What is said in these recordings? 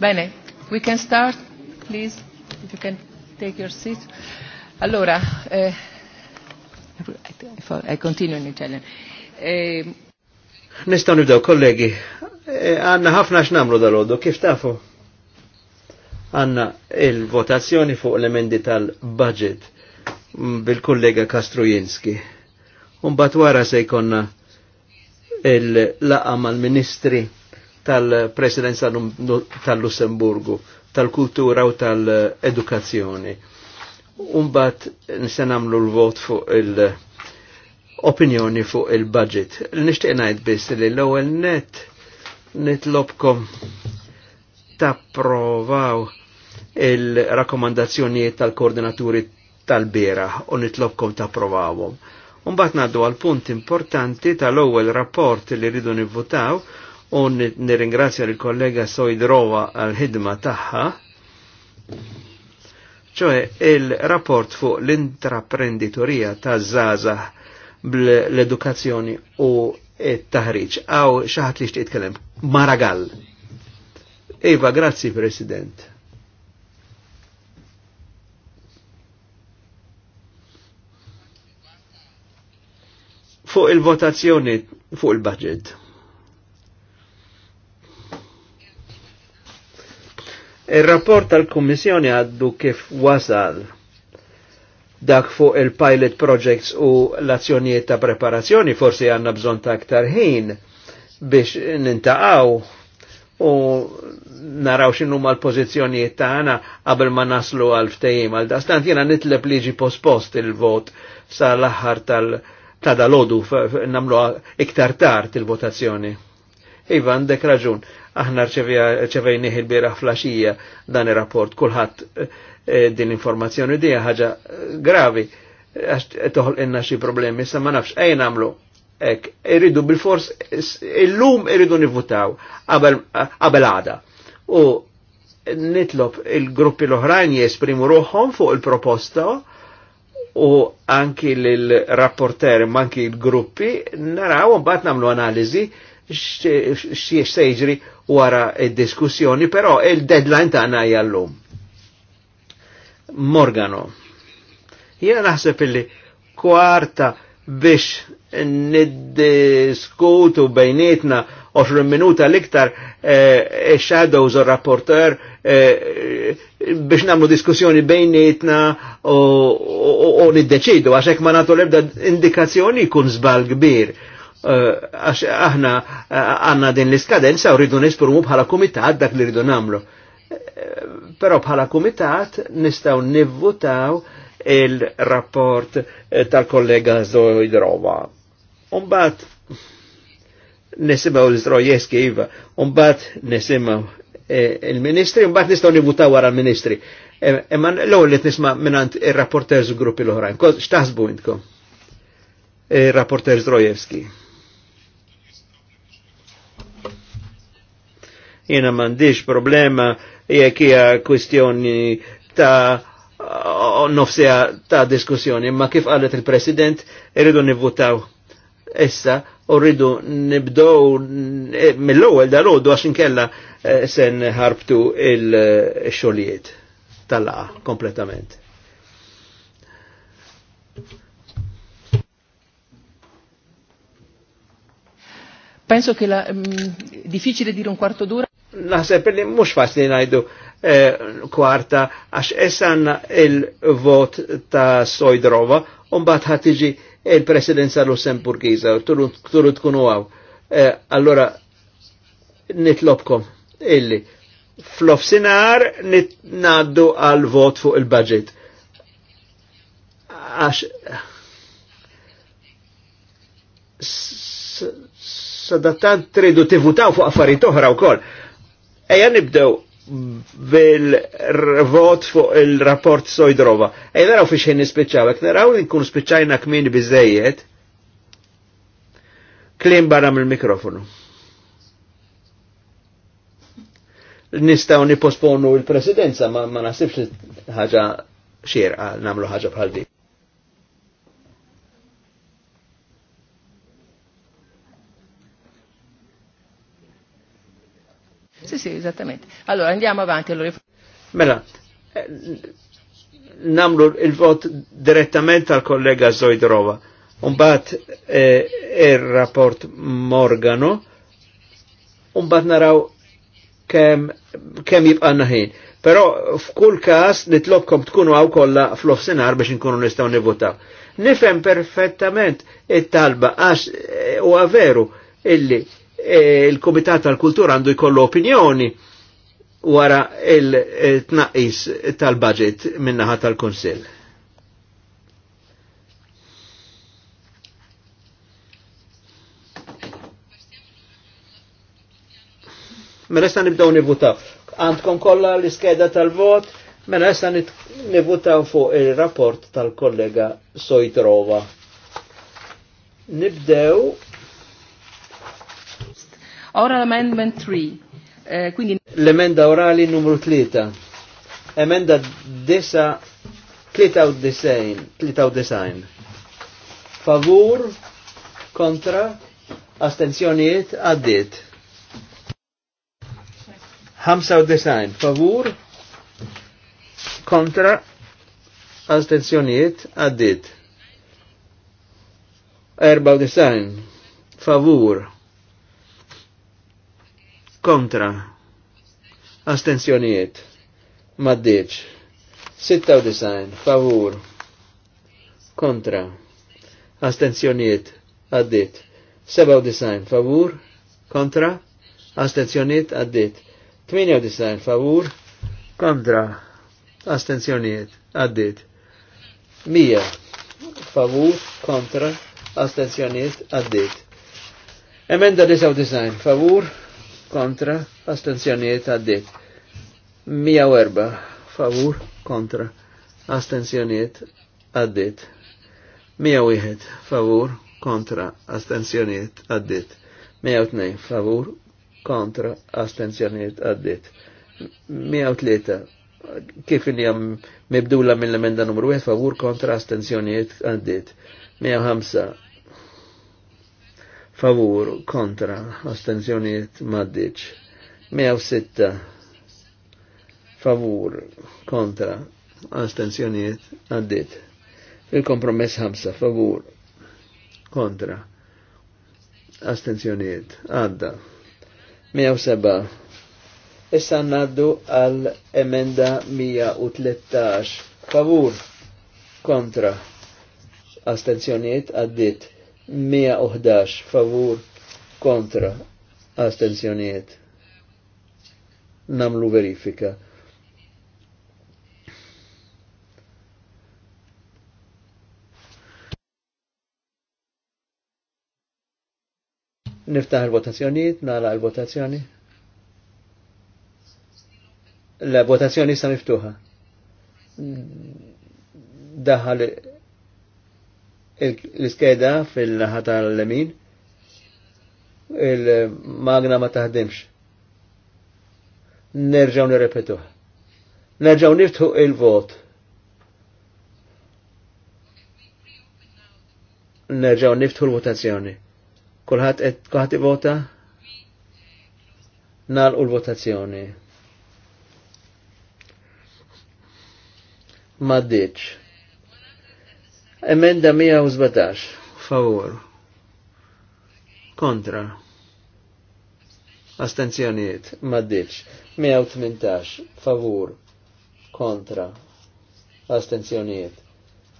Bene, we can start, please, if you can take your seat. Allora, eh, I continue in Italian. Eh, Nistaw kollegi, eh, għanna ħafna x'namlu dal-għoddu, kif tafu? Għanna il-votazzjoni fuq l-emendi tal-budget mm, bil-kollega Kastrujinski. Un batwara se jkonna il-laqa mal-ministri tal-presidenza tal-Lussemburgu, tal-kultura u tal-edukazzjoni. Umbat nista namlu l-vot fuq il-opinjoni fuq il-budget. Nishtiq ngħid biss li l-ewwel net nitlobkom tapprovaw il-rakkomandazzjonijiet tal-koordinaturi tal bira u nitlobkom tapprovawhom. Umbat naddu għal punt importanti tal ewel rapport li rridu nivvutaw u nirringrazzja l-kollega Rowa għal-ħidma tagħha. ċoħe il-rapport fuq l-intraprenditorija ta' zaza bl-edukazzjoni u il taħriġ Għaw xaħat li xtitkellem, Maragall. Iva, grazzi, President. Fuq il-votazzjoni fuq il-budget. Il-rapport tal-Kummissjoni għaddu kif wasal dak fuq il-pilot projects u l-azzjonijiet ta' preparazzjoni forsi għanna bżon ta' aktar ħin biex nintaqaw u naraw xinu ma l-pozizjonijiet ta' għana qabel ma naslu għal ftejim għal dastant jena nitleb liġi pospost il-vot sa' l-aħħar tal- ta' dalodu namlu iktar tard il-votazzjoni. Iva, għandek raġun aħna ċevej il-bira flaxija dan ir rapport kullħat eh, eh, din l-informazzjoni di ħaġa eh, gravi, għax toħol inna xie problemi, sa ma nafx, ejn għamlu, ek, irridu bil-fors, illum irridu nivutaw, qabel għada. U nitlob il-gruppi l-oħrajn jesprimu ruħom fuq il-proposta u anki l-rapporter, manki l-gruppi, naraw, bat namlu analizi, xiex sejġri wara il diskussjoni però il-deadline ta' għana jallum. Morgano. jena naħseb illi kwarta biex niddiskutu bejnietna 20 minuta l-iktar e eh, shadows u rapporter eh, biex namlu diskussjoni bejnietna u niddeċidu għaxek ma natu l-ebda indikazzjoni zbal żbal kbir Eh, għax aħna eh, għanna din l-iskadenza u rridu nispurmu bħala komitat dak li rridu namlu. Eh, Pero bħala komitat nistaw nivvutaw il-rapport tal-kollega Zoidrova. Umbat nisimaw l zrojeski Iva, umbat nisimaw il-ministri, umbat nistaw nivvutaw għara l-ministri. Eman l li nisma minnant il rapporter z gruppi l-oħrajn. Xtaħsbu intkom? Il-rapporter Zdrojewski. Jena mandiġ problema jekk hija kwistjoni ta' nofsija ta' diskussjoni, ma kif għalet il-President irridu nivvutaw issa u rridu nibdow eh, mill-ewwel dal-għodu għax inkella eh, sen ħarbtu il xolijiet tal-laqa kompletament. Penso che la, mh, mm, difficile dire un quarto d'ora naħseb li mhux faċli ngħidu kwarta għax essanna il-vot ta' Sojdrova un ħatiġi il-presidenza lussemburgiza turu tkunu għaw. Allora nitlobkom illi fl-ofsinar nitnaddu għal vot fuq il-budget. Għax sadattant tridu tivutaw fuq affarijiet oħra wkoll Eja nibdew bil-vot fuq il-rapport Sojdrova. Eja naraw fi xejn nispiċċaw, ek naraw li nkun spiċċajna kmini bizzejiet. Klim barra mill-mikrofonu. Nistaw niposponu il-presidenza, ma, ma nasibx ħaġa xirqa namlu ħaġa bħal sì, esattamente. Allora, andiamo avanti. Allora. Mela, eh, namlu il-vot direttamente al collega Zoidrova. Un bat è eh, il-rapport Morgano, umbat naraw kem, kem jibqanna ħin. Però f'kull kas nitlobkom tkunu għaw kolla fl-offsenar biex nkunu nistaw nivvotaw. Nifem perfettament it-talba għax eh, u għaveru illi E, il-Komitat tal-Kultura għandu jkollu opinjoni wara il-tnaqis tal-budget minnaħat tal-Konsil. Mela sta nibdew nivutaw. Għandkom kollha l-iskeda tal-vot, mela sta nivutaw fuq il-rapport tal-kollega Sojtrova. Nibdew Oral Amendment 3. Eh, quindi... L'emenda orali numero 3. Emenda desa 9 93. Favur, kontra, astenzjoniet, għaddit. 95. Favur, kontra, Erba għaddit. 94. Favur, kontra, astenzjonijiet, maddiċ, 96, favur, kontra, astenzjonijiet, għaddit, 97, favur, kontra, astenzjonijiet, għaddit, 98, favur, kontra, astenzjonijiet, għaddit, 100, favur, kontra, astenzjonijiet, għaddit. Emenda 99, favur, kontra, kontra, astenzjonijiet għaddit. 104 favur, kontra, astenzjonijiet għaddit. 101 favur, kontra, astenzjonijiet għaddit. 102 favur, kontra, astenzjonijiet għaddit. 103 kif inni għam mibdula mill-emenda numru 1 favur kontra astenzjoniet għaddit. 105 favur kontra astenzjoniet maddiċ 106 favur kontra astenzjoniet għaddit il-kompromess 5 favur kontra astenzjoniet għadda 107 issa naddu għal emenda 113 favur kontra astenzjoniet għaddit 111 favur kontra astenzjoniet namlu verifika. Niftaħ il-votazzjoniet, nara il-votazzjoni. La votazzjoni sa miftuħa. Daħal l-iskeda fil-ħatar l-lemin, il-magna ma taħdimx. Nerġaw nirrepetuħ. Nerġaw niftħu il-vot. Nerġaw niftħu l-votazzjoni. Kulħat kulħat vota u l-votazzjoni. Ma ddiċ. Emenda 117. favor. Kontra. Astenzjoniet. Maddiċ. 118. Favur. Kontra. Astenzjoniet.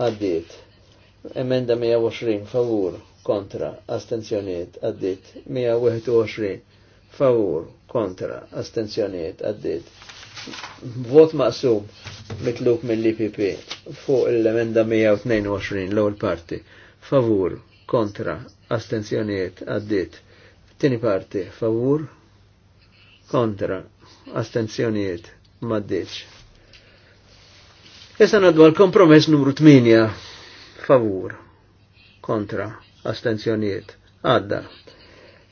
addit. Emenda 120. favor, Kontra. Astenzjoniet. Għaddiet. 121. Favur. Kontra. Astenzjoniet. Għaddiet vot maqsum mitluk mill-IPP fuq l-emenda 122 l-ewwel parti. Favur, kontra, astenzjonijiet, għaddit. Tini parti, favur, kontra, astenzjonijiet, maddiċ. Issa naddu għal-kompromess numru 8, favur, kontra, astenzjonijiet, għadda.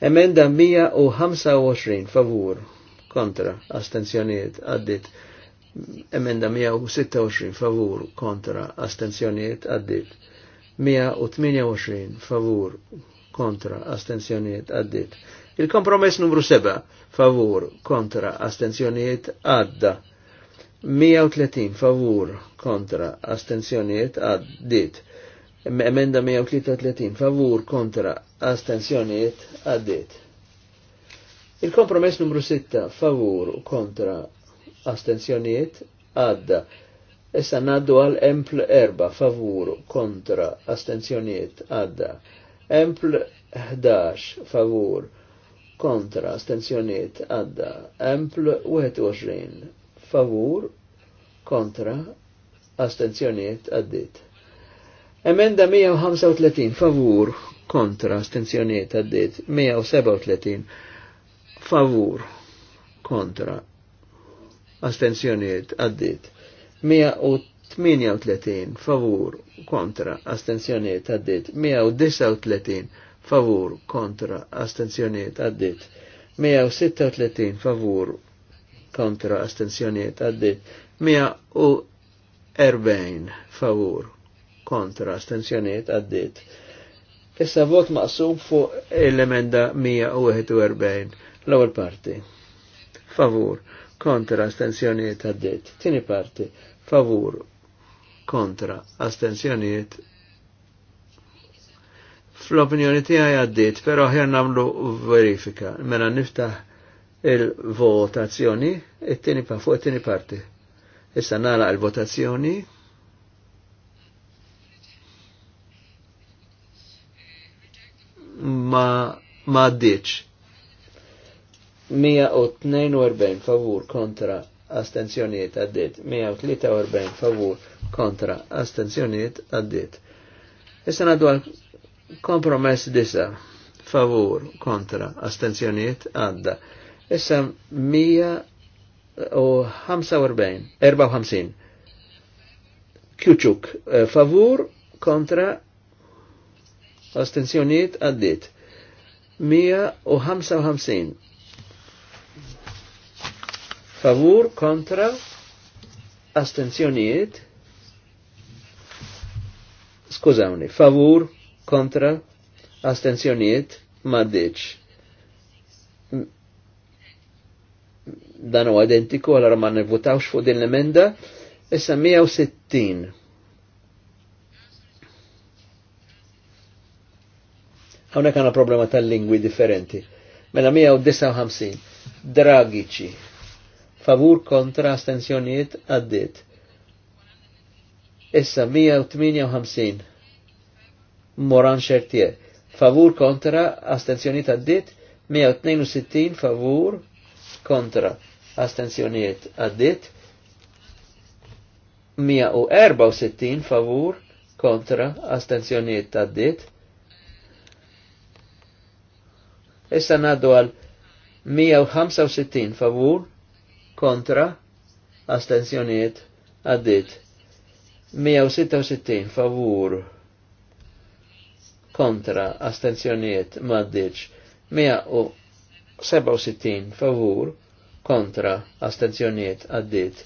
Emenda 125, favur, kontra, astenzjoniet, għaddit. Emenda 126 favur kontra, astenzjoniet, għaddit. 128 favur kontra, astenzjoniet, għaddit. Il-kompromess numru 7 favur kontra, astenzjoniet, għadda. 130 favur kontra, astenzjoniet, għaddit emenda 133 favur kontra astenzjoniet, għaddit. Il-kompromess numru 6, favur kontra astenzjoniet, għadda. Issa naddu għal empl 4, favur kontra astenzjoniet, għadda. Empl 11, favur kontra astenzjoniet, għadda. Empl 21, favur kontra astenzjoniet, għaddit. Emenda 135, favur kontra astenzjoniet, għaddit. 137, favur kontra astenzjoniet għaddit 138 favur kontra astenzjoniet għaddit 139 favur kontra astenzjoniet għaddit 136 favur kontra astenzjoniet għaddit 140 favur kontra astenzjoniet għaddit Issa vot maqsum fuq l-emenda 141 L-ewwel parti. Favur kontra astensjonijiet għaddit. Tieni parti. Favur kontra astensjonijiet fl-opinjoni tiegħi għaddit, però ħjar nagħmlu verifika. Mela niftaħ il-votazzjoni it-tieni pa fuq it-tieni parti. Issa nagħlaq il-votazzjoni. Ma ma għaddiċ. 142 favur kontra astenzjoniet għaddit, 143 favur kontra astenzjoniet għaddit. Issa għaddu għal kompromess disa favur kontra astenzjoniet għadda. Issa 145, 54. Kjuċuk, eh, favur kontra astenzjoniet għaddit. 155 favur kontra astenzjoniet skużawni favur kontra astenzjonijiet maddiċ dan u identiku għal ma nivvutawx fuq din l-emenda issa 160 Għawnek għana problema tal-lingwi differenti. Mela 159. Dragiċi favur kontra astensjoniet għaddit. Issa 158 Moran Xertier. Favur kontra astensjoniet għaddit, 162 favur kontra astensjoniet għaddit, 164 favur kontra astensjoniet għaddit. Issa naddu għal 165 favur kontra, astenzjoniet, għaddit. 166 favur, kontra, astenzjoniet, maddiċ. 167 favur, kontra, astenzjoniet, għaddit.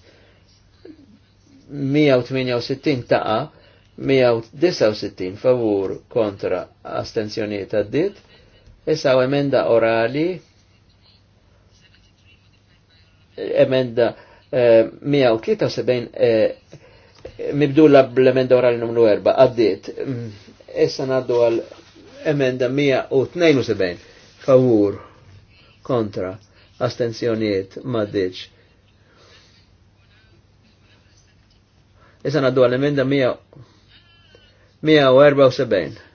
168 taqa, 169 favur, kontra, astenzjoniet, għaddit. Issa emenda orali emenda 173 eh, eh, mibdula bl-emenda orali numru 4 għaddit essa mm, naddu għal emenda 172 favur kontra astenzjoniet maddiċ. Issa naddu għal emenda 174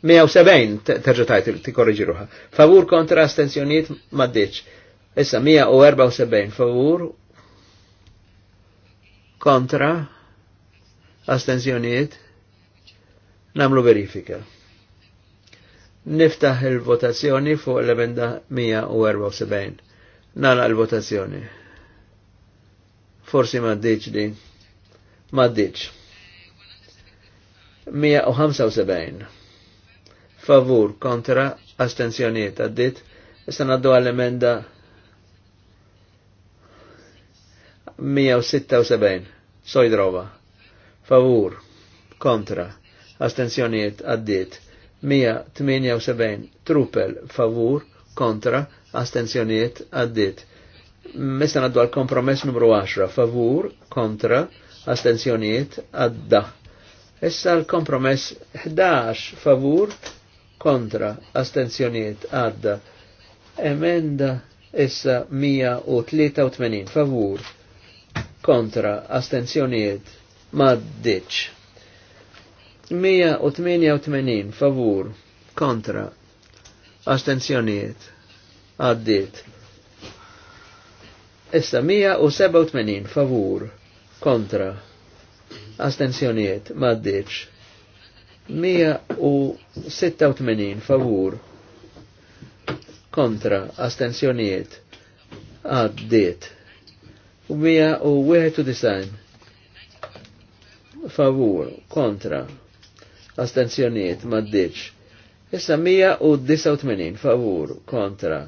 170 terġa tajt tikorriġi ruħa. Favur kontra astenzjoniet maddeċ. Issa 174 favur kontra astenzjoniet namlu verifika. Niftaħ il-votazzjoni fuq l-emenda 174. Nala l-votazzjoni. Forsi maddeċ di. Maddeċ. 175 favur kontra astenzjoniet għaddit. Issa naddu għall-emenda 176, sojdrova, favur, kontra, astenzjoniet għaddit. 178, trupel, favur, kontra, astenzjoniet għaddit. Mista naddu għal-kompromess numru 10, favur, kontra, astenzjoniet għadda. Issa l-kompromess 11, favur, kontra astenzjoniet għadda emenda issa 183 favur kontra astenzjoniet maddiċ 188 favur kontra astenzjoniet għaddit issa 187 favur kontra astenzjoniet maddiċ 186 favur kontra astensjoniet għaddiet u 191 favur kontra astensjoniet maddiċ issa 189 favur kontra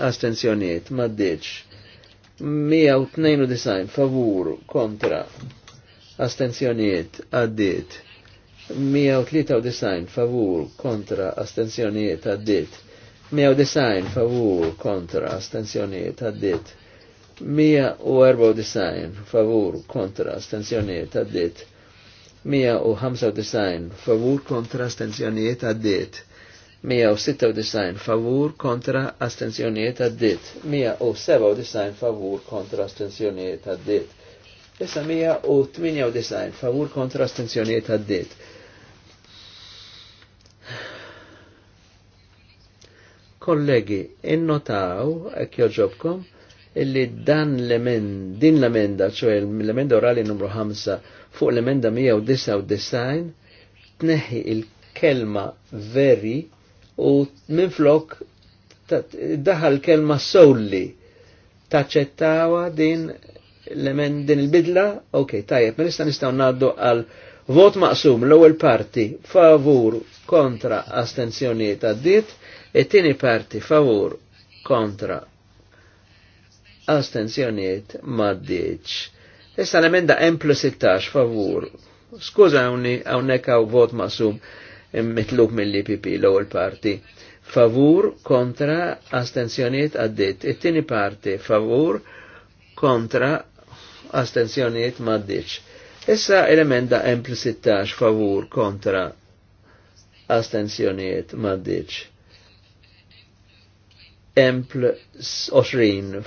astensjoniet maddiċ 192 favur kontra astensjoniet għaddiet 193 favur kontra astenzjonijiet għaddit. 190 favur kontra astenzjonijiet għaddit. 194 favur kontra astenzjonijiet għaddit. 195 favur kontra astenzjonijiet għaddit. 196 favur kontra astenzjonijiet għaddit, 197 favur kontra astenzjonijiet għaddit, issa 198 favur kontra astenzjonijiet għaddit, kollegi innotaw, ek joġobkom, illi dan l-emend, din l-emenda, ċoħe l-emenda orali numru 5 fuq l-emenda 199, tneħi il-kelma veri u minflok daħal l kelma solli taċċettawa din l-emend din il-bidla, ok, tajjeb, ma nista nistaw naddu għal vot maqsum l-ewwel parti favur kontra ta' ditt it-tieni parti favur kontra astenzjoniet maddiċ. Issa l-emenda M plus 16 favur. Skuza għawni għawnek għaw vot masum mitlub mill-IPP l-ewwel parti. Favur kontra astenzjoniet għaddit. It-tieni parti favur kontra astenzjoniet maddiċ. Issa l-emenda M plus 16 favur kontra astenzjoniet maddiċ empl 20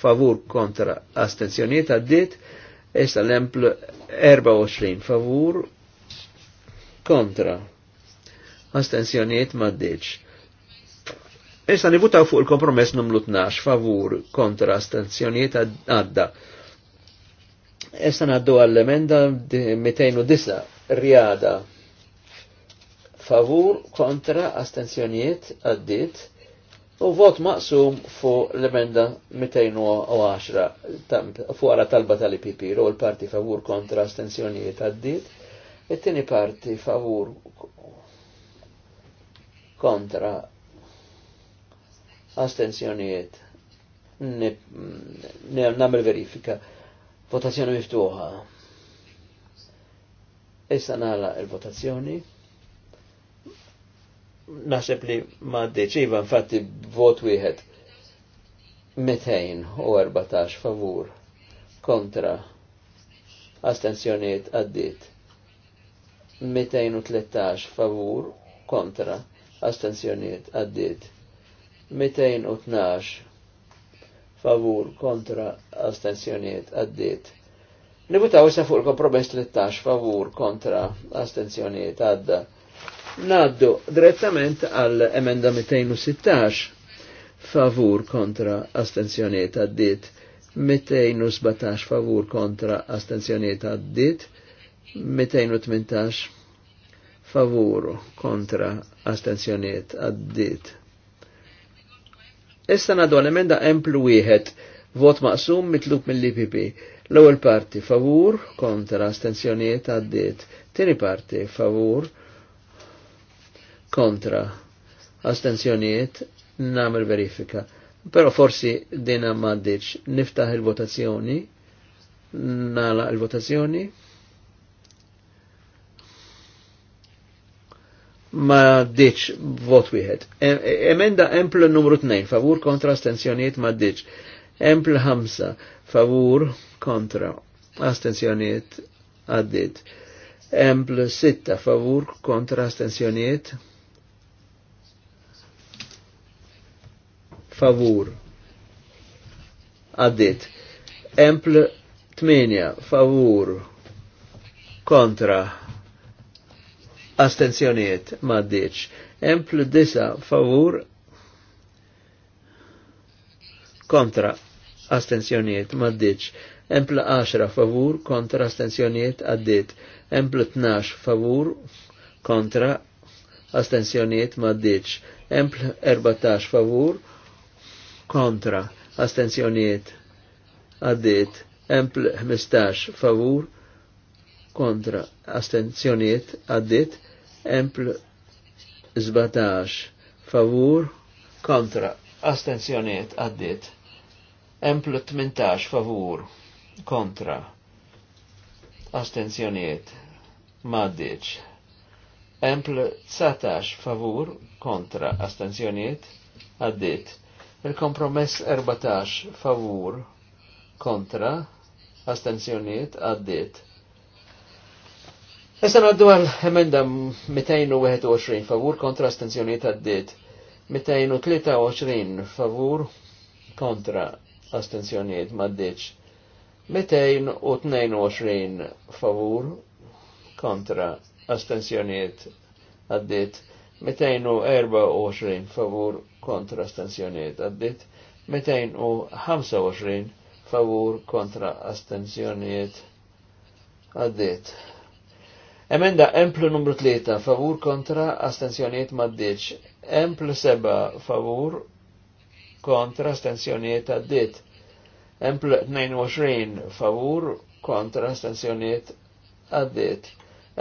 favur kontra astenzjoniet għaddit, issa l-empl 24 favur kontra astenzjoniet maddiċ. Issa nivutaw fuq il-kompromess numlu 12 favur kontra astenzjoniet għadda. Issa naddu għall-emenda 209 riada favur kontra astenzjoniet għaddit u vot maqsum fuq l-emenda 210 fuq talba tal-IPP, rol parti favur kontra astensjonijiet għaddit, it-tini parti favur kontra astensjonijiet namel verifika votazzjoni miftuħa. Issa nala il-votazzjoni naħseb li ma deċiva infatti vot wieħed 214 favur kontra astensjoniet għaddit 213 favur kontra astensjoniet għaddit 212 favur kontra astensjoniet għaddit Nibutaw issa fuq il-kompromess 13 favur kontra astensjoniet għadda Naddu direttament għal emenda 216 favur kontra astenzjoniet għaddit, 217 favur kontra astenzjoniet għaddit, 218 favur kontra astenzjoniet għaddit. Issa naddu għal-emenda emplu wieħed vot maqsum mitluk mill-IPP. L-ewwel parti favur kontra astenzjoniet għaddit, tieni parti favur kontra astenzjoniet namer verifika. Pero forsi dina maddiċ, niftaħ il-votazzjoni, nala il-votazzjoni, ma ditx vot wieħed. E, e, emenda empl numru 2, favur kontra astenzjoniet ma diċ. Empl 5, favur kontra astenzjoniet għaddit. Empl 6, favur kontra astenzjoniet favur. Għaddit. Empl 8 favur kontra astenzjoniet maddiċ. Empl 9 favur kontra astenzjoniet maddiċ. Empl 10 favur kontra astenzjoniet għaddit. Empl 12 favur kontra astenzjoniet maddiċ. Empl 14 favur kontra kontra, astenzjoniet, għaddit, empl 15 favur, kontra, astenzjoniet, għaddit, empl 17 favur, kontra, astenzjoniet, għaddit, empl 18 favur, kontra, astenzjoniet, maddiċ. Empl 19 favur kontra astenzjoniet għaddit. Il-kompromess 14 favur kontra astenzjoniet għaddit. Issa għaddu għal emenda 221 favur kontra astenzjoniet għaddit. 223 favur kontra astenzjoniet maddiċ. 222 favur kontra astenzjoniet għaddit. 224 favur kontra astensjoniet għaddit, 225 favur kontra astensjoniet għaddit. Emenda emplu numru 3 favur kontra astensjoniet maddiċ, emplu 7 favur kontra astensjoniet għaddit, emplu 22 favur kontra astensjoniet għaddit,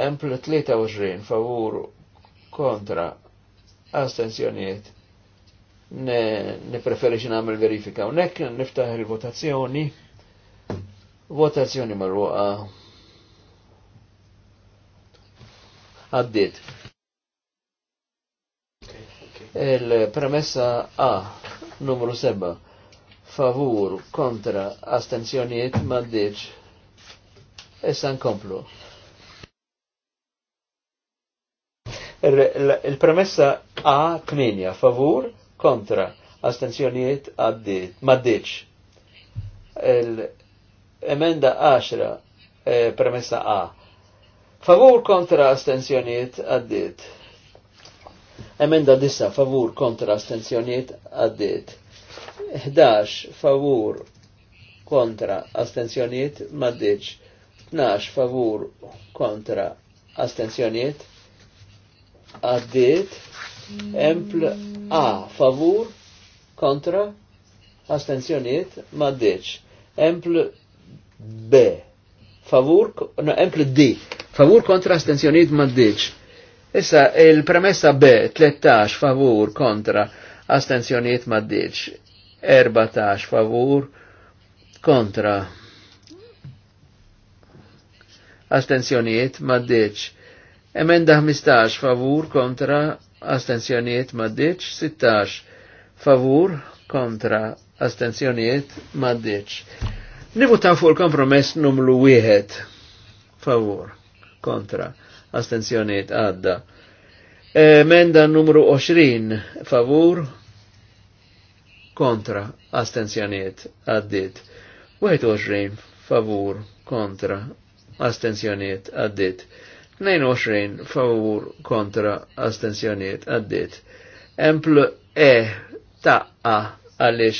emplu 23 favur kontra astenzjoniet nipreferi xin għamil verifika unek niftaħ il-votazzjoni votazzjoni marruqa għaddit il-premessa A numru 7 favur kontra astenzjoniet maddiċ issa nkomplu Il-premessa A8 favur kontra astenzjonijiet għaddit, maddiċ. emenda 10 e, premessa A. Favur kontra astenzjonijiet għaddit. Emenda 9 favur kontra astenzjonijiet għaddit. 11 favur kontra astenzjonijiet maddiċ. 12 favur kontra astenzjonijiet għaddit empl A favur kontra astenzjoniet ma ddeċ. Empl B favur, no, empl D favur kontra astenzjoniet ma ddeċ. Issa il-premessa B 13 favur kontra astenzjoniet ma ddeċ. 14 favur kontra astenzjoniet ma ddeċ. Emenda 15 favur kontra astenzjoniet maddeċ, 16 favur kontra astenzjoniet maddiċ. Nivutaw fuq il-kompromess numlu 1 favur kontra astenzjoniet għadda. Emenda numru 20 favur kontra astenzjoniet għaddit. 21 favur kontra astenzjoniet għaddit. 22 favur kontra astensjoniet għaddit. Emplu E taqqa għalix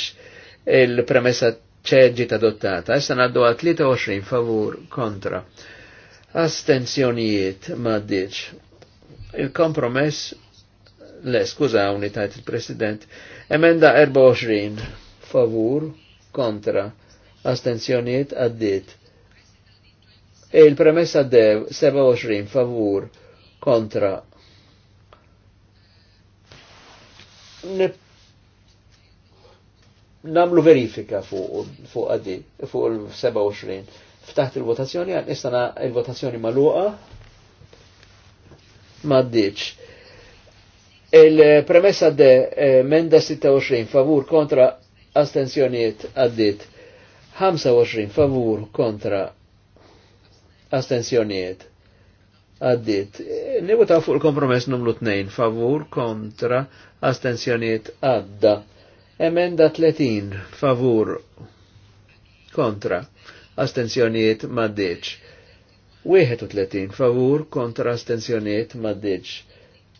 il-premessa ċeġi adottata. Issa għaddu għal 23 favur kontra astensjoniet maddiċ. Il-kompromess le skuza unitajt il-President, emenda 24 favur kontra astensjoniet għaddit. Il-premessa dev 27 favur kontra. Ne... Namlu verifika fuq fu għaddi, fuq il-27. Ftaħt il-votazzjoni, għan istana il-votazzjoni maluqa. Maddiċ. Il-premessa de eh, menda 26 favur kontra astenzjoniet għaddit. 25 favur kontra astensjoniet għaddit. Nivutaw fuq il-kompromess numru 2 favur kontra astensjoniet għadda. Emenda 30 favur kontra astensjoniet maddeċ. 31 favur kontra astensjoniet maddeċ.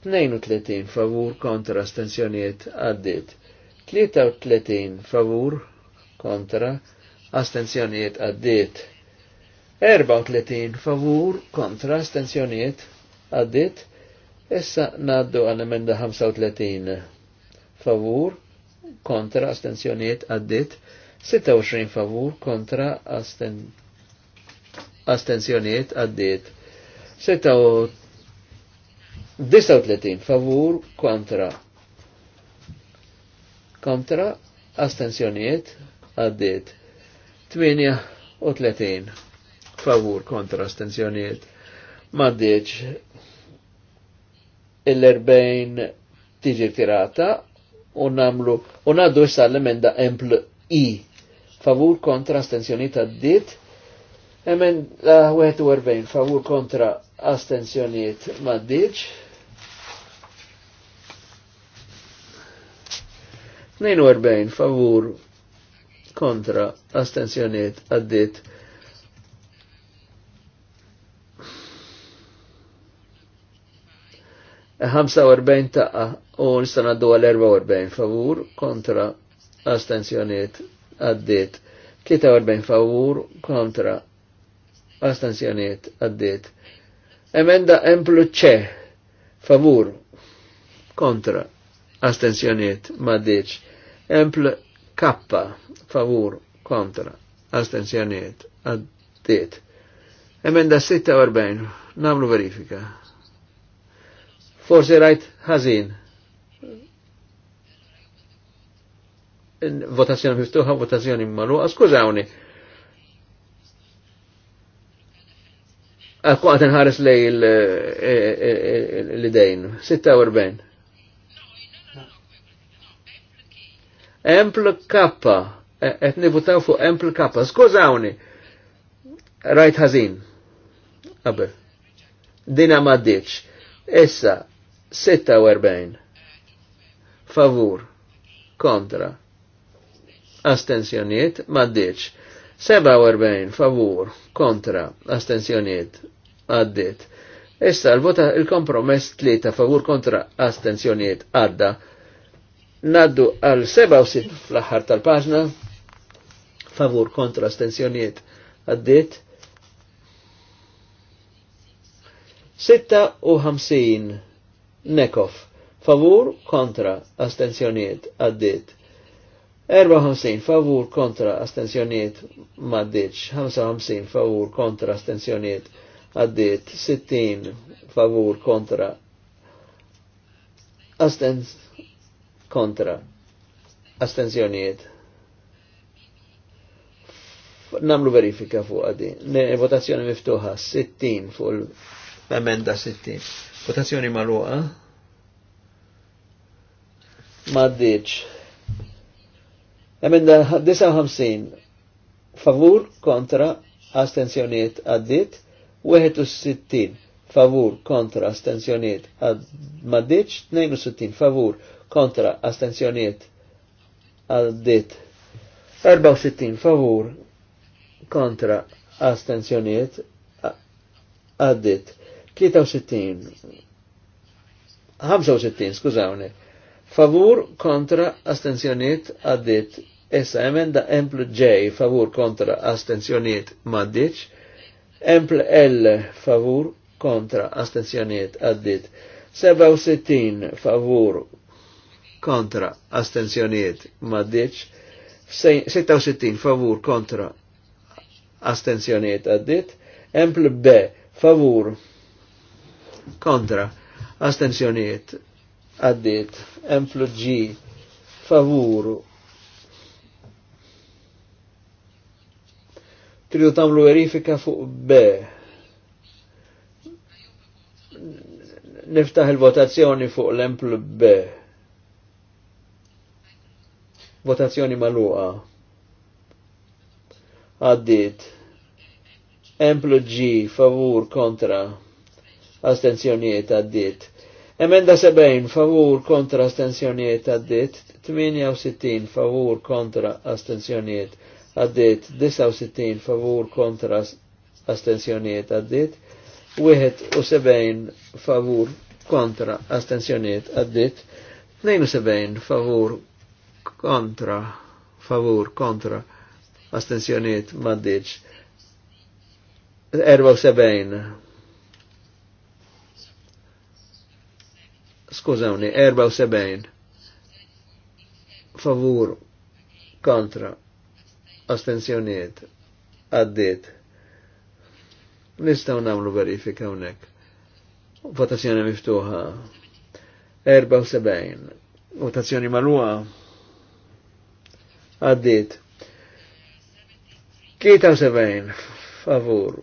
32 favur kontra astensjoniet għaddit. 33 favur kontra astensjoniet għaddit. 34 favur kontra stenzjoniet għaddit. Issa naddu għal emenda 35 favur kontra astensjoniet għaddit. 26 favur kontra astenzjoniet għaddit. 39 favur kontra kontra astenzjoniet għaddit. 38 favur kontra stenzjoniet maddiċ il erbejn tiġi tirata u namlu u naddu issa l-emenda empl i favur kontra astenzjoniet għaddit emenda 41 favur kontra astenzjoniet maddiċ 42 favur kontra astenzjoniet għaddit 45 taqqa u nista' ngħaddu għal 44 favur kontra astenzjoniet għaddit. 43 favur kontra astenzjoniet għaddit. Emenda emplu ċe favur kontra astenzjoniet maddiċ. Empl K favur kontra astenzjoniet għaddit. Emenda 46 namlu verifika. Forsi rajt ħazin. Votazzjoni miftuħa, votazzjoni magħluqa, skużawni. Għakku għat ħares lej eh, eh, eh, l-idejn, 46. Empl K, e, et nivutaw fuq Empl K, skużawni, rajt ħazin. Għabbe. Dina ma ddiċ. Issa, 46 favur kontra astensjoniet maddiċ 47 favur kontra astensjoniet għaddit issa l-vota il-kompromess 3 favur kontra astensjoniet għadda naddu għal 67 fl-aħħar tal-paġna favur kontra astensjoniet għaddit 56 Nekof. Favur kontra astenzjoniet għaddit. 54 favur kontra astenzjoniet maddiċ, 55 favur kontra astenzjoniet għaddit, 60 favur kontra astenz kontra astenzjoniet. Namlu verifika fuq għaddi, Votazzjoni miftuħa 60 fuq l-emenda 60. Votazzjoni maluqa. Maddiċ. Emenda 59. Favur kontra astenzjoniet għaddit. 61. Favur kontra astenzjoniet għad maddiċ. 62. Favur kontra astenzjoniet għaddit. 64 favur kontra astenzjoniet għaddit. 63, 65, skużawni, favur kontra astenzjoniet għaddit. Essa emenda empl J favur kontra astenzjoniet maddiċ, empl L favur kontra astenzjoniet għaddit. 67 favur kontra astenzjoniet maddiċ, 66 favur kontra astenzjoniet għaddit, empl B favur kontra, astensjoniet, għaddit, emplu G, favuru. Tridu tamlu verifika fuq B. Niftaħ il-votazzjoni fuq l-emplu B. Votazzjoni maluqa. Għaddit. Emplu G, favur, kontra astenzjonijiet għaddit. Emenda 70 favur kontra astenzjonijiet għaddit, 68 favur kontra astenzjonijiet għaddit, 69 favur kontra astenzjonijiet għaddit, 71 favur kontra astenzjonijiet għaddit, 72 favur kontra favur kontra astenzjonijiet maddiċ, 74 skużawni, 74 favur kontra astensjoniet għaddit. Nistaw namlu verifika unek. Votazzjoni miftuħa. 74. Votazzjoni malua. Għaddit. 73 favur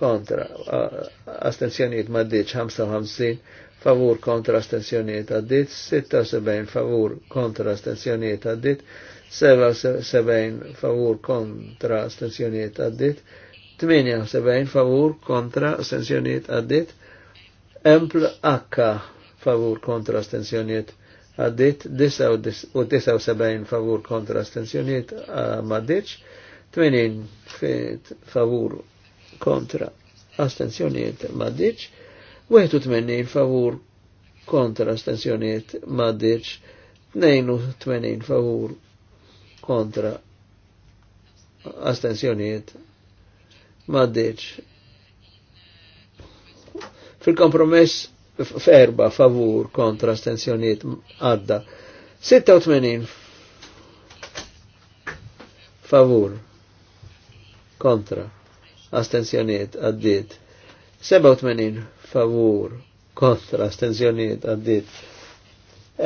kontra astensjoniet maddiċ 55 favur kontra astensjoniet għaddit, 76 favur kontra astensjoniet għaddit, 77 favur kontra astensjoniet għaddit, 78 favur kontra astensjoniet għaddit, empl H favur kontra astensjoniet għaddit, 79 favur kontra astensjoniet għaddit, 80 favur kontra astensjoniet għaddit, 81 favur kontra astensjoniet maddiċ, 82 favur kontra astensjoniet maddiċ. Fil-kompromess ferba favur kontra astensjoniet għadda, 86 favur kontra astensjoniet għaddit. 87 favur kontra astenzjoniet għaddit.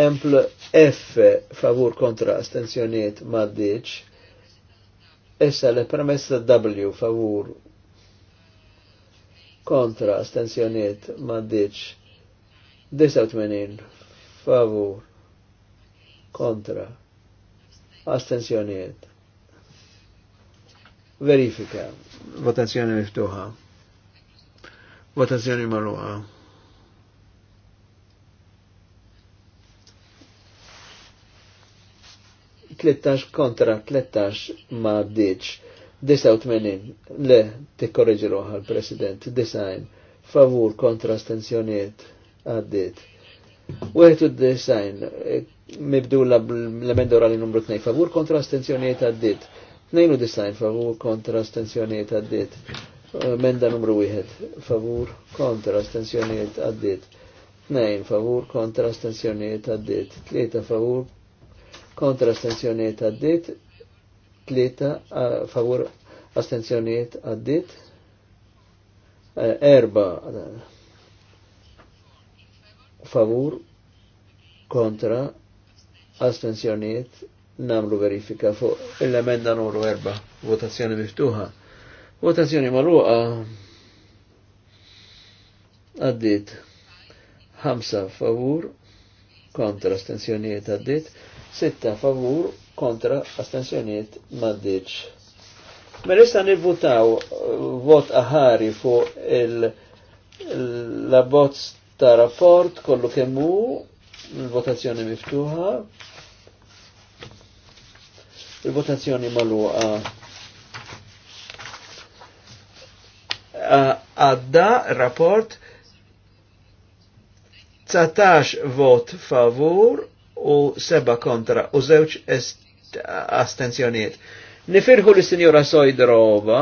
Empl F favur kontra astenzjoniet maddiċ. Essa le permessa W favur kontra astenzjoniet maddiċ. 89 favur kontra astenzjoniet. Verifika. Votazzjoni miftuħa. Votazzjoni marruqa. Tlettax kontra tlettax ma bdiċ. tmenin, le, tikkorreġi korreġi roħal, president design, favur kontra stenzjoniet, għaddit. U għetu design, mibdu l emendora orali numru 2, favur kontra stenzjoniet, għaddit. disajn, favur kontra stenzjoniet, għaddit. Menda numru 1, favur kontra astensjoniet għaddit. 2 favur kontra astensjoniet għaddit. 3 favur kontra astensjoniet għaddit. 3 favur astensjoniet għaddit. 4 e, favur kontra astensjoniet namlu verifika fuq il-emenda numru 4 votazzjoni miftuħa Votazzjoni marruqa għaddit 5 favur kontra astensjoniet għaddit 6 favur kontra astensjoniet maddiċ. Merista mela nivvutaw uh, vot aħari fuq il-labbozz ta' rapport kollu kemmu il-votazzjoni miftuħa il-votazzjoni maluqa Eh, għadda rapport 19 vot favur u 7 kontra u zewċ astenzjoniet. Nifirħu li sinjora Sojdrova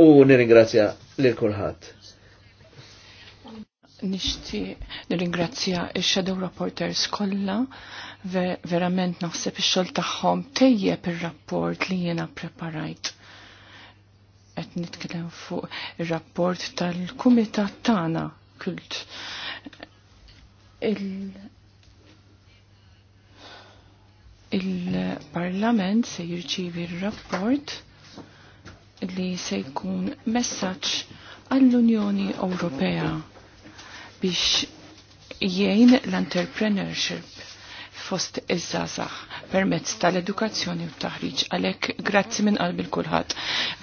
u nirringrazzja lil kulħadd. Nishti nirringrazzja il-Shadow Reporters kollha verament naħseb ix-xogħol tagħhom tejjeb ir-rapport li jiena preparajt qed nitkellem fuq ir-rapport tal-kumitat tagħna kult il-parlament il se jirċivi r-rapport li se jkun messaġġ għall-Unjoni Ewropea biex jgħin l-entrepreneurship fost iż-żazax permezz tal-edukazzjoni u taħriġ għalhekk grazzi minn qalbi kulħadd.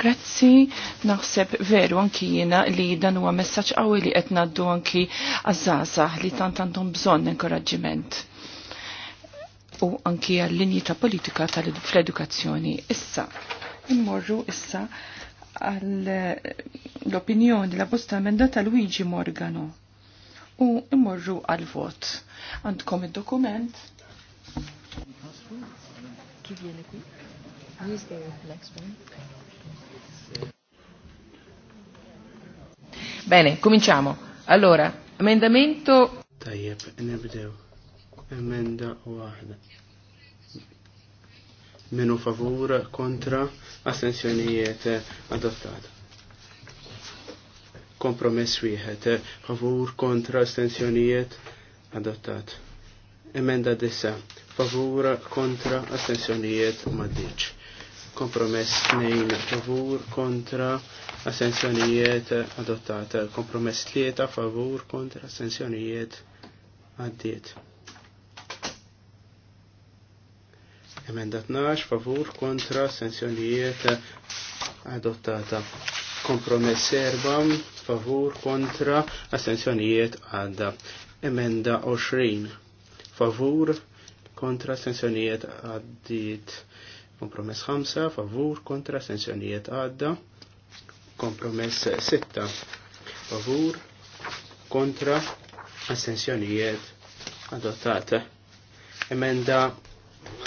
Grazzi naħseb veru anki jiena li dan huwa messaġġ qawwi li qed ngħaddu anki għaż żgħażagħ li tant għandhom bżonn inkoraġġiment u anki għall-linji ta' politika tal-edukazzjoni. Issa, immorru issa għall-opinjoni la bosta emenda ta' Luigi Morgano. U immorru għal-vot. Għandkom il-dokument Chi viene qui? Bene, cominciamo. Allora, emendamento... Tajjeb, nibdew. Emenda waħda. Minu favor, contra astensjonijiet adottato. Kompromess wieħed, favur, kontra, astensjonijiet adottat. Emenda dessa favur kontra assenzjonijiet maddiċ. Kompromess nejn favur kontra astensjonijiet adottata. Kompromess tlieta, favur kontra assenzjonijiet maddiċ. Emenda 12 favur kontra astensjonijiet adottata. Kompromess 4 favur kontra astensjonijiet adda. Emenda 20 favur kontra sensjonijiet għaddit. Kompromess 5, favur kontra sensjonijiet għadda. Kompromess 6, favur kontra sensjonijiet adottata. Emenda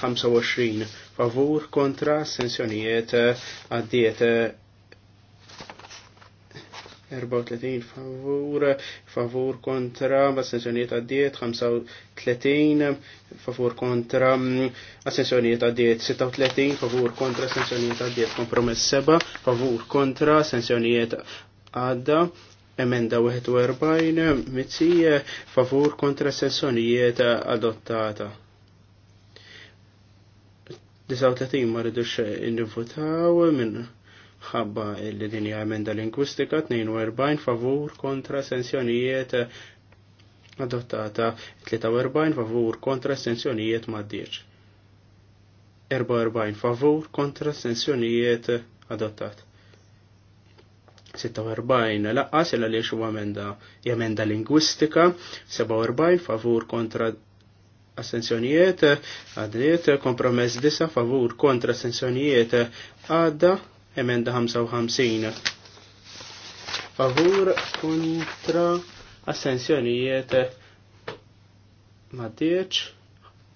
25, favur kontra sensjonijiet għaddiet 34 favur, favur kontra assenzjoniet għaddiet, 35 favur kontra assenzjoniet għaddiet, 36 favur kontra assenzjoniet għaddiet, kompromess 7 favur kontra assenzjoniet għadda, emenda 41 mitzije favur kontra assenzjoniet adottata. 39 ma rridux nivvotaw minn ħabba li din hija emenda lingwistika 42 favur kontra sensjonijiet eh, adottata 43 favur kontra sensjonijiet maddiċ. 44 favur kontra sensjonijiet adottat. 46 laqqas il li huwa emenda jemenda lingwistika, 47 favur kontra assenzjonijiet, għadiet, kompromess disa favur kontra assenzjonijiet għadda emenda 55. Favur kontra assenzjonijiet ma' 10,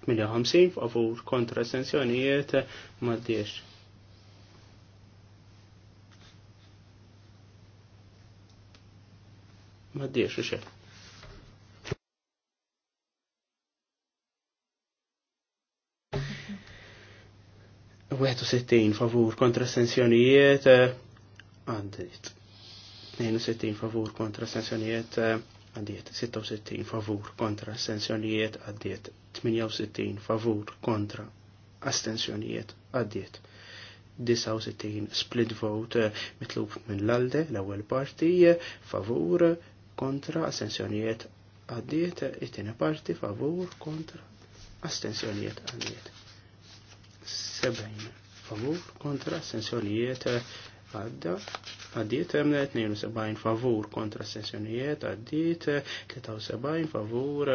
58 favur kontra assenzjonijiet ma' 10. Ma' 10 xe. 61 favur kontra sensjonijiet għaddit. 62 favur kontra sensjonijiet għaddiet 66 favur kontra sensjonijiet, għaddiet 68 favur kontra astensjonijiet eh, għaddiet 69 eh, split vote eh, mitlub minn l-alde l-ewwel parti favur kontra astensjonijiet għaddiet it-tieni parti favur kontra astensjonijiet għaddiet 70 favur kontra sensjonijiet għadda għaddiet 72 favur kontra sensjonijiet għaddiet 73 favur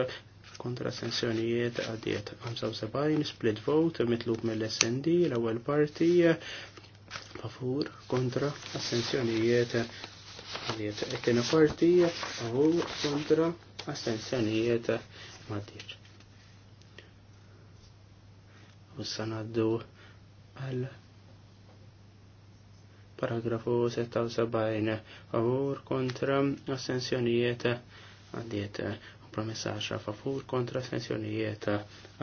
kontra sensjonijiet għaddiet 75 split vote mitlub mill-SND l-ewwel parti favur kontra assenzjonijiet għaddiet it-tieni parti favur kontra assenzjonijiet ma' u s-sanaddu għal paragrafu 76 favur kontra assenzjonijiet għaddiet kompromessa 10 favur kontra assenzjonijiet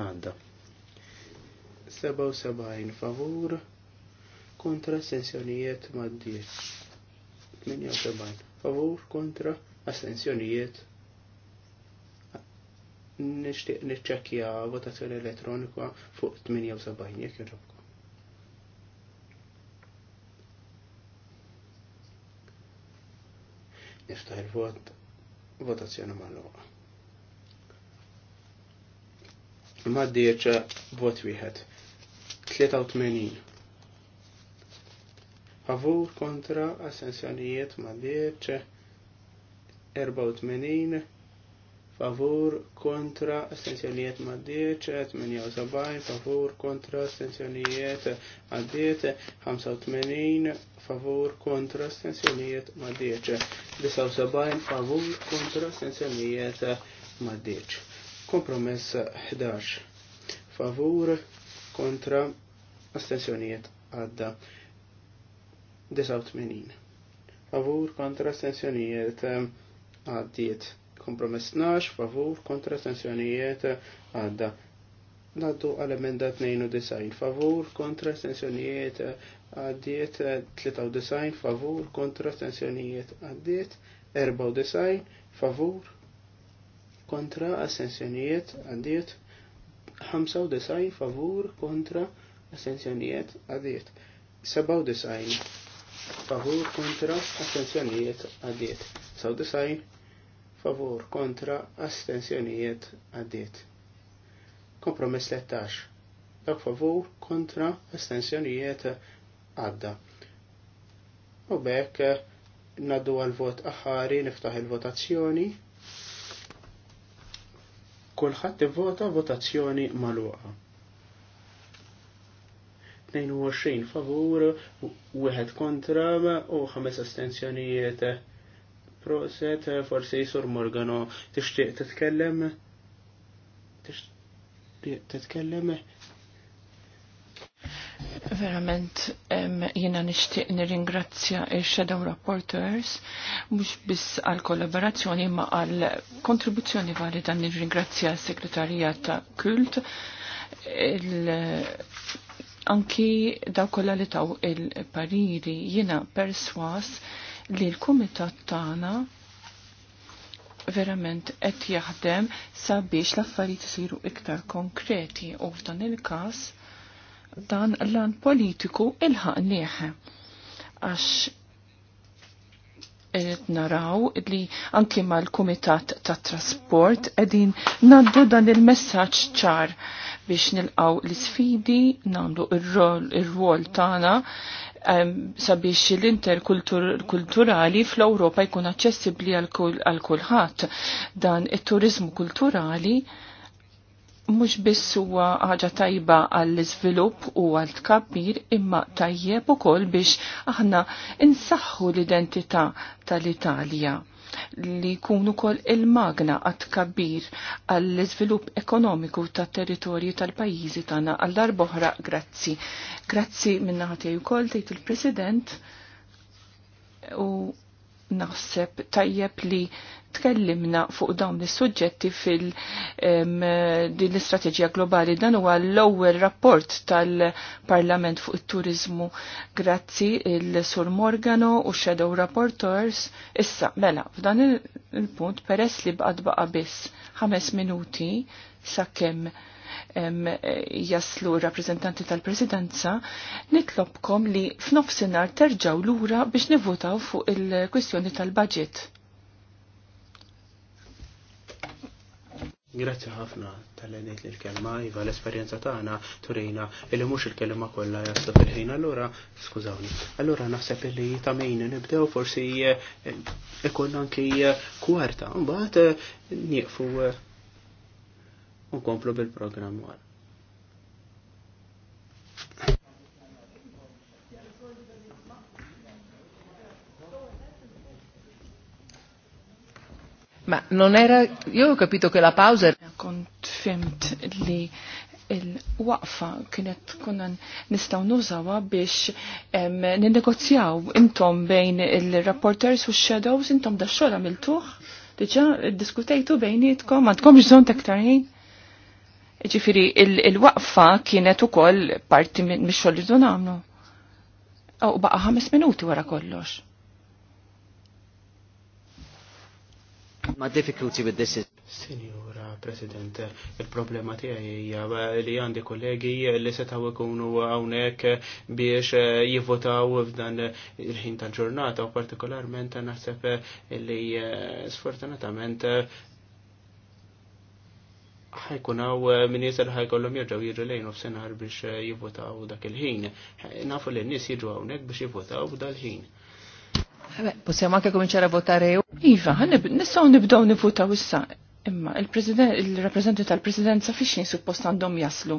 għadda 77 favur kontra assenzjonijiet maddiet 78 favur kontra assenzjonijiet nixtieq niċċekkja votazzjoni elettronika fuq 78 jekk jogħġobkom. Niftaħ il-vot votazzjoni magħluqa. Ma ddieċa vot wieħed. 83. Favur kontra assenzjonijiet ma ddieċa 84 favur kontra astenzjonijiet maddiet, u sabajn, favur kontra astenzjonijiet maddiet, 85 favur kontra astenzjonijiet maddiet, 79 favur kontra astenzjonijiet maddiet. Kompromess 11 favur kontra astenzjonijiet għadda 89 favur kontra astenzjonijiet għaddiet kompromessnax favur kontra sanzjonijiet għadda. Naddu għal-emenda 92 favur kontra sanzjonijiet għaddiet 93 favur kontra sanzjonijiet għaddiet 94 favur kontra astensjonijiet għaddiet 95 favur kontra astensjonijiet għaddiet 97 favur kontra astensjonijiet għaddiet 97 favur kontra astensjonijiet għaddiet. Kompromess 13. Dak favur kontra astensjonijiet għadda. U bekk naddu għal-vot aħari niftaħ il-votazzjoni. Kulħadd ivvota votazzjoni magħluqa. 22 favur, 1 kontra u 5 astensjonijiet Proset, eh, forsi Sur Morgano, tixtieq titkellem? Tishtiq titkellem? Verament, jiena nixtieq nirringrazzja il-Shadow Rapporteurs, mhux biss għal kollaborazzjoni ma għal kontribuzzjoni valida nirringrazzja s-Segretarija ta' Kult, anki daw kollha li taw il-pariri jiena perswas li l-kumitat tagħna verament qed jaħdem sabiex l-affarijiet isiru iktar konkreti u f'dan il-każ dan l-an politiku il-ħaq nieħe. Għax irid naraw li anki mal-Kumitat tat Trasport qegħdin naddu dan il-messaġġ ċar biex nilqaw l-sfidi, nagħmlu ir-rol tagħna sabiex l-interkulturali fl-Ewropa jkun aċċessibbli għal kulħadd. Dan it-turizmu kulturali mhux biss huwa ħaġa tajba għall iżvilupp u għal tkabbir imma tajjeb ukoll biex aħna insaħħu l-identità tal-Italja li jkunu kol il-magna għat kabbir għall-izvilup ekonomiku ta' territorji tal-pajizi tana għall-darboħra grazzi. Grazzi minna ħatiju kol tejt il-President u naħseb tajjeb li tkellimna fuq dawn is-suġġetti fil din l-istrateġija globali dan huwa l-ewwel rapport tal-Parlament fuq it-turiżmu. Grazzi il-Sur Morgano u Shadow Rapporteurs. Issa, mela, f'dan il-punt peress li bqad baqa' biss ħames minuti sakemm jaslu rappresentanti tal-presidenza, nitlobkom li f'nofsinhar terġaw lura biex nivvotaw fuq il-kwistjoni tal-budget Grazzi ħafna tal-għenejt l-kelma, iva l-esperienza taħna turina illi mux il-kelma kolla jasta fil-ħin, allora, skużawni, allora naħseb illi tamejn nibdew forsi eh, ikon anki eh, kwarta, mbaħt eh, nieqfu unkomplu bil-programm għal. Ma non era, io ho capito che la pausa... Kont fimt li il-waqfa kienet kunna nistaw nużawa biex ninnegozjaw intom bejn il-rapporters u shadows intom da xogħol għamiltuh. diġa' diskutejtu bejnietkom, għandkom bżonn tektarħin? ħin. il-waqfa kienet ukoll parti mix-xogħol li għamlu. U baqa' ħames minuti wara kollox. My difficulty with this is... Signora President, il-problema tiegħi hija li għandi kollegi li setgħu jkunu hawnhekk biex jivvotaw f'dan il-ħin ta' ġurnata u partikolarment naħseb li eh, sfortunatament ħajkun għaw minnis li ħajkollhom jerġgħu jiġu lejn f'senar biex jivvotaw dak il-ħin. Nafu li n-nies jiġu hawnhekk biex jivvotaw dal-ħin. Possiamo anche cominciare a votare io. Iva, ne ne so, nistaw ne vota issa. Ma il presidente, il rappresentante tal-presidenza fiexin suppost għandhom jaslu.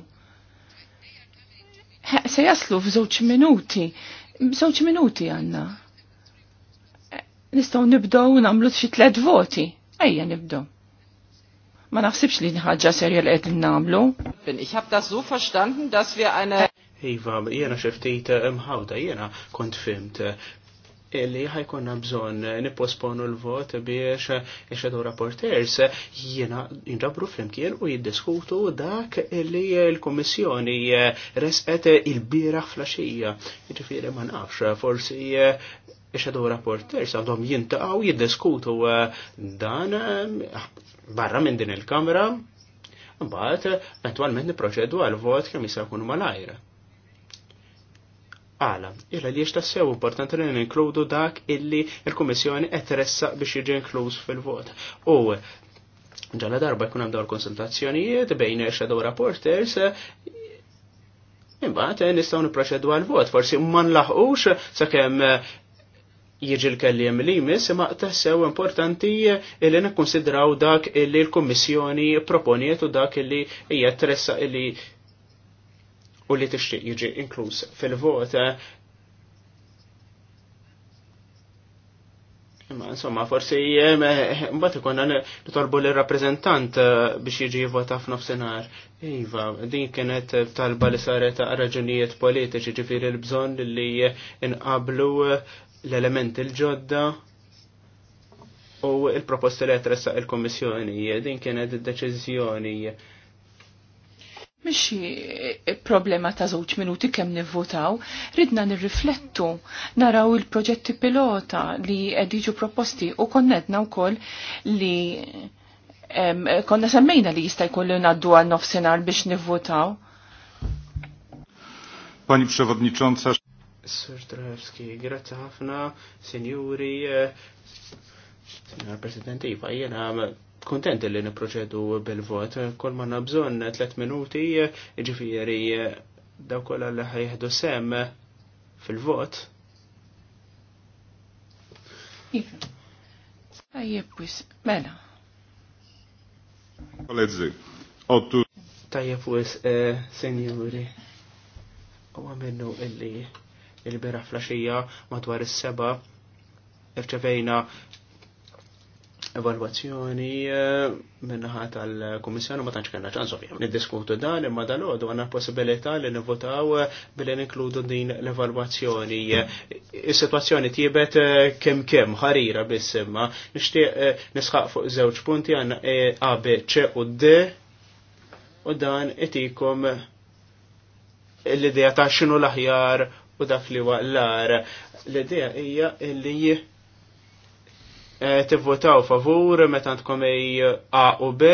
Se jaslu f'żewġ minuti. B'żewġ minuti għanna. Eh, nistaw nibdow namlu xi tliet voti. Ejja nibdow. Ma naħsibx li ħaġa serja li qed nagħmlu. Ich hab das so verstanden, dass wir eine Iva, jena xeftit imħawda, eh, jena kont fimt illi ħajkonna bżon nipposponu l-vot biex ix rapporters jiena jinġabru flimkien u jiddiskutu dak illi l-Kommissjoni resqet il-biraħ flaxija. Ġifieri ma nafx, forsi ix rapporters għandhom jintaqgħu jiddiskutu eh, dan eh, barra minn din il-Kamra, mbagħad eventwalment niproċedu għal vot kemm jista' jkun malajr għala. illa li tassew importanti li ninkludu dak illi il-Kummissjoni qed teressa biex jiġi inkluż fil-vot. U ġala darba jkun hemm dawn konsultazzjonijiet bejn shadow rapporters Imbagħad nistgħu nipproċedu l vot, forsi ma nlaħqux sakemm jiġi l-kellim li jmiss ma tassew importanti illi nikkonsidraw dak illi l-Kummissjoni proponiet u dak illi hija tressa illi u li tixtieq jiġi inkluż fil-vot. Imma insomma, forsi eh, mbagħad ikonna nitolbu lir rappreżentant eh, biex jiġi jivvota f'nofsinhar. Iva, din kienet talba li saret raġunijiet politiċi ġifieri l-bżonn li inqablu eh, l-element il-ġodda u il-proposti li għetressa il-Komissjoni, din kienet id-deċiżjoni. Mixi problema ta' żewġ minuti kemm nivvotaw, ridna nirriflettu, naraw il-proġetti pilota li qed proposti u konnetna wkoll li em, konna semmejna li jista' jkollu ngħaddu għal nofsinhar biex nivvotaw. Pani Przewodnicząca. Sir Drewski, grazie ħafna, Sinjuri, eh, Signor Presidente, jifajjena, kontent li niproċedu bil-vot, kol ma nabżon 3 minuti, ġifiri daw kolla li ħajħdu sem fil-vot. Iva. Tajjeb wis, mela. ottu. Tajjeb wis, eh, senjuri. U għamennu illi il-bera flasġija madwar is-seba irċevejna evalwazzjoni eh, minnaħat tal-Komissjoni ma tantx kellna ċans ovvjament. Niddiskutu dan imma dalgħodu għodu għandna possibilità li nivvotaw eh, billi ninkludu din l-evalwazzjoni. Eh, is-sitwazzjoni tibet kemm kemm ħarira biss imma nixtieq nisħaq fuq żewġ punti għandna A, B, C u D u dan itikom l-idea ta' xinu l-aħjar u dak li waqlar. L-idea hija li Eh, tivvotaw favur meta għandkom ej A u B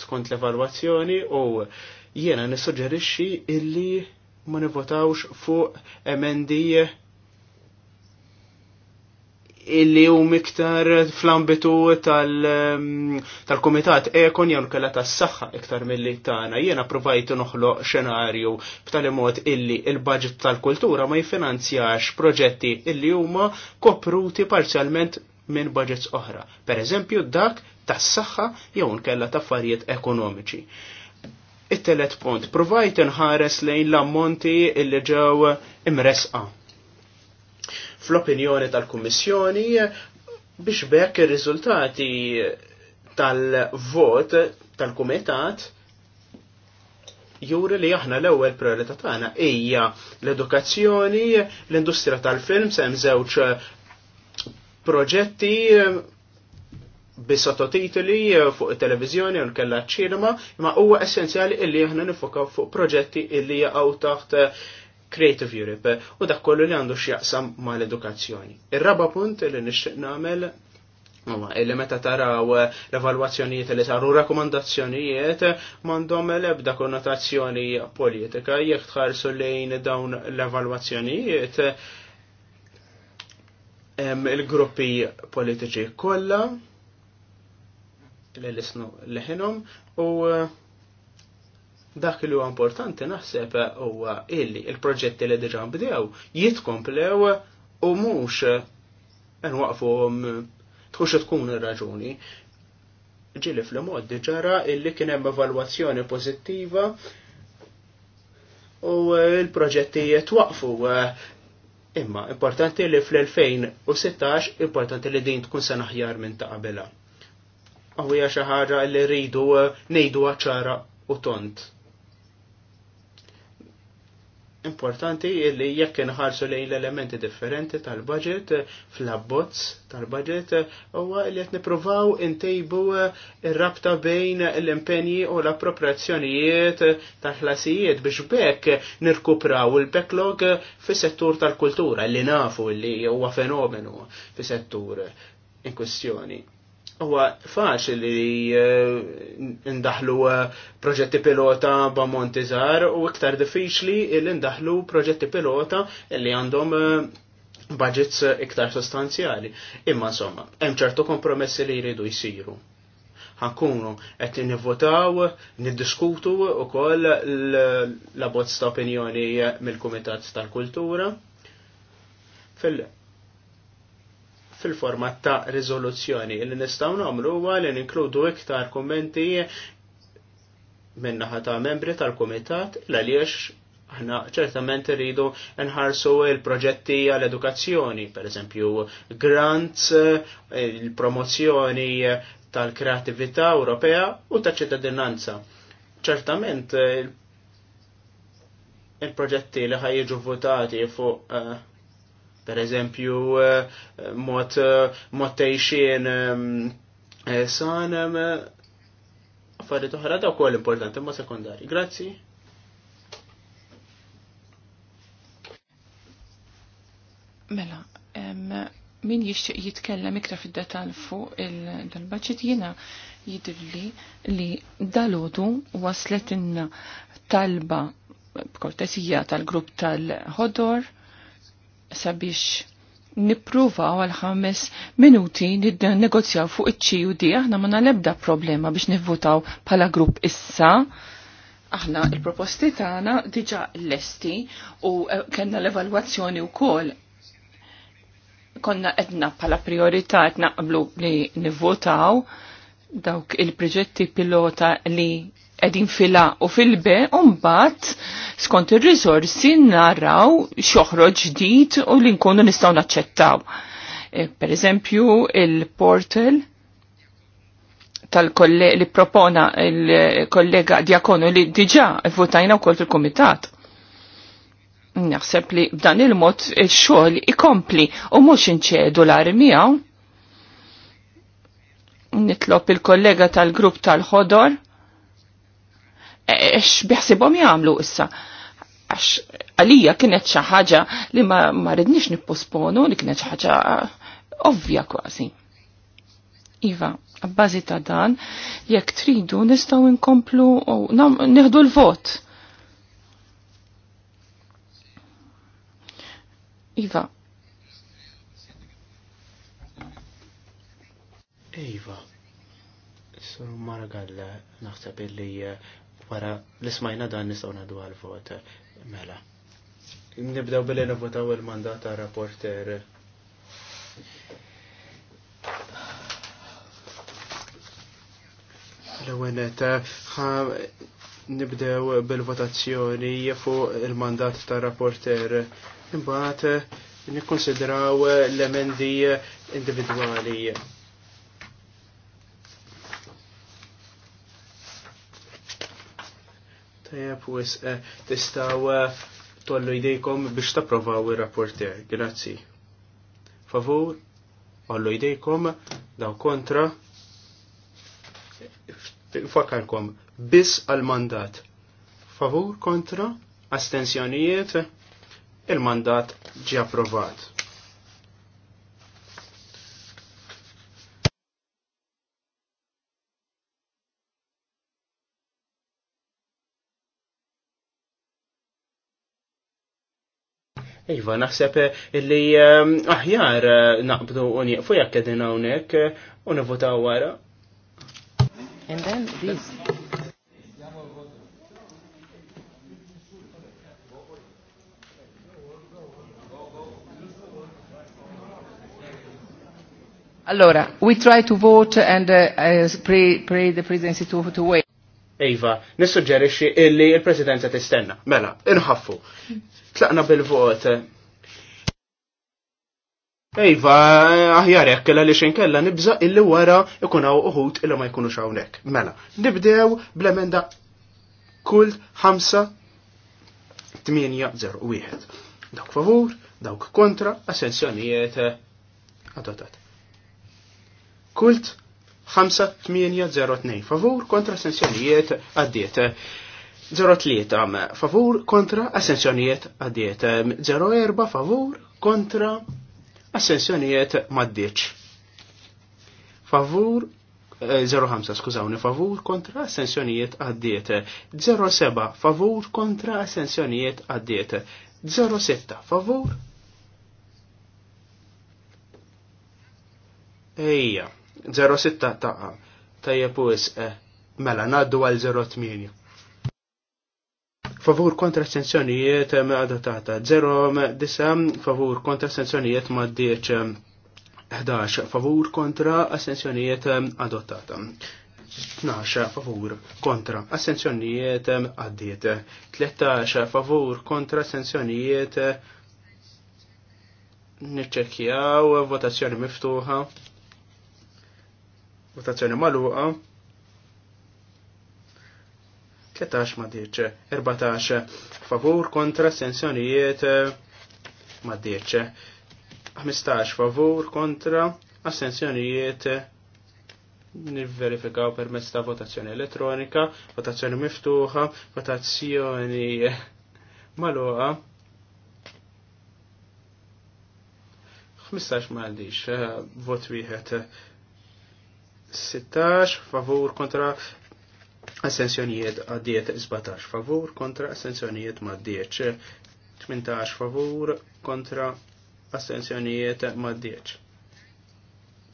skont l-evalwazzjoni u jiena nissuġġerixxi illi ma nivvotawx fuq emendi illi u miktar fl-ambitu tal-komitat tal ekon jew kella tas-saħħa iktar mill-li tagħna. Jiena provajtu noħloq xenarju b'tali mod illi il-budget tal-kultura ma jiffinanzjax proġetti illi huma kopruti parzjalment minn budgets oħra. Per eżempju dak tas-saħħa jew nkella ta' affarijiet ekonomiċi. It-telet punt, provajt nħares lejn l-ammonti illi ġew imresqa fl-opinjoni tal-Kummissjoni biex bekk ir-riżultati tal-vot tal-Kumitat juri li aħna l-ewwel priorità tagħna hija l-edukazzjoni, l-industrija tal-film sem żewġ proġetti bi sottotitoli fuq it-televiżjoni u l-kella ċinema, ma huwa essenzjali illi aħna nifokaw fuq proġetti illi jaqgħu taħt Creative Europe u dak kollu li għandu x'jaqsam mal-edukazzjoni. Ir-raba punt li nixtieq nagħmel Mama, illi meta taraw l-evalwazzjonijiet li saru rakomandazzjonijiet mandom l-ebda konnotazzjoni politika jekk tħarsu lejn dawn l-evalwazzjonijiet il-gruppi politiċi kollha li l-isnu leħinhom u dak li huwa importanti naħseb huwa illi il-proġetti li diġà bdew jitkomplew u mhux nwaqfu tkunx tkun ir-raġuni. Ġili fl-mod ġara illi kien hemm evalwazzjoni pożittiva u l-proġetti jitwaqfu imma importanti li fl-2016 importanti li din tkun sena ħjar minn ta' qabela. Għawija xi ħaġa li rridu ngħidu ċara u tont importanti li jekk inħarsu lejn l-elementi differenti tal-budget fl-abbozz tal-budget huwa li qed nippruvaw intejbu eh, ir-rabta bejn l-impenji u l-appropriazzjonijiet tal-ħlasijiet biex bekk nirkupraw il-backlog fis-settur tal-kultura li nafu li huwa fenomenu fis-settur in kwestjoni huwa faċ li eh, ndaħlu eh, proġetti pilota b'ammonti żgħar u iktar diffiċli li ndaħlu proġetti pilota li għandhom eh, budgets iktar sostanzjali. Imma insomma, hemm ċertu kompromessi li jridu jsiru. Ħankunu qed nivvotaw, niddiskutu wkoll l-abbozz ta' opinjoni mill-Kumitat tal-Kultura. Fil- fil-format ta' rizoluzzjoni. Illi nistaw namlu huwa li ninkludu iktar kommenti minnaħa ta' membri tal-komitat l-għaliex aħna ċertament rridu nħarsu il-proġetti għall-edukazzjoni, per eżempju grants, il-promozzjoni tal-kreativita Ewropea u ta' ċittadinanza. Ċertament il-proġetti li ħajġu votati fuq eh, per eżempju eh, mod eh, mod tejxien eh, sanem, affarijiet oħra daw kol importanti ma sekundari. Grazzi. Mela, min jixtieq jitkellem iktar fid detall fuq il-budget jiena jidilli li dalodu waslet inna talba b'kortesija tal-grupp tal-ħodor sabiex nippruvaw għal ħames minuti negozjaw fuq iċ-ċiju di aħna ma nalebda problema biex nivvutaw pala grupp issa aħna il-proposti tagħna diġà lesti u eh, kellna l-evalwazzjoni wkoll konna edna pala priorità qed naqblu li nivvotaw dawk il-proġetti pilota li edin fila u filbe, umbat skont il-rizorsi naraw xoħro ġdid u li nkunu nistaw naċċettaw. E, per eżempju, il-portal tal-kollega li propona il-kollega Diakonu li diġa votajna u kolt il-komitat. Naħseb li b'dan il-mod il-xogħol ikompli u mhux inċedu l-armijaw. Nitlob il-kollega tal-grupp tal-ħodor x'biħsibhom jagħmlu issa. Għax għalija kienet xi ħaġa li ma, ma ridniex nipposponu li kienet xaħġa ħaġa eh, ovvja kważi. Iva, għabbażi ta' dan, jekk tridu nistgħu nkomplu neħdu l-vot. Iva. Iva. Sur Maragall naħseb illi eh, wara li smajna dan nistgħu nadu għal-vot mela. Nibdew billi nivotaw il-mandat ta' rapporter. L-ewwel nibdew bil-votazzjoni fuq il-mandat ta' rapporter. Imbagħad nikkonsidraw l-emendi individwali. Tajab, u eh, tistaw eh, tollu idejkom biex taprovaw il rapporti Grazzi. Favur, ollu idejkom, daw kontra. Fakarkom, bis għal-mandat. Favur, kontra, astensjonijiet, il-mandat ġi approvat. Iva, naħseb eh, illi ehm, aħjar eh, naqbdu u nieqfu jekk qegħdin hawnhekk eh, u nivvotaw wara. And then these. Allora, we try to vote and uh, pray, pray the presidency to, to wait. Iva, nissuġġerixxi illi il-Presidenza tistenna. Mela, inħaffu. Tlaqna bil-vot. Iva, aħjar hekk kellha li xinkella nibża illi wara ikun hawn uħud illi ma jkunux hawnhekk. Mela, nibdew bl-emenda kull 5-8-0-1. Dawk favur, dawk kontra, assenzjonijiet adotat. Kult 5802 favur kontra ascensjonijiet għaddiet. 03 um, favur kontra ascensjonijiet għaddiet. 04 um, favur kontra ascensjonijiet maddiċ. Favur 05 eh, skużawni favur kontra ascensjonijiet għaddiet. 07 favur kontra ascensjonijiet għaddiet. 06 favur Ejja. 06 taqa. Tajjeb u isqe. Eh, mela, naddu għal 08. Favur kontra sanzjonijiet eh, adottata. 09 eh, favur kontra sensjonijiet ma' 10. 11 favur kontra assenzjonijiet adottata. 12 favur kontra assenzjonijiet għaddiet. 13 favur kontra assenzjonijiet niċċekjaw votazzjoni miftuħa votazzjoni maluqa 13 ma dirċe 14 favur kontra assenzjonijiet ma dirċe 15 favur kontra assenzjonijiet nivverifikaw permezz ta' votazzjoni elettronika, votazzjoni miftuħa, votazzjoni maluqa. 15 ma għandix eh, vot wieħed 16 favur kontra assenzjonijiet għaddiet 17 favur kontra assenzjonijiet maddiet 18 favur kontra assenzjonijiet maddiet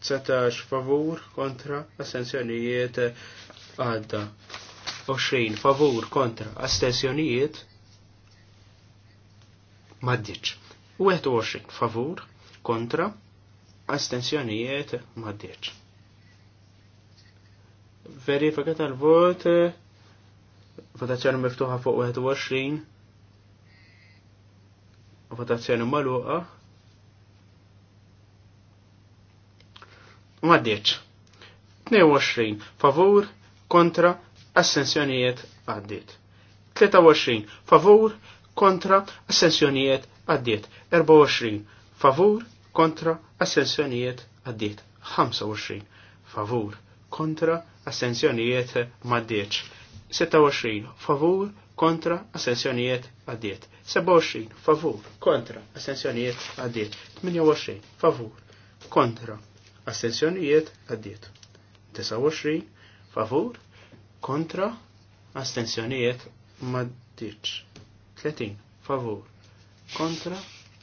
17 favur kontra assenzjonijiet għadda 20 favur kontra astensjonijiet maddiċ. 21 favur kontra astensjonijiet maddiċ verifika tal-vot votazzjoni miftuħa fuq 21 votazzjoni maluqa maddiċ 22 favur kontra assenzjonijiet għaddiet 23 favur kontra assenzjonijiet għaddiet 24 favur kontra assenzjonijiet għaddiet 25 favur kontra assenzjonijiet assenzjonijiet maddieċ. 26 favur kontra assenzjonijiet għaddiet. 27 favur kontra assenzjonijiet għaddiet. 28 favur kontra assenzjonijiet għaddiet. 29 favur kontra astensjonijiet maddieċ. 30 favur kontra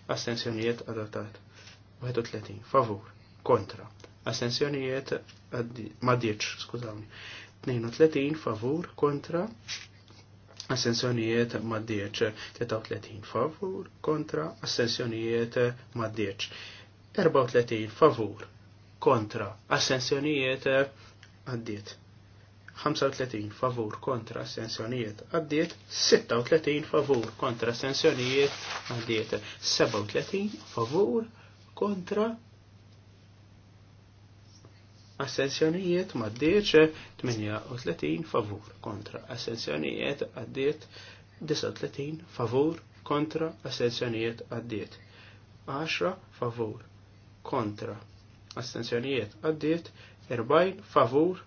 astensjonijiet adottat. 31 favur kontra Astensjonijiet ma ditx, skużawni. 32 favur kontra assenzjonijiet ma ditx. 33 favur kontra assenzjonijiet ma ditx. 34 favur kontra assenzjonijiet għaddiet. 35 favur kontra assenzjonijiet għaddiet. 36 favur kontra assenzjonijiet għaddiet. 37 favur kontra assenzjonijiet maddiċ 38 favur kontra assenzjonijiet għaddiet 39 favur kontra assenzjonijiet għaddiet 10 favur kontra assenzjonijiet għaddiet 40 favur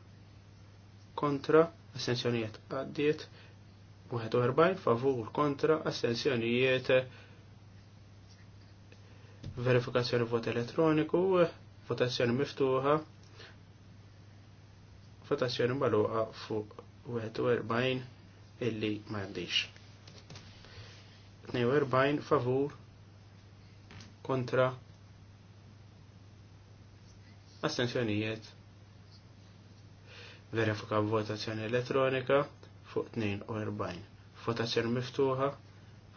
kontra assenzjonijiet għaddiet 41 favur kontra assenzjonijiet verifikazzjoni vot elettroniku votazzjoni miftuħa votazzjoni mbaluqa fuq 41 illi ma jandix. 42 favur kontra astensjonijiet verifika votazzjoni elettronika fuq 42. Votazzjoni miftuħa,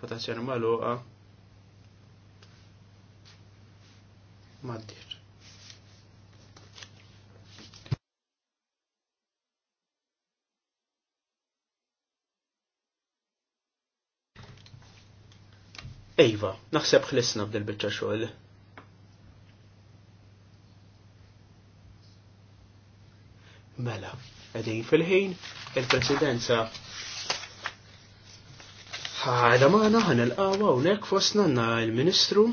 votazzjoni maluqa, maddir. Ejva, naħseb ħlisna b'dil biċċa xogħol. Mela, qegħdin fil-ħin, il-presidenza ħada maħna ħan il-qawa unek fosna il-ministru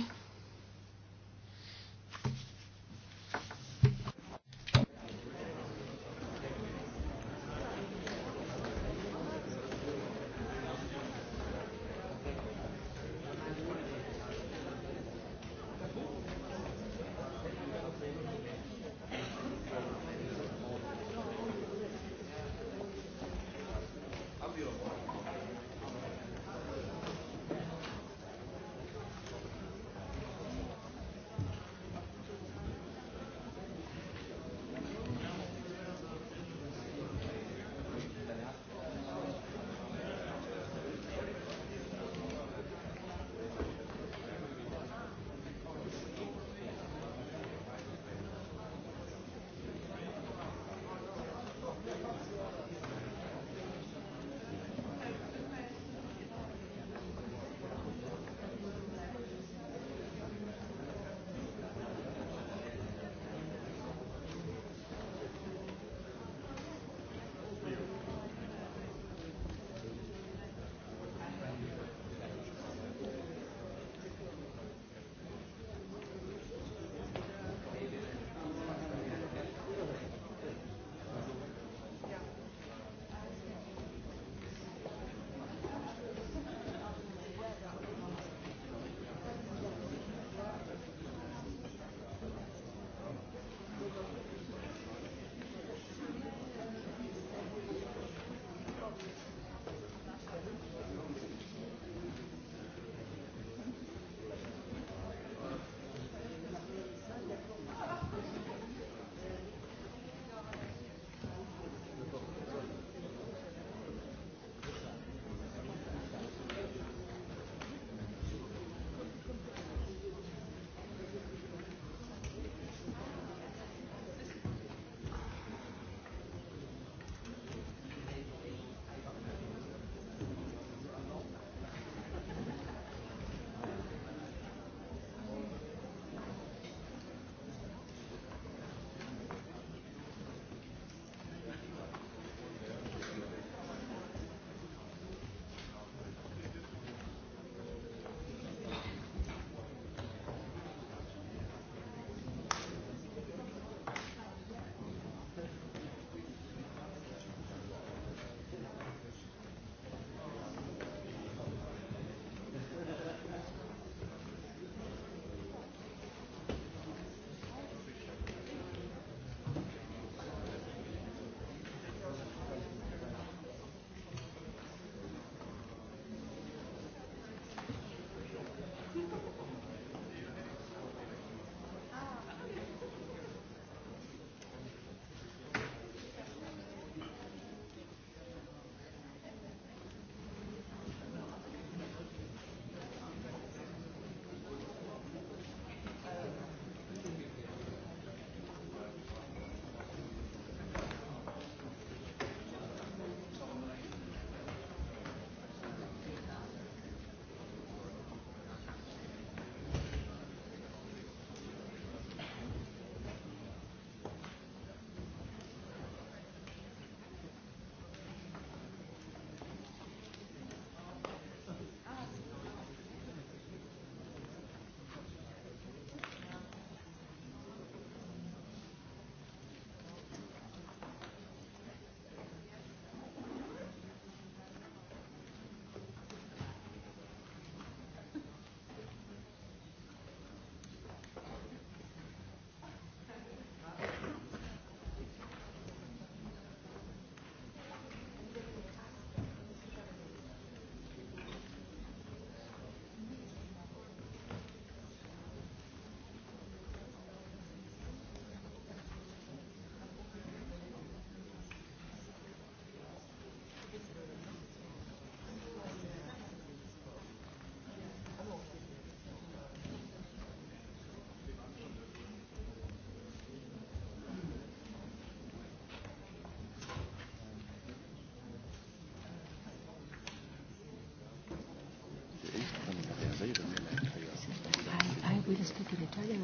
Italian,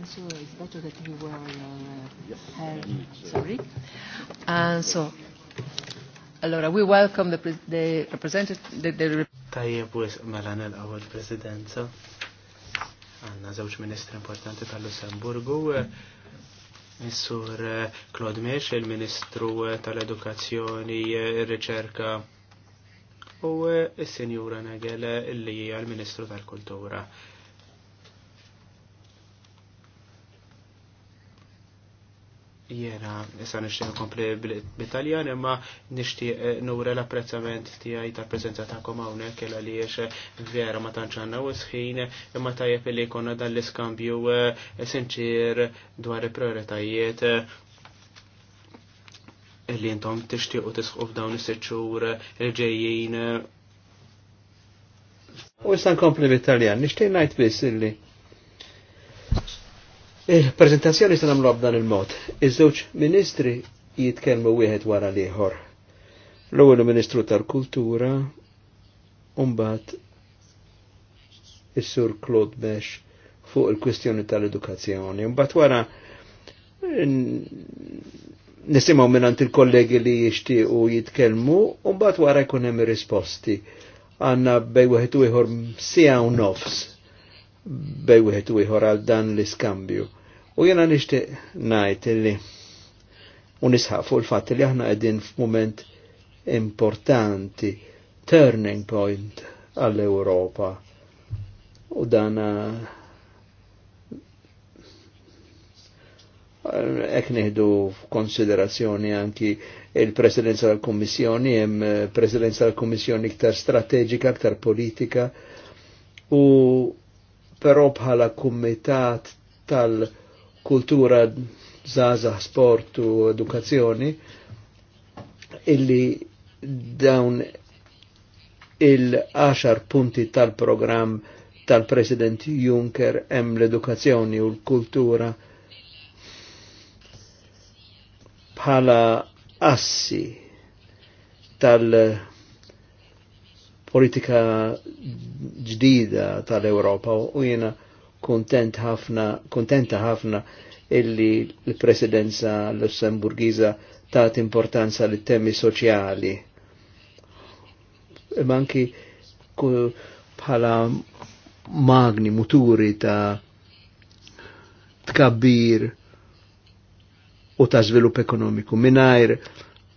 uh, uh, allora, we welcome the, the representative. The, the Tajjeb mela nilqgħu għawad presidenza Għanna żewġ ministri importanti tal-Lussemburgu. Missur eh, Claude Mesh, il-Ministru eh, tal-Edukazzjoni, eh, il-reċerka. u s senjura Nagel, il hija l-Ministru tal-Kultura. Jena, issa nishtiq nkompli bl-Italjan, imma nishtiq eh, nura l-apprezzament tiegħi tal-preżenza ta' kom hawnhekk il għaliex vera ma tantx għandna wisħin, imma tajjeb li jkollna dan l-iskambju eh, sinċir dwar il-prioritajiet eh, li intom tixtiequ tisħu f'dawn is siċċur il-ġejjin. U issa nkompli bit-Taljan, nixtieq ngħid biss illi Il-prezentazzjoni se nagħmlu b'dan il-mod. Iż-żewġ ministri jitkellmu wieħed wara l-ieħor. L-ewwel ministru tal-Kultura u mbagħad is-Sur Claude Besh fuq il-kwistjoni tal-edukazzjoni. Mbagħad wara nisimgħu minn il-kollegi li jixtiequ jitkellmu u mbagħad wara jkun hemm risposti għanna bej wieħed u ieħor sija u nofs bej wieħed u ieħor għal dan l-iskambju. U jena nishtiq najt illi unisħaq fuq fat li aħna għedin f'moment importanti, turning point għall-Europa. U dana ek neħdu konsiderazzjoni anki il-presidenza tal-Kommissjoni, hemm eh, presidenza tal-Kommissjoni iktar strategika, iktar politika, u però bħala kumitat tal- kultura, zaza, sport u edukazzjoni illi dawn il-10 punti tal-programm tal-President Juncker hemm l-edukazzjoni u l-kultura bħala assi tal-politika ġdida tal-Europa u jena kontent ħafna, kontenta ħafna illi l-presidenza lussemburgiza tat importanza li temi soċjali. Manki bħala magni muturi ta' tkabbir u ta' svilup ekonomiku. Minajr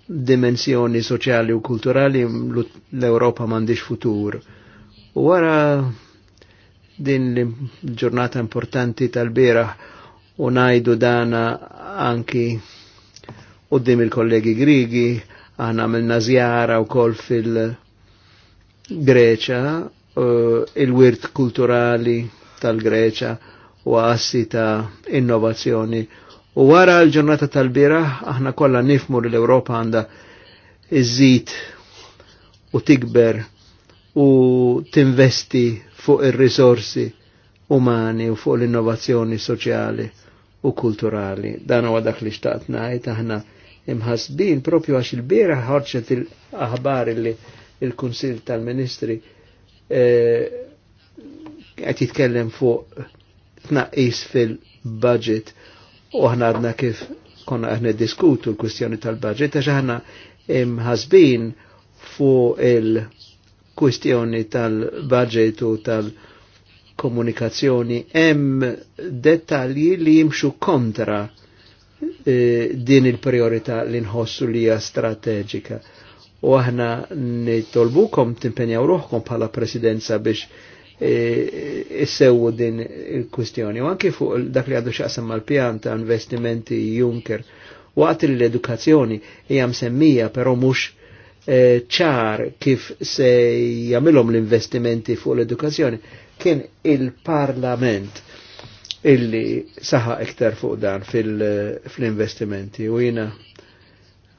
dimensjoni soċjali u kulturali l-Europa mandiġ futur. U għara din l-ġurnata importanti tal bira u najdu dana anki u il-kollegi Grigi, għana għamilna zjara u kol fil-Greċa, eh, il-wirt kulturali tal-Greċa u għassi ta' innovazzjoni. U wara l-ġurnata tal bira aħna kollha nifmur l-Europa għanda iżid u tikber u tinvesti fuq ir-risorsi umani u fuq l-innovazzjoni soċjali u kulturali. Dan huwa dak li xtaqt ngħid aħna imħasbin propju għax il bieraħ ħarġet il-aħbar li il kunsill tal-Ministri e, qed jitkellem fuq tnaqqis fil-budget u aħna għadna kif konna aħna diskutu l-kwistjoni tal-budget għax aħna imħasbin fuq il- kwistjoni tal-budget u tal-komunikazzjoni hemm dettalji li jimxu kontra e, din il-priorità li nħossu li hija strateġika. U aħna nitolbukom timpenjaw ruħkom bħala presidenza biex eh, issewu e, e, din il-kwistjoni. U anki fuq dak li għadu xaqsam mal-pjan ta' investimenti Juncker waqt l-edukazzjoni hija msemmija però mhux Eh, ċar kif se jagħmilhom l-investimenti fuq l-edukazzjoni kien il-Parlament illi saħa iktar fuq dan fil-investimenti u jina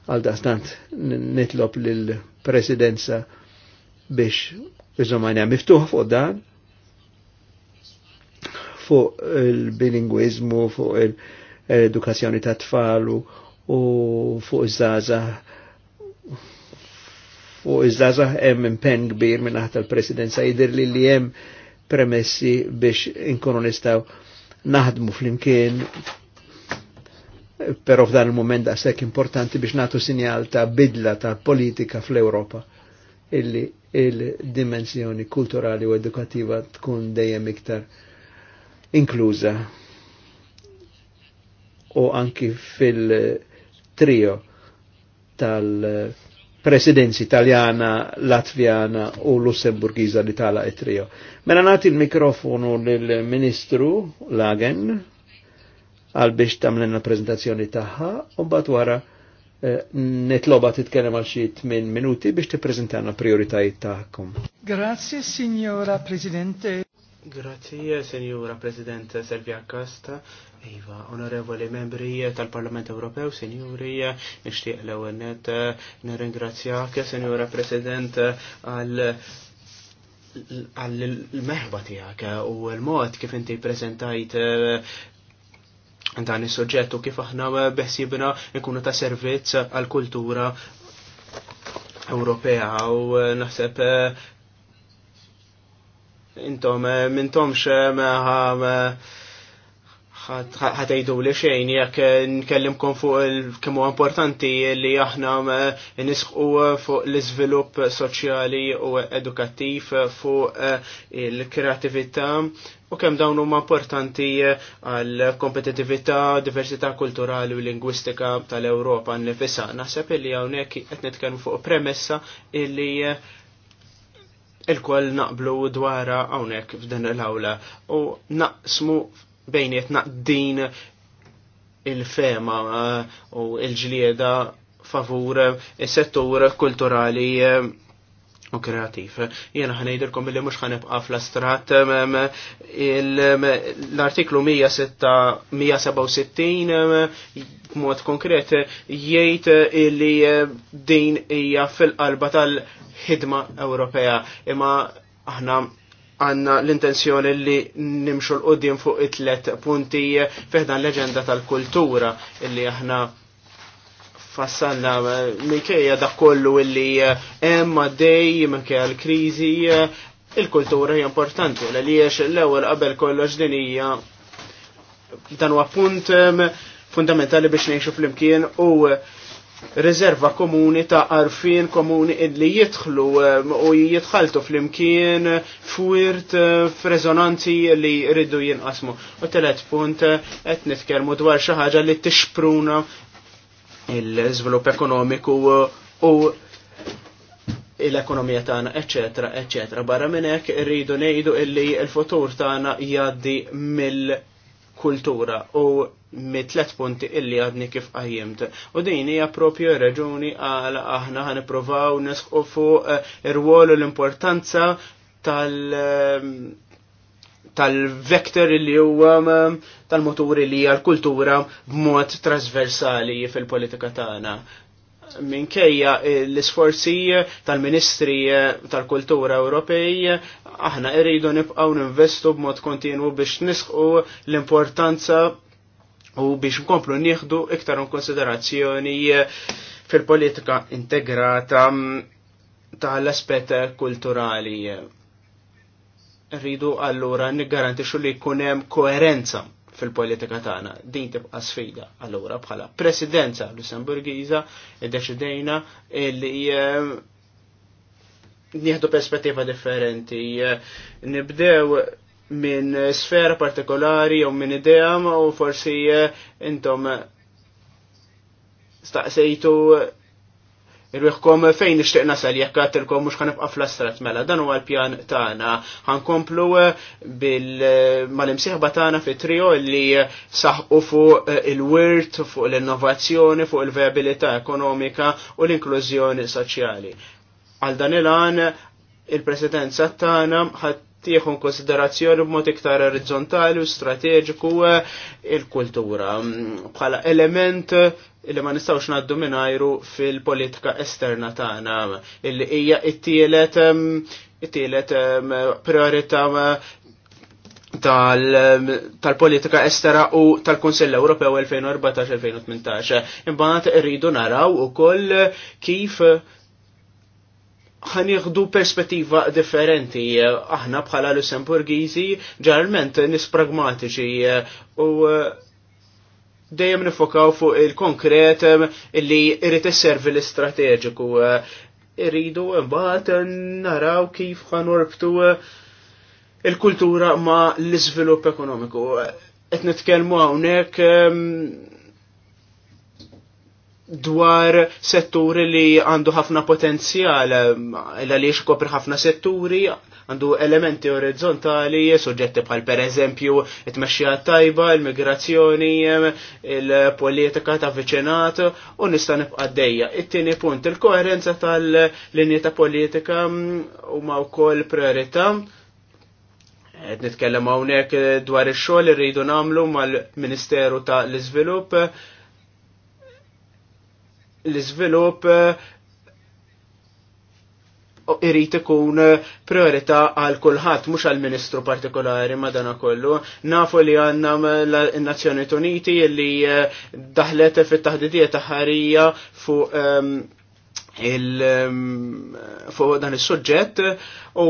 għalda stant nitlob lill-presidenza biex għam miftuħ fuq dan fuq il-bilingwizmu, fuq il-edukazzjoni ta' tfal u fuq iż-żaza fuq iż-żazah hemm impenn kbir minn aħta l-presidenza jidir li li hemm premessi biex inkunu nistgħu naħdmu flimkien. però f'dan il-moment daqshekk importanti biex nagħtu sinjal ta' bidla tal politika fl-Ewropa illi il-dimensjoni kulturali u edukativa tkun dejjem iktar inkluża u anki fil-trio tal- uh, presidenzi italjana, latvjana u lussemburgiza li tala e trio Mela nati il-mikrofonu lill-Ministru Lagen għal biex tamlenna prezentazzjoni taħħa u bat wara eh, netloba titkellem għal xi minn minuti biex tippreżentana prioritajiet taħkom. Grazie, Signora Presidente. Grazie, Senjura President Servia Kasta, Iva, onorevoli membri tal-Parlament Ewropew, Senjuri, nishtiq l-ewenet, nirringrazzjak, Senjura President, għal għall-merħba tijak u l-mod kif inti prezentajt eh, dan is-soġġett u kif aħna eh, besibna ikunu ta' servizz għal-kultura Ewropea u eh, naħseb intom eh, mintomx ħatejdu eh, eh, li xejn jekk nkellimkom fuq kemm huwa importanti li aħna nisqu fuq l-iżvilupp soċjali u edukattiv fuq il-kreatività u kemm dawn huma importanti għal kompetitività, diversità kulturali u lingwistika tal-Ewropa nifisa. Naħseb illi hawnhekk qed nitkellmu fuq premessa illi il-koll naqblu dwara hawnhekk f'dan l-awla u naqsmu bejniet naqdin il-fema eh, u il-ġlieda favur eh, is-settur kulturali eh, u kreativ. Jena ħanajderkom li mux ħanibqa fl-astrat l-artiklu 167 mod konkret jgħid li eh, din hija fil-qalba tal-ħidma Ewropea imma aħna għanna l-intenzjoni li nimxu l-qoddim fuq it-tlet punti fiħdan l-leġenda tal-kultura illi aħna fassanna minkejja dak kollu illi eh, hemm għaddej minkejja l krizi eh, il-kultura hija importanti li jiex l-ewwel qabel kollox din hija dan huwa punt eh, fundamentali biex ngħixu flimkien u riserva komuni ta' arfin komuni illi jidħlu u jitħaltu fl-imkien fwirt f'rezonanzi li rridu jinqasmu. U telet punt qed nitkellmu dwar xi ħaġa li tixpruna il svilupp ekonomiku u l-ekonomija tagħna, eċetera, eċetera. Barra minn hekk irridu ngħidu illi l-futur tagħna jgħaddi mill-kultura u mit tlet punti illi għadni kif qajjimt. U din hija propju raġuni għal aħna ħan nippruvaw nisqu fuq ir-rwol u l-importanza tal- tal-vektor li huwa um, tal-moturi li hija l-kultura b'mod trasversali fil-politika tagħna. Minkejja eh, l-isforzi tal-Ministri eh, tal-Kultura Ewropej, aħna irridu nibqgħu ninvestu b'mod kontinwu biex nisqu l-importanza u biex nkomplu nieħdu iktar konsiderazzjoni eh, fil-politika integrata mm, tal-aspet kulturali rridu allura niggarantixu li jkun hemm koerenza fil-politika tagħna. Din tibqa' sfida allura bħala presidenza Lussemburgiża iddeċidejna e li eh, nieħdu perspettiva differenti. Eh, nibdew minn sfera partikolari jew minn idea u forsi eh, intom staqsejtu Irriħkom fejn nixtieq nasal jekk għatilkom mhux fl-astrat mela dan huwa l-pjan tagħna. Ħankomplu eh, bil eh, mal-imsieħba tagħna fi trio li saħqu fuq eh, il-wirt, fuq l-innovazzjoni, fuq il-viabilità ekonomika u l-inklużjoni soċjali. Għal dan il-għan il-presidenza tagħna ħadd tieħu konsiderazzjoni b'mod iktar orizzontali u strateġiku eh, il-kultura bħala element eh, li ma nistawx naddu minajru fil-politika esterna tagħna illi hija t-tielet it-tielet eh, priorità tal-politika tal estera u tal-Konsell Ewropew 2014-2018. Imbagħad irridu naraw ukoll kif ħanieħdu perspettiva differenti. Aħna bħala Lussemburgiżi ġarment nis pragmatiċi eh, u eh, dejjem nifokaw fuq il-konkret eh, illi irrid isservi l-istrateġiku. Irridu mbagħad naraw kif ħanorbtu il-kultura ma l-iżvilupp ekonomiku. Qed nitkellmu hawnhekk dwar setturi li għandu ħafna potenzjal, eh, għaliex kopri ħafna setturi, għandu elementi orizzontali, soġġetti bħal per eżempju it-mexxija tajba, il-migrazzjoni, il-politika ta' viċinat, u nista' nibqa' dejja. It-tieni punt, il-koerenza tal-linja ta' politika mm, huma wkoll priorità. Qed nitkellem hawnhekk dwar ix-xogħol irridu nagħmlu mal-Ministeru ta' l-Iżvilupp l-iżvilupp eh, irrit ikun eh, priorità għal kulħadd mhux għal ministru partikolari madana kollu. Nafu li għandna l-Nazzjoni Uniti li eh, daħlet fit-taħdidiet taħarija fuq ehm, il ehm, fuq dan is-suġġett u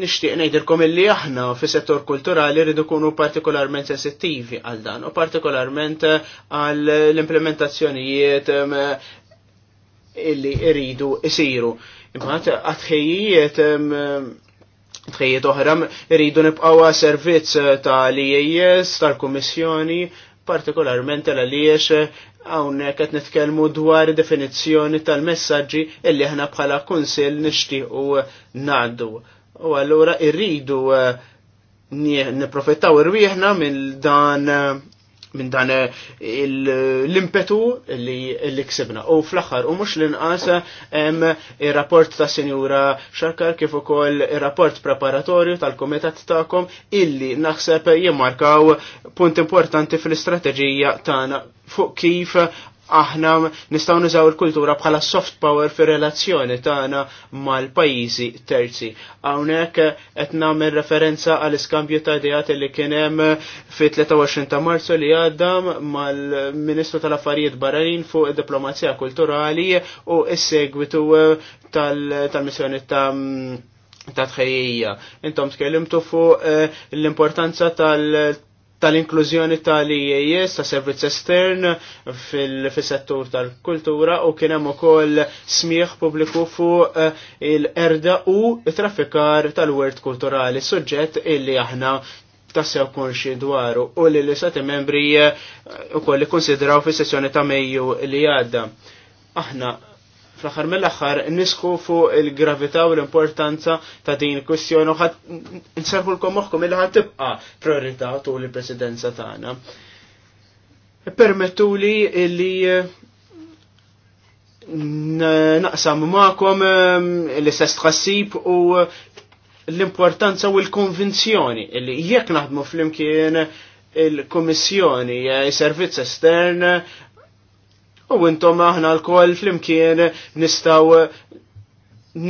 nishtiq ngħidilkom illi aħna fis-settur kulturali rridu kunu partikolarment sensittivi għal dan u partikolarment eh, għal l-implementazzjonijiet eh, illi rridu isiru. Imbagħad għatħejjiet tħejjiet eh, oħra rridu nibqgħu servizz tal-IES tal-Kummissjoni partikolarment għaliex hawnhekk qed nitkellmu dwar definizzjoni tal-messaġġi illi aħna bħala kunsill nixtiequ ngħaddu U allura irridu eh, niprofettaw irwieħna minn dan eh, minn dan eh, l-impetu li ksibna. U fl-axar, u mux l-inqas hemm il-rapport ta' Senjura Xarkar kif ukoll il-rapport preparatorju tal-komitat ta'kom illi naħseb jimmarkaw punt importanti fl-istrateġija tagħna fuq kif aħna nistgħu nużaw il-kultura bħala soft power fir relazzjoni tagħna mal-pajjiżi terzi. Hawnhekk qed nagħmel referenza għall iskambju ta' ideat li kien hemm fit-23 ta' Marzu li għadda mal-Ministru tal-Affarijiet Barranin fuq id-diplomazija kulturali u s-segwitu tal-missjoni ta' ta' tħejjija. Intom tkellimtu fuq eh, l-importanza tal- tal-inklużjoni tal-IES, ta' servizz estern fil-settur tal-kultura u kien hemm ukoll smieħ publiku fuq eh, il-erda u traffikar tal-wert kulturali, suġġett illi aħna tassew konxi dwaru u li l-istati membri eh, u koll konsidraw fil sessjoni ta' Mejju li għadda. Aħna fl-axar mill-axar nisku fuq il-gravità u l-importanza ta' din kwestjoni u ħad nsarħu l-kom uħkom il ħad tibqa priorità tu l-presidenza tagħna. Permettu li li eh, naqsam ma'kom eh, l-istess tħassib u l-importanza u l-konvinzjoni li jekk naħdmu fl-imkien il-Komissjoni, il-Servizz eh, Estern, u intom aħna l-koll fl-imkien nistaw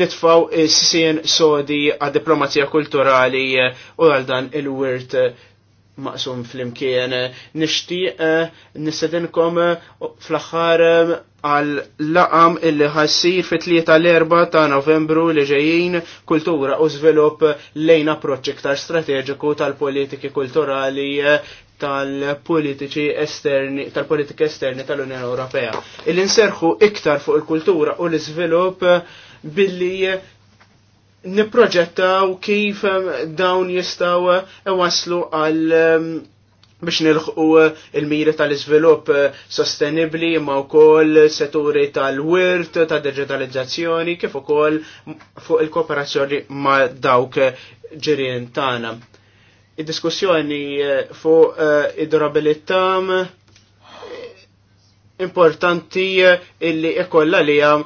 nitfaw s sien sodi għad diplomazija kulturali u għal dan il-wirt maqsum fl-imkien. Nishtiq eh, nisedinkom fl-axħar eh, għal laqam illi ħassir fit tlieta l-4 ta' novembru li ġejjin kultura u żvilupp lejn approċċ iktar strateġiku tal-politiki kulturali eh, tal-politiċi esterni, tal-politika esterni tal-Unjoni Ewropea. Il-inserħu iktar fuq il-kultura u l-izvilup billi niproġettaw kif um, dawn jistaw waslu għal um, biex nilħu il-miri tal-izvilup sostenibli ma' u koll seturi tal-wirt, tal-digitalizzazzjoni, kif u koll fuq il-kooperazzjoni ma' dawk ġirien tana id-diskussjoni eh, fuq eh, id-durabilità eh, importanti illi ikolla li għam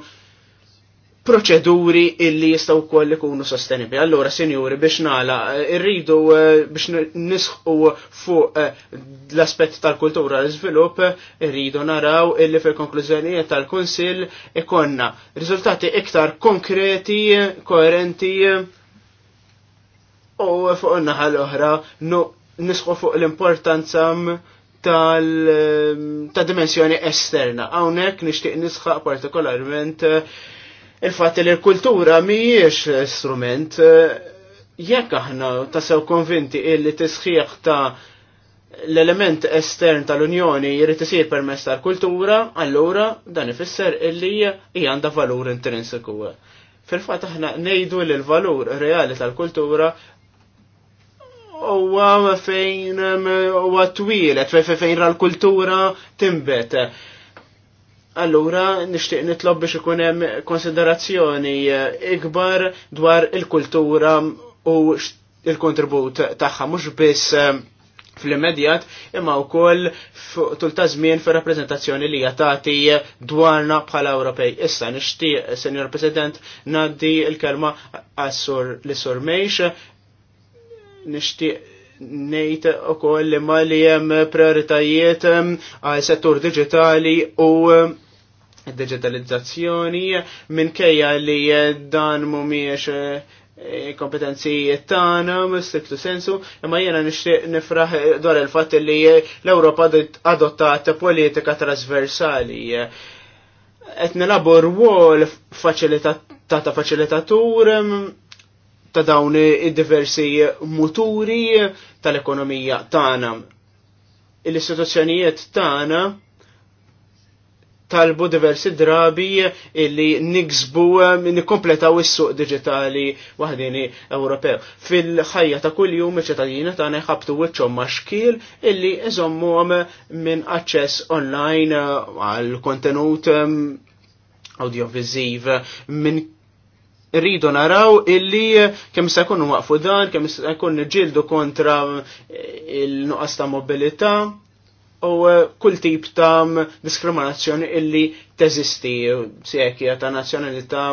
proċeduri illi jistaw koll ikunu sostenibli. Allora, sinjuri, biex nala, irridu biex nisħu fuq l-aspet tal-kultura l svilup irridu naraw illi fil konklużjonijiet tal konsil ikonna riżultati iktar konkreti, koerenti, u fuq naħa l-oħra nisħu fuq l-importanza ta' dimensjoni esterna. Hawnhekk nixtieq nisħaq partikolarment eh, il fat li l-kultura mhijiex strument eh, jekk aħna tasew konvinti illi tisħiħ ta' l-element estern tal-Unjoni jrid isir permess tal-kultura, allura dan ifisser illi hija għandha valur intrinsiku. Fil-fatt aħna ngħidu li l-valur reali tal-kultura huwa fejn huwa twilet, fejn ra l-kultura timbet. Allura, nixtieq nitlob biex ikun hemm konsiderazzjoni eh, ikbar dwar il-kultura u il-kontribut tagħha mhux biss fl-immedjat imma wkoll tul ta' żmien fir-rappreżentazzjoni li jatati dwarna bħala Ewropej. Issa nixtieq, Senjor President, ngħaddi l-kelma għas-sur li sur Mejx nixtieq nejt u koll li ma li jem prioritajiet għal settur digitali u digitalizzazzjoni minn kejja li dan mumiex eh, kompetenzijiet tagħna striktu sensu, imma jiena nixtieq nifraħ dwar il fat li l-Ewropa adottat politika trasversali. Qed nilabu rwol tata faċilitatur ta' dawn id-diversi muturi tal-ekonomija tagħna. Il-istituzzjonijiet tagħna talbu diversi drabi illi niksbu nikkompletaw is-suq digitali waħdini Ewropew. Fil-ħajja ta' kuljum iċ-ċittadini tagħna jħabtu wiċċhom maxkil illi iżommuhom minn aċċess online għal kontenut audiovisiv minn rridu naraw illi eh, kemm se jkunu waqfu dan, kemm se jkun ġildu kontra eh, il-nuqqas ta' mobilità u eh, kull tip ta' diskriminazzjoni illi teżisti, siekja ta' nazzjonalità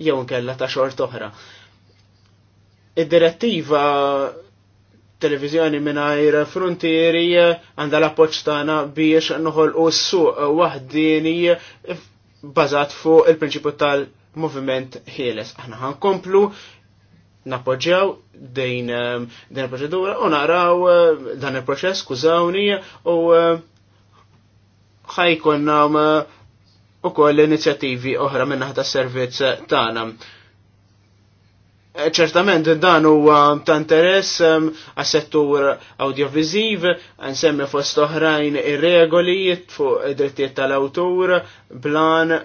jew nkella ta' xort oħra. Id-direttiva televizjoni minnajr frontieri għanda la poċtana biex nħol u s-suq wahdini bazat fuq il-prinċipu tal moviment ħieles. Aħna ħankomplu nappoġġjaw din ehm, din il-proċedura u naraw ehm, dan il-proċess kużawni u ehm, ħajkonna u koll inizjattivi oħra minnaħ ta' servizz tagħna. Ċertament dan huwa ta' interess għas-settur audiovisiv, nsemmi fost oħrajn ir-regoli fuq id-drittijiet tal-awtur, blan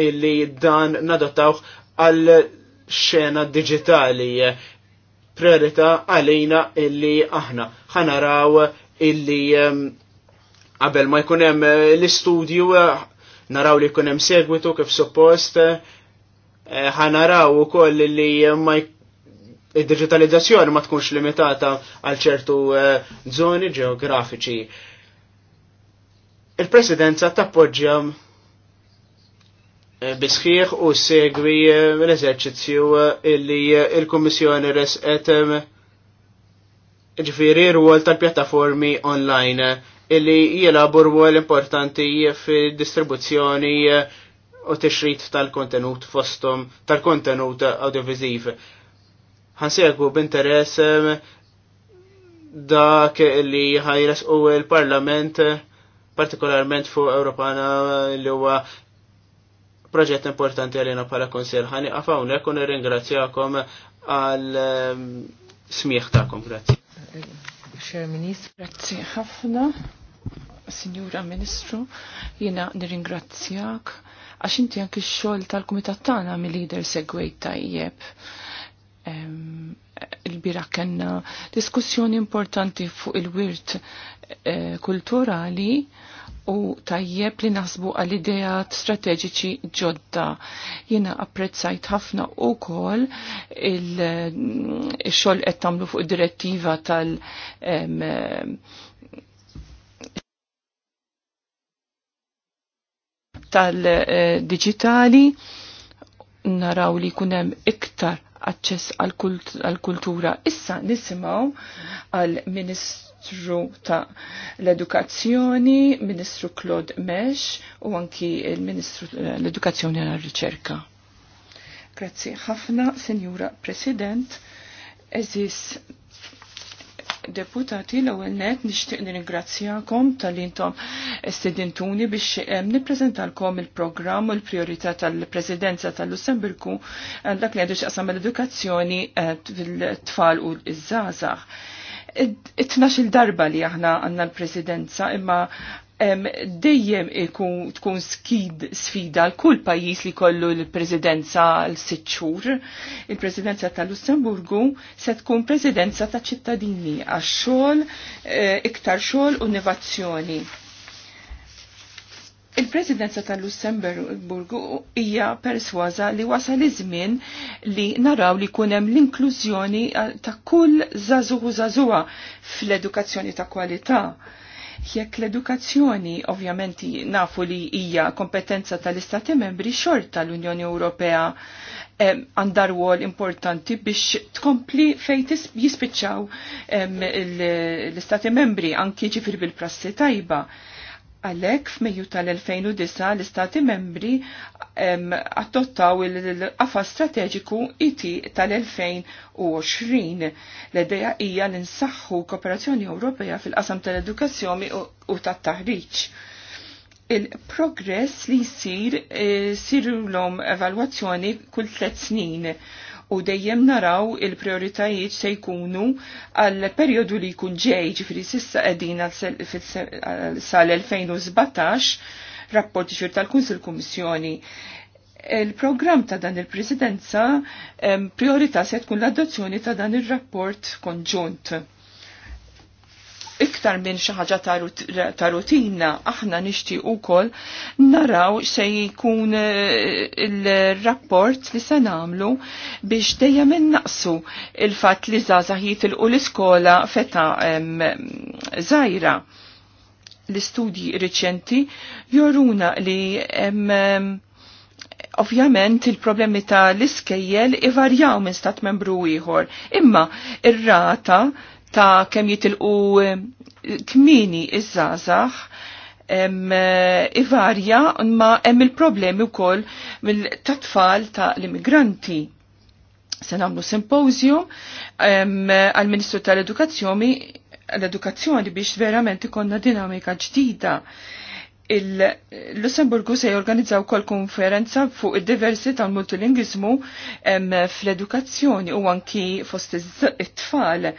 illi dan nadottawh għal xena digitali Priorita għalina illi aħna ħanaraw illi qabel ma jkun hemm eh, l-istudju eh, naraw li jkun hemm segwitu kif suppost eh, ħanaraw ukoll li ma il digitalizzazzjoni ma tkunx limitata għal ċertu żoni ġeografiċi. Il-presidenza tappoġġja Eh, bisħiħ u segwi eh, l-eżerċizzju eh, illi il-Kommissjoni resqet ġifiri rwol tal-pjattaformi online illi jilabu rwol importanti fil-distribuzzjoni u t-ixrit tal-kontenut fostom tal-kontenut audiovisiv. Ħansegwu b'interess dak li ħajres u l-Parlament partikolarment fuq Ewropana li huwa proġett importanti għalina pala konsil ħani għafawne kun ringrazzjakom għal ehm, smieħ ta'kom, grazzi. Xer Ministru, grazzi ħafna, Signora Ministru, jena nirringrazzjak għax inti għanki x-xogħol tal-kumitat tagħna mill-lider segwejt tajjeb ehm, il-bira kena diskussjoni importanti fuq il-wirt eh, kulturali u tajjeb li naħsbu għal ideat strateġiċi ġodda. Jena apprezzajt ħafna u kol il-xol eh, qed tagħmlu fuq direttiva tal- tal-digitali eh, naraw li kunem iktar aċċess għal-kultura. Issa nisimaw għal-Ministru Ministru ta' l-Edukazzjoni, Ministru Claude Mesh u anki il-Ministru eh, l-Edukazzjoni għal riċerka Grazzi ħafna, Senjura President, eżis deputati l ewwel net nixtieq nirringrazzjakom tal-intom estedintuni biex eh, niprezentalkom il-programm u l-priorità tal-Presidenza tal-Lussemburgu eh, dak li għadu x'qasam l-edukazzjoni fil-tfal u l-żgħażagħ it-tnax darba li aħna għanna l-presidenza imma dejjem tkun skid sfida l kull pajjiż li kollu l-presidenza l-sitt xhur. Il-presidenza tal Lussemburgu se tkun presidenza ta' ċittadini għax xogħol eh, iktar xogħol u innovazzjoni. Il-Presidenza tal-Lussemburgu hija persważa li wasal iż-żmien li naraw li jkun hemm l-inklużjoni eh, ta' kull żagħżugħu żagħżugħa fl-edukazzjoni ta' kwalità jekk l-edukazzjoni ovvjament nafu li hija kompetenza tal-Istati membri xorta l-Unjoni Ewropea għandar eh, wol importanti biex tkompli fej jispiċċaw eh, l-Istati membri anki ġifir bil-prassi tajba. Għalek f'Mejju tal-2009 l-Istati membri attottaw il-qafas strateġiku IT e tal-2020. L-ideja hija l insaħħu kooperazzjoni Ewropea fil-qasam tal-edukazzjoni u tat-taħriġ. Il-progress li jsir eh, sirulom evalwazzjoni kull tliet snin u dejjem naraw il-prioritajiet se jkunu għal periodu li jkun ġej ġifri sissa qegħdin sal-2017 rapporti xir tal-Kunsil Kummissjoni. Il-programm ta' dan il-Presidenza priorità se tkun l-adozzjoni ta' dan il-rapport konġunt iktar minn xi ħaġa ta' rutina aħna nixtieq ukoll naraw se jkun eh, il-rapport li se nagħmlu biex dejjem innaqsu il-fatt li żgħażagħ jitilqu l-iskola feta żgħira. L-istudji riċenti joruna li ovvjament il-problemi ta' l-iskejjel ivarjaw minn stat membru ieħor, imma ir-rata ta' kemm jitilqu kmini eh, iż-żazax eh, ivarja ma hemm il-problemi wkoll ta' tfal ta' l-immigranti. Se nagħmlu simposium għal-Ministru tal-Edukazzjoni l-edukazzjoni biex verament ikonna dinamika ġdida il-Lussemburgu se jorganizzaw kol konferenza fuq id ta' l multilingizmu fl-edukazzjoni u anki fost it-tfal.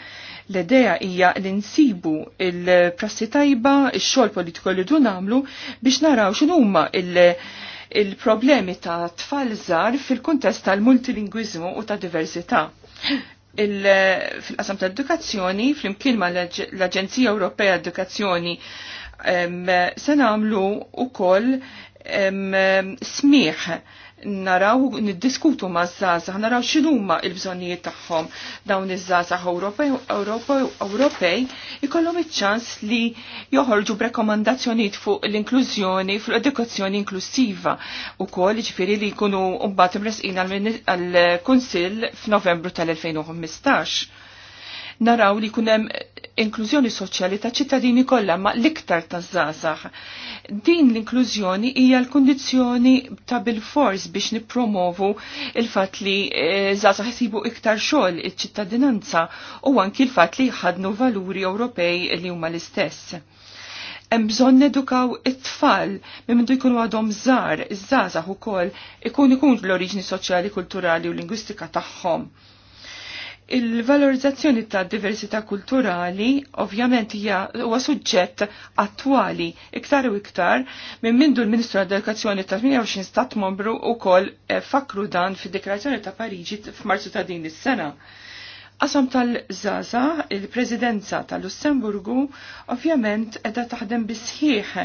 L-idea hija li nsibu il-prassi tajba, il xogħol politiku li dun nagħmlu biex naraw xin huma il-problemi ta' tfal żgħar fil-kuntest tal-multilingwiżmu u ta' diversità fil-qasam ta' edukazzjoni, fl-imkien ma' l-Aġenzija Ewropea Edukazzjoni se nagħmlu ukoll smieħ naraw, niddiskutu ma' zazax, naraw xinuma il-bżonijiet tagħhom dawn iż-żazax Ewropej ikollhom iċ-ċans li joħorġu b'rekomandazzjonijiet fuq l-inklużjoni, fuq edukazzjoni inklusiva wkoll jiġifieri li jkunu mbagħad imresqin għall-Kunsill f'Novembru tal-2015 naraw li kunem inklużjoni soċjali ta' ċittadini kollha ma' l-iktar ta' żgħażagħ. Din l-inklużjoni hija l-kundizzjoni ta' bil-fors biex nippromovu il-fatt li e, zazax jisibu iktar xogħol iċ-ċittadinanza u anki l-fatt li jħadnu valuri Ewropej li huma l-istess. Hemm bżonn edukaw it-tfal minn minn jkunu għadhom żgħar, iż-żgħażagħ ukoll ikun ikun l-oriġni soċjali, kulturali u lingwistika tagħhom Il-valorizzazzjoni ta' diversità kulturali ovvjament hija huwa suġġett attwali iktar u iktar minn mindu l-Ministru għad-Edukazzjoni ta' 28 stat membru wkoll eh, fakru dan fid-Deklarazzjoni ta' Pariġi f'Marzu ta' din is-sena. Qasam tal-Zaza, il-Presidenza tal-Lussemburgu, ovvjament edha taħdem bisħiħ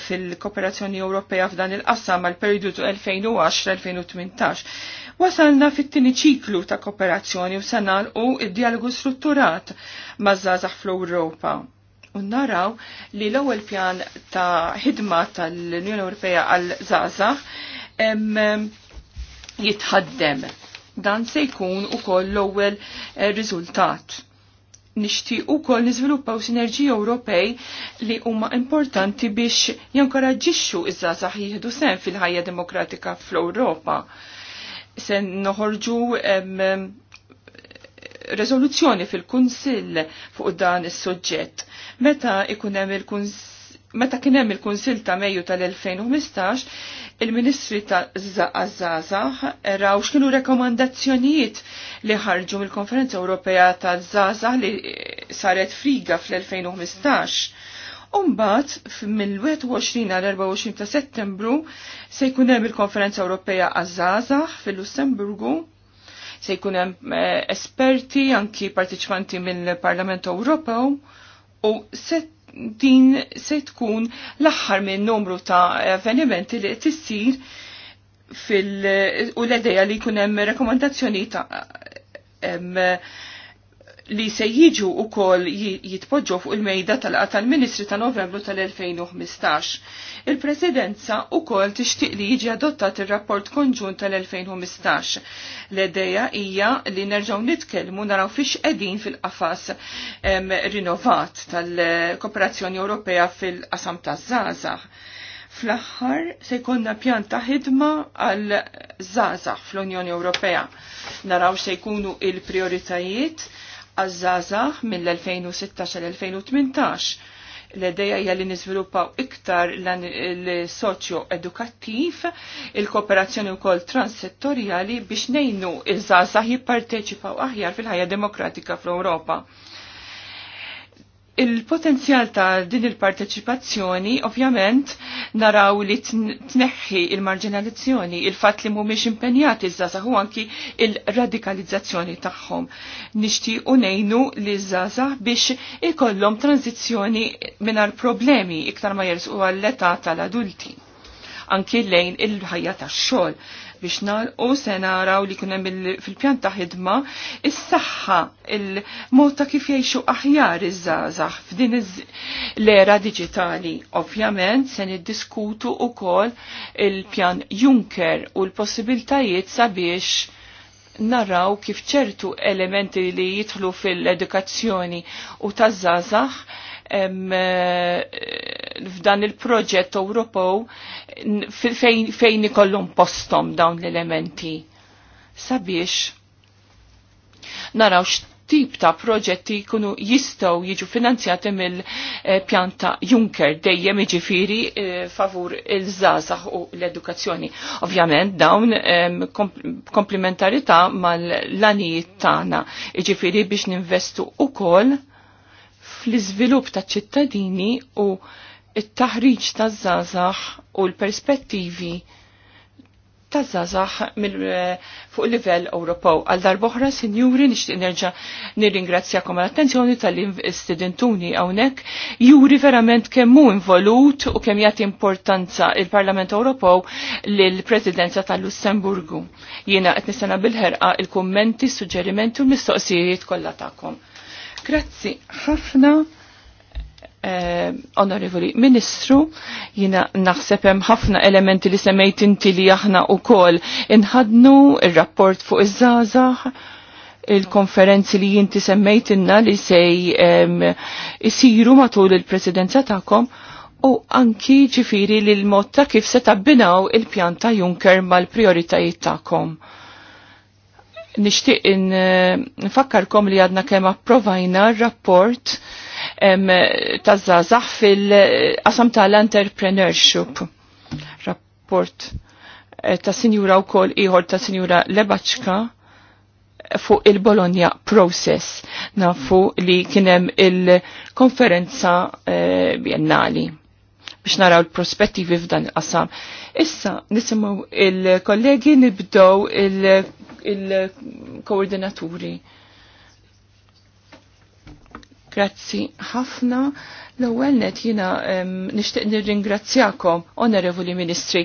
fil-Kooperazzjoni Ewropea f'dan il qasam għal periodu 2010-2018 Wasalna fit-tini ċiklu ta' kooperazzjoni u sanal u id-dialogu strutturat maż Zazax fl-Ewropa. U naraw li l-ewwel pjan ta' ħidma tal-Unjoni Ewropea għal Zazax jitħaddem. Dan se jkun ukoll l-ewwel eh, riżultat nixtieq ukoll niżviluppaw sinerġiji Ewropej li huma importanti biex jinkoraġġixxu iż-żgħażagħ jieħdu sen fil-ħajja demokratika fl-Ewropa se noħorġu rezoluzzjoni fil-Kunsill fuq dan is-suġġett. Meta ikunem il-Kunsill Meta kien hemm il-Kunsill ta' Mejju tal-2015, il-Ministri ta' Zazazax raw x'kienu rekomandazzjonijiet li ħarġu mill-Konferenza Ewropea tal-Zazax li saret friga fl-2015 Umbat, mill-21 għal 24 ta' settembru, se jkun hemm il-Konferenza Ewropea għaż fil-Lussemburgu, se jkun hemm eh, esperti anki partiċipanti mill-Parlament Ewropew u set din se tkun l-aħħar minn numru ta' avvenimenti li tissir fil- u l-edeja li jkun hemm rekomandazzjoni ta' li se jiġu u kol jitpoġġu fuq il-mejda tal-qa tal-Ministri ta' Novembru tal-2015. Il-Presidenza u kol tixtiq li jiġi adottat il-rapport konġun tal-2015. L-edeja hija li nerġaw nitkellmu naraw fiex edin fil-qafas rinnovat tal-Kooperazzjoni Ewropea fil-qasam taż-żgħażagħ. Fl-aħħar se jkunna pjan ta' ħidma għal żgħażagħ fl-Unjoni Ewropea. Naraw se jkunu il-prioritajiet għazzazax mill-2016 l-2018. L-ideja hija li niżviluppaw iktar l soċjo edukattiv, il-kooperazzjoni wkoll transsettorjali biex nejnu iż-żgħażagħ jipparteċipaw aħjar fil-ħajja demokratika fl-Ewropa. Il-potenzjal ta' din il-parteċipazzjoni ovvjament naraw li tneħħi il-marginalizzjoni, il-fat li mhumiex impenjati z-zaza u anki il-radikalizzazzjoni tagħhom. Nixtiequ ngħinu li z-zaza biex ikollhom tranzizzjoni mingħajr problemi iktar ma jersqu għall-età tal-adulti anki lejn il-ħajja tax-xogħol biex nar u se naraw li kunem fil-pjan ta' ħidma is-saħħa il-mod ta' kif jgħixu aħjar iż żazax f'din l-era digitali, Ovvjament se niddiskutu kol il-pjan Juncker u l-possibiltajiet sabiex naraw kif ċertu elementi li jitħlu fil-edukazzjoni u taż-żgħażagħ eh, f'dan il-proġett Ewropew fejn, ikollhom postom dawn l-elementi. Sabiex naraw tip ta' proġetti kunu jistaw jiġu finanzjati mill-pjanta eh, Juncker dejjem iġifiri eh, favur il-żazax u l-edukazzjoni. Ovvjament dawn komplementarità mal-lanijiet tagħna iġifiri biex ninvestu ukoll fl-iżvilupp ta' ċittadini u it-taħriġ taż-żgħażagħ u l-perspettivi taż-żgħażagħ eh, fuq livell Ewropew. Għal darb'oħra, sinjuri, nixtieq nerġa' nirringrazzjakom għal attenzjoni tal-istudentuni hawnhekk. Juri verament kemm hu involut u kemm jagħti importanza il-Parlament Ewropew lill-Presidenza tal-Lussemburgu. Jiena qed nistenna bil-ħerqa il-kummenti, suġġerimenti u mistoqsijiet kollha tagħkom. Grazzi ħafna eh, onorevoli ministru, jina naħseb hemm ħafna elementi li semmejt inti li aħna wkoll inħadnu il rapport fuq iż żazax il-konferenzi li jinti semmejtinna li sej isiru matul il-presidenza tagħkom u anki ġifiri li l-mod ta' kif se tabbinaw il-pjan ta' Juncker mal-prioritajiet ta'kom. Nishtiq eh, nfakkarkom li għadna kemm approvajna r-rapport taż-żgħażagħ fil-qasam tal-entrepreneurship. Rapport eh, ta' sinjura wkoll ieħor ta' sinjura Lebaċka fuq il-Bologna process nafu li kienem il-konferenza eh, biennali biex naraw l-prospettivi f'dan il-qasam. Issa nisimu il-kollegi nibdow il-koordinaturi. il-kollegi nibdow il-koordinaturi. il il koordinaturi Grazzi ħafna. L-ewwel net jiena nixtieq nirringrazzjakom, Onorevoli Ministri,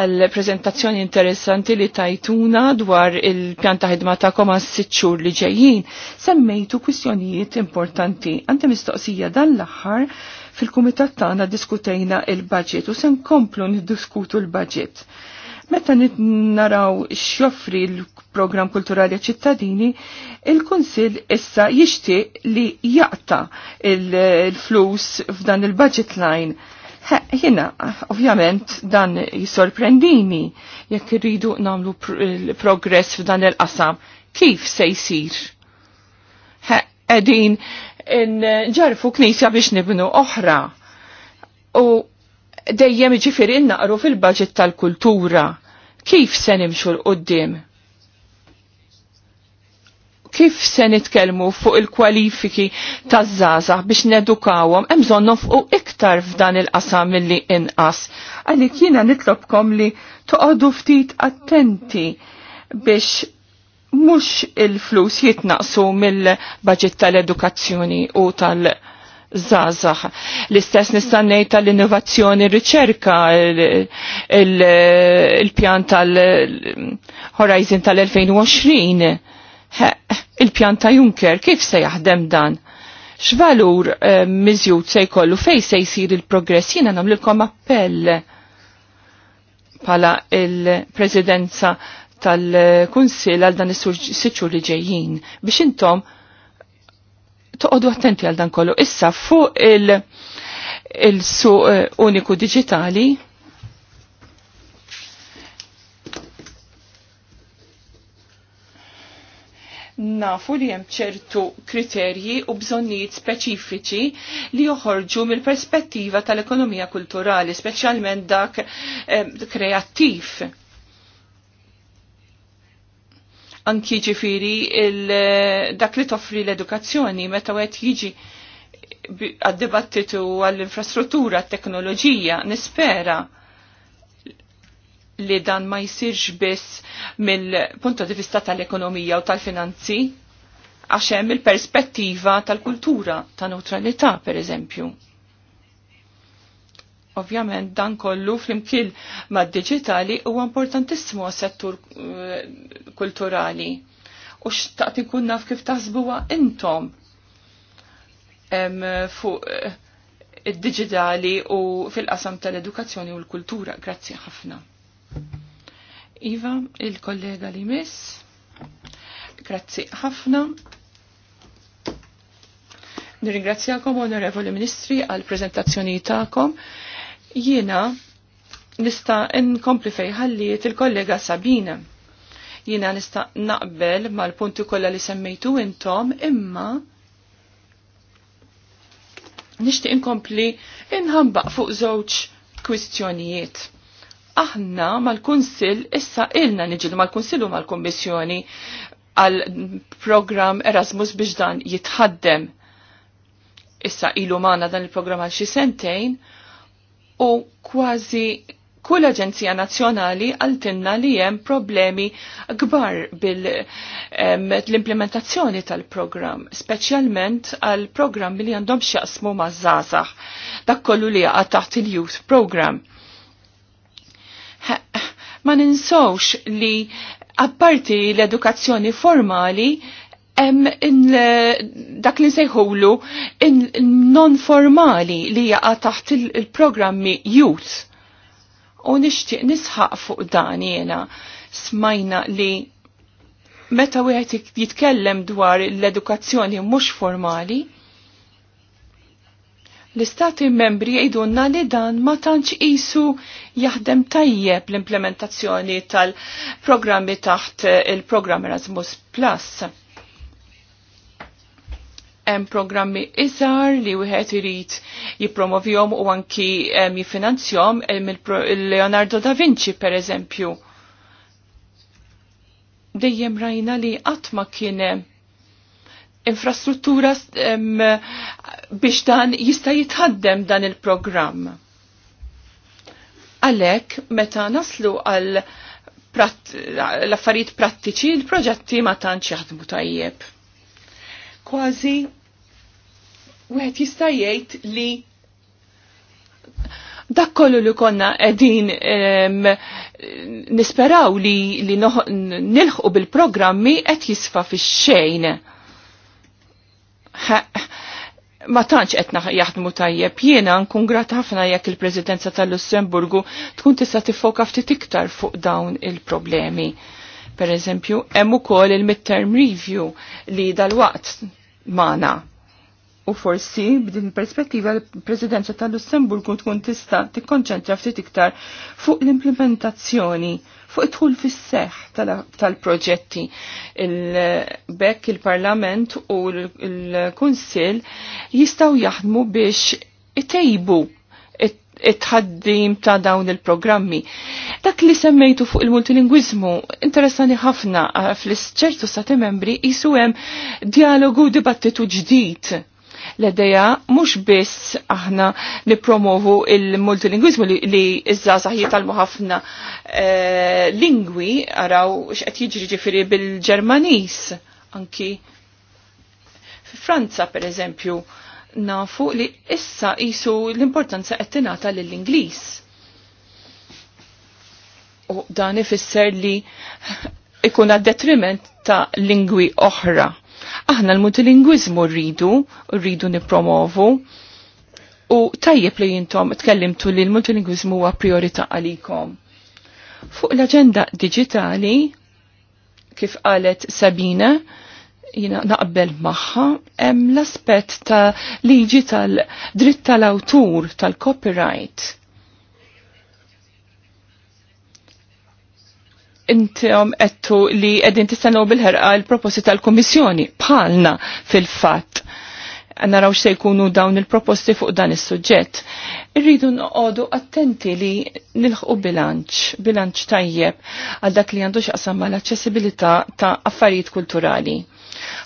għall prezentazzjoni interessanti li tajtuna dwar il-pjan ta' ħidma tagħkom għas sitt xhur li ġejjin. Semmejtu kwistjonijiet importanti. Għandi mistoqsija dan l-aħħar fil-kumitat tagħna diskutejna il-budget u se nkomplu niddiskutu l budget Meta naraw x'joffri l-programm kulturali ċittadini, il-Kunsill issa jixtieq li jaqta il-flus f'dan il-budget line. Jena, ovvjament, dan jisorprendini jekk irridu namlu progress f'dan il-qasam. Kif se jisir? Edin ġarfu knisja biex nibnu oħra. U dejjem ġifiri naqru fil-budget tal-kultura. Kif se nimxu l-qoddim? Kif se nitkellmu fuq il-kwalifiki taż-żgħażagħ biex nedukawhom emżonnu fuq nofqu iktar f'dan il-qasam milli inqas. Għalik jiena nitlobkom li toqgħodu ftit attenti biex mhux il-flus jitnaqsu mill-baġit tal-edukazzjoni u tal-, -edukazzjoni zazax. L-istess nistannejt tal-innovazzjoni r riċerka il-pjan tal-Horizon tal-2020. Il-pjan ta' Juncker, kif se jaħdem dan? X'valur eh, miżjud se jkollu fej se jsir il-progress? Jiena nagħmlilkom appell pala il-presidenza tal-Kunsill għal dan is-siċċur li ġejjin biex intom toqodu attenti għal dan kollu. Issa fuq il-suq il eh, uniku digitali nafu li hemm ċertu kriterji u bżonnijiet speċifiċi li joħorġu mill-perspettiva tal-ekonomija kulturali, speċjalment dak eh, kreattiv anki ġifiri eh, dak li toffri l-edukazzjoni meta għet jiġi għad-dibattitu għall-infrastruttura, teknoloġija, nispera li dan ma jisirx biss mill-punto di vista tal-ekonomija u tal-finanzi, għaxem il-perspettiva tal-kultura, ta' neutralità, per eżempju. Ovvjament dan kollu fl-imkien mad-diġitali huwa importantissimo għas-settur eh, kulturali. U xtaqt inkun naf kif taħsbuha intom fuq eh, id-diġitali u fil-qasam tal-edukazzjoni u l-kultura. Grazzi ħafna. Iva, il-kollega li miss. Grazzi ħafna. Nirringrazzjakom, onorevoli ministri, għal prezentazzjoni ta'kom. Jiena nista' inkompli fejħalliet il-kollega Sabina. Jiena nista' naqbel mal-punti kollha li semmejtu intom imma nixtieq inkompli inħambaq fuq żewġ kwistjonijiet aħna mal-Kunsil issa ilna niġilu mal-Kunsil u mal-Kommissjoni għal program Erasmus biex dan jitħaddem. Issa ilu maħna dan il-program għal xi sentejn u kważi kull aġenzija nazzjonali għaltinna li hemm problemi kbar bil-implementazzjoni tal-programm, speċjalment għal programmi li għandhom x'jaqsmu maż-żgħażagħ. Dak kollu li jaqa' taħt il-youth program. Ma ninsawx li apparti l-edukazzjoni formali Eh, dak li sejħulu non formali li jaqa taħt il-programmi youth. U nixtieq nisħaq fuq dan jena smajna li meta wieħed jitkellem dwar l-edukazzjoni mhux formali, l-istati membri jgħidulna li dan ma tantx isu jaħdem tajjeb l-implementazzjoni tal-programmi taħt eh, il-programm Erasmus Plus hemm programmi iżgħar li wieħed irid jippromovihom u anki jiffinanzjahom il-Leonardo da Vinci pereżempju. Dejjem rajna li qatt ma kien hemm infrastruttura biex dan jista' jitħaddem dan il-programm. Għalhekk meta naslu għal l-affarijiet prattiċi l-proġetti ma tantx jaħdmu tajjeb. Kważi wieħed jista' jgħid li dak kollu li konna qegħdin nisperaw li, li nilħqu bil-programmi qed jisfa fix-xejn. Ma tantx qed jaħdmu tajjeb, jiena nkun grat ħafna jekk il prezidenza tal-Lussemburgu tkun tista' tiffoka ftit iktar fuq dawn il-problemi. Per eżempju, hemm ukoll il-midterm review li dal-waqt mana U forsi b'din perspettiva l-Presidenza tal-Lussemburgu tkun tista' tikkonċentra ftit iktar fuq l-implementazzjoni, fuq it-tħul fis-seħ tal-proġetti. Il-Bekk il-Parlament u l-Kunsill jistgħu jaħdmu biex itejbu it-ħaddim ta' dawn il-programmi. Dak li semmejtu fuq il-multilingwizmu interessani ħafna fl-ċertu stati membri jisu hemm dialogu dibattitu ġdid l edeja mhux biss aħna nippromovu il-multilingwizmu li iż-żgħażagħ jitalmu ħafna eh, lingwi għaraw x'qed jiġri ġifiri bil-Ġermaniż anki Franza per eżempju nafu li issa jisu l-importanza qed tingħata lill-Ingliż. U dan ifisser li ikun għad detriment ta' lingwi oħra Aħna l-multilingwizmu rridu, rridu nipromovu, u tajjeb li jintom tkellimtu li l-multilingwizmu huwa priorità għalikom. Fuq l-agenda digitali, kif qalet Sabina, jina naqbel maħħa, hemm l-aspett ta' liġi tal-dritt tal-awtur tal-copyright intom ettu li edin tistennu bil-ħerqa l-proposti tal-Komissjoni palna fil-fat. Naraw xe jkunu dawn il-proposti fuq dan is-suġġett. Irridu noqogħdu attenti li nilħqu bilanċ, bilanċ tajjeb għal dak li għandu x'qasam mal-aċċessibilità ta' affarijiet kulturali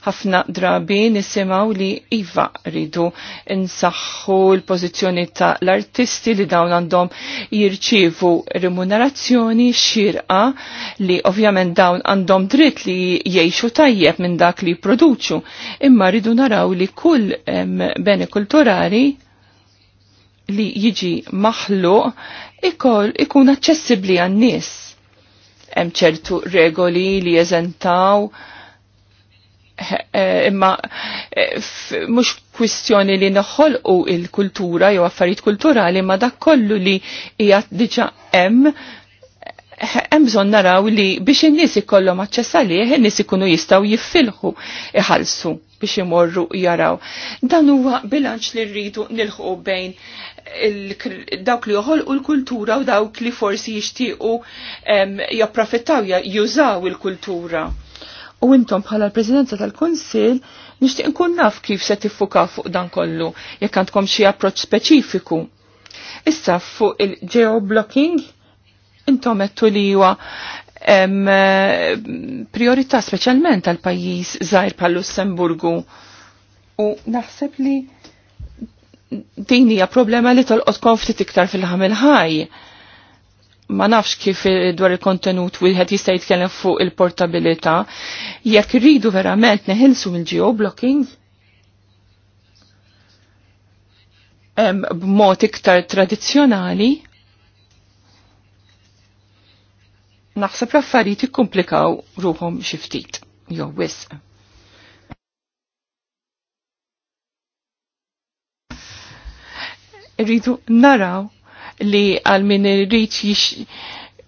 ħafna drabi nisimaw li iva rridu insaħħu l-pozizjoni ta' l-artisti li dawn għandhom jirċivu remunerazzjoni xirqa li ovvjament dawn għandhom dritt li jiexu tajjeb minn dak li produċu imma rridu naraw li kull beni kulturali li jiġi maħluq ikol ikun aċċessibbli għan-nies. Hemm ċertu regoli li jeżentaw Eh, imma eh, mhux kwistjoni li u il-kultura jew affarijiet kulturali ma dak kollu li hija diġà hemm eh, hemm bżonn naraw li biex in-nies ikollhom aċċessa għalih in-nies ikunu jistgħu jiffilħu iħallsu biex imorru jaraw. Dan huwa bilanċ li rridu nilħu bejn dawk li joħolqu l-kultura u dawk li forsi jixtiequ japprofittaw jużaw il-kultura u intom bħala l-Presidenza tal konsil nixtieq nkun naf kif se tiffuka fuq dan kollu jekk għandkom xi approċċ speċifiku. Issa fuq il-geoblocking intom qed li huwa priorità speċjalment għal pajjiż żgħir bħal Lussemburgu u naħseb li din hija problema li tolqot konflitt iktar fil-ħamil ħaj. -ħaj ma nafx kif eh, dwar il-kontenut wieħed jista' jitkellem fuq il-portabilità, jekk irridu verament neħilsu mill geoblocking b'mod iktar tradizzjonali naħseb l-affarijiet ikkomplikaw ruhom xi ftit jew wisq. Irridu naraw li għal min irid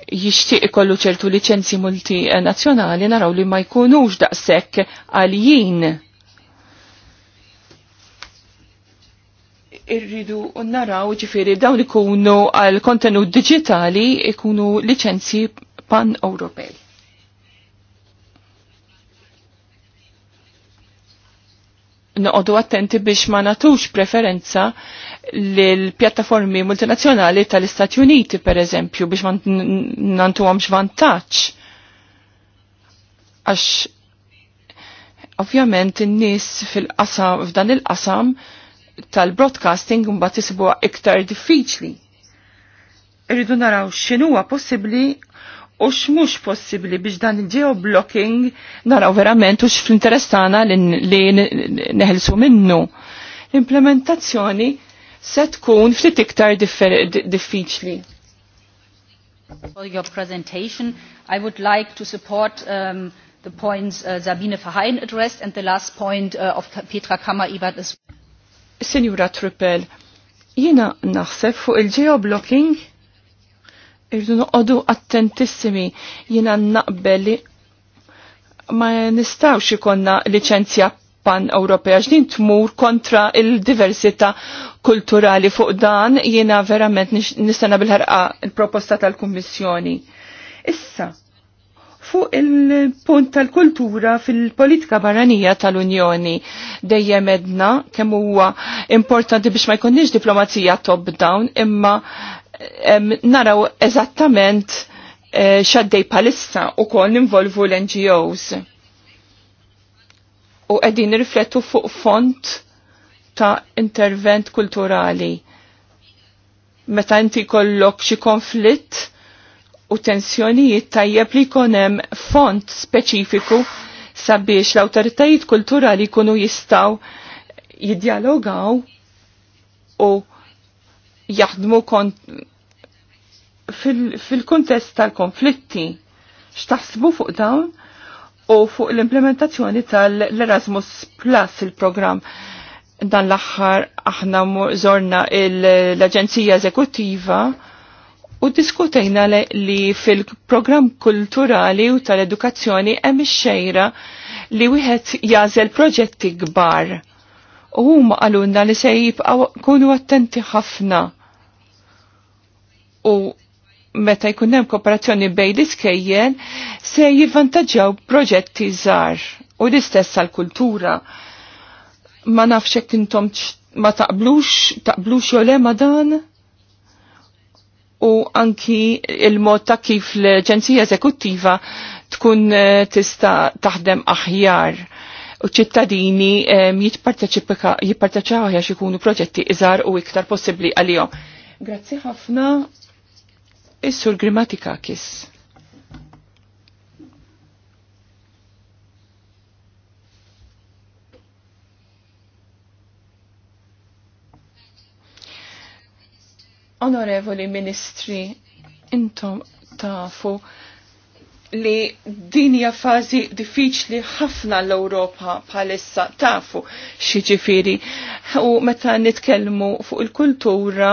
jixtieq ikollu ċertu licenzi multinazzjonali naraw li ma jkunux daqshekk għaljin. Irridu naraw ġifiri dawn ikunu għal kontenut digitali ikunu licenzi pan-Ewropej. noqogħdu attenti biex ma natux preferenza l pjattaformi multinazzjonali tal-Istati Uniti pereżempju biex ma għamx vantaġġ. Għax ovvjament in nis fil-qasam f'dan il-qasam tal-broadcasting mbagħad isibuha iktar diffiċli. Irridu naraw x'inhuwa possibbli u x'mhux possibbli biex dan il-geoblocking naraw verament u xfl interessana li neħelsu minnu. L-implementazzjoni se tkun ftit iktar diffiċli. For your presentation, I would like to support um, the points uh, Sabine Verheyen addressed and the last point uh, of Petra Kammer-Ibert is... Senjura Trippel, jina naħseb fuq il-geoblocking Irdu noqogħdu attentissimi jina naqbel li ma nistawx ikonna liċenzja pan-Ewropea ġdin tmur kontra il-diversità kulturali fuq dan jiena verament nistana bil-ħarqa il-proposta tal-Kummissjoni. Issa, fuq il-punt tal-kultura fil-politika barranija tal-Unjoni dejjem edna kemm huwa importanti biex ma jkunniex diplomazija top-down imma naraw eżattament eh, xaddej palissa u kol ninvolvu l-NGOs. U għedin riflettu fuq font ta' intervent kulturali. Meta inti kollok xi konflitt u tensjonijiet tajjeb li konem font speċifiku sabiex l-autoritajiet kulturali kunu jistaw jidjalogaw u jaħdmu fil-kontest kont fil tal-konflitti. X'taħsbu fuq dawn u fuq l-implementazzjoni tal-Erasmus Plus il-programm dan l-axħar aħna zorna l-Aġenzija Eżekuttiva u diskutejna li fil-programm kulturali u tal-edukazzjoni hemm xejra li wieħed jażel proġetti kbar. U huma għalunna li se jibqgħu kunu attenti ħafna u meta jkun hemm kooperazzjoni bejn l-iskejjel se jivvantaġġaw proġetti żgħar u l-istess għall-kultura. Ma nafx hekk intom ma taqblux taqblux jew le ma dan u anki il-mod ta' kif l-Ġenzija Eżekuttiva tkun eh, tista' taħdem aħjar u ċittadini eh, jipparteċaw għax ikunu proġetti iżgħar u iktar possibbli għalihom. Grazzi ħafna. Is-sur grammatika kis. Onorevoli Ministri, intom tafu li dinja fazi diffiċli ħafna l-Europa palissa tafu xieġifiri. U meta nitkellmu fuq il-kultura,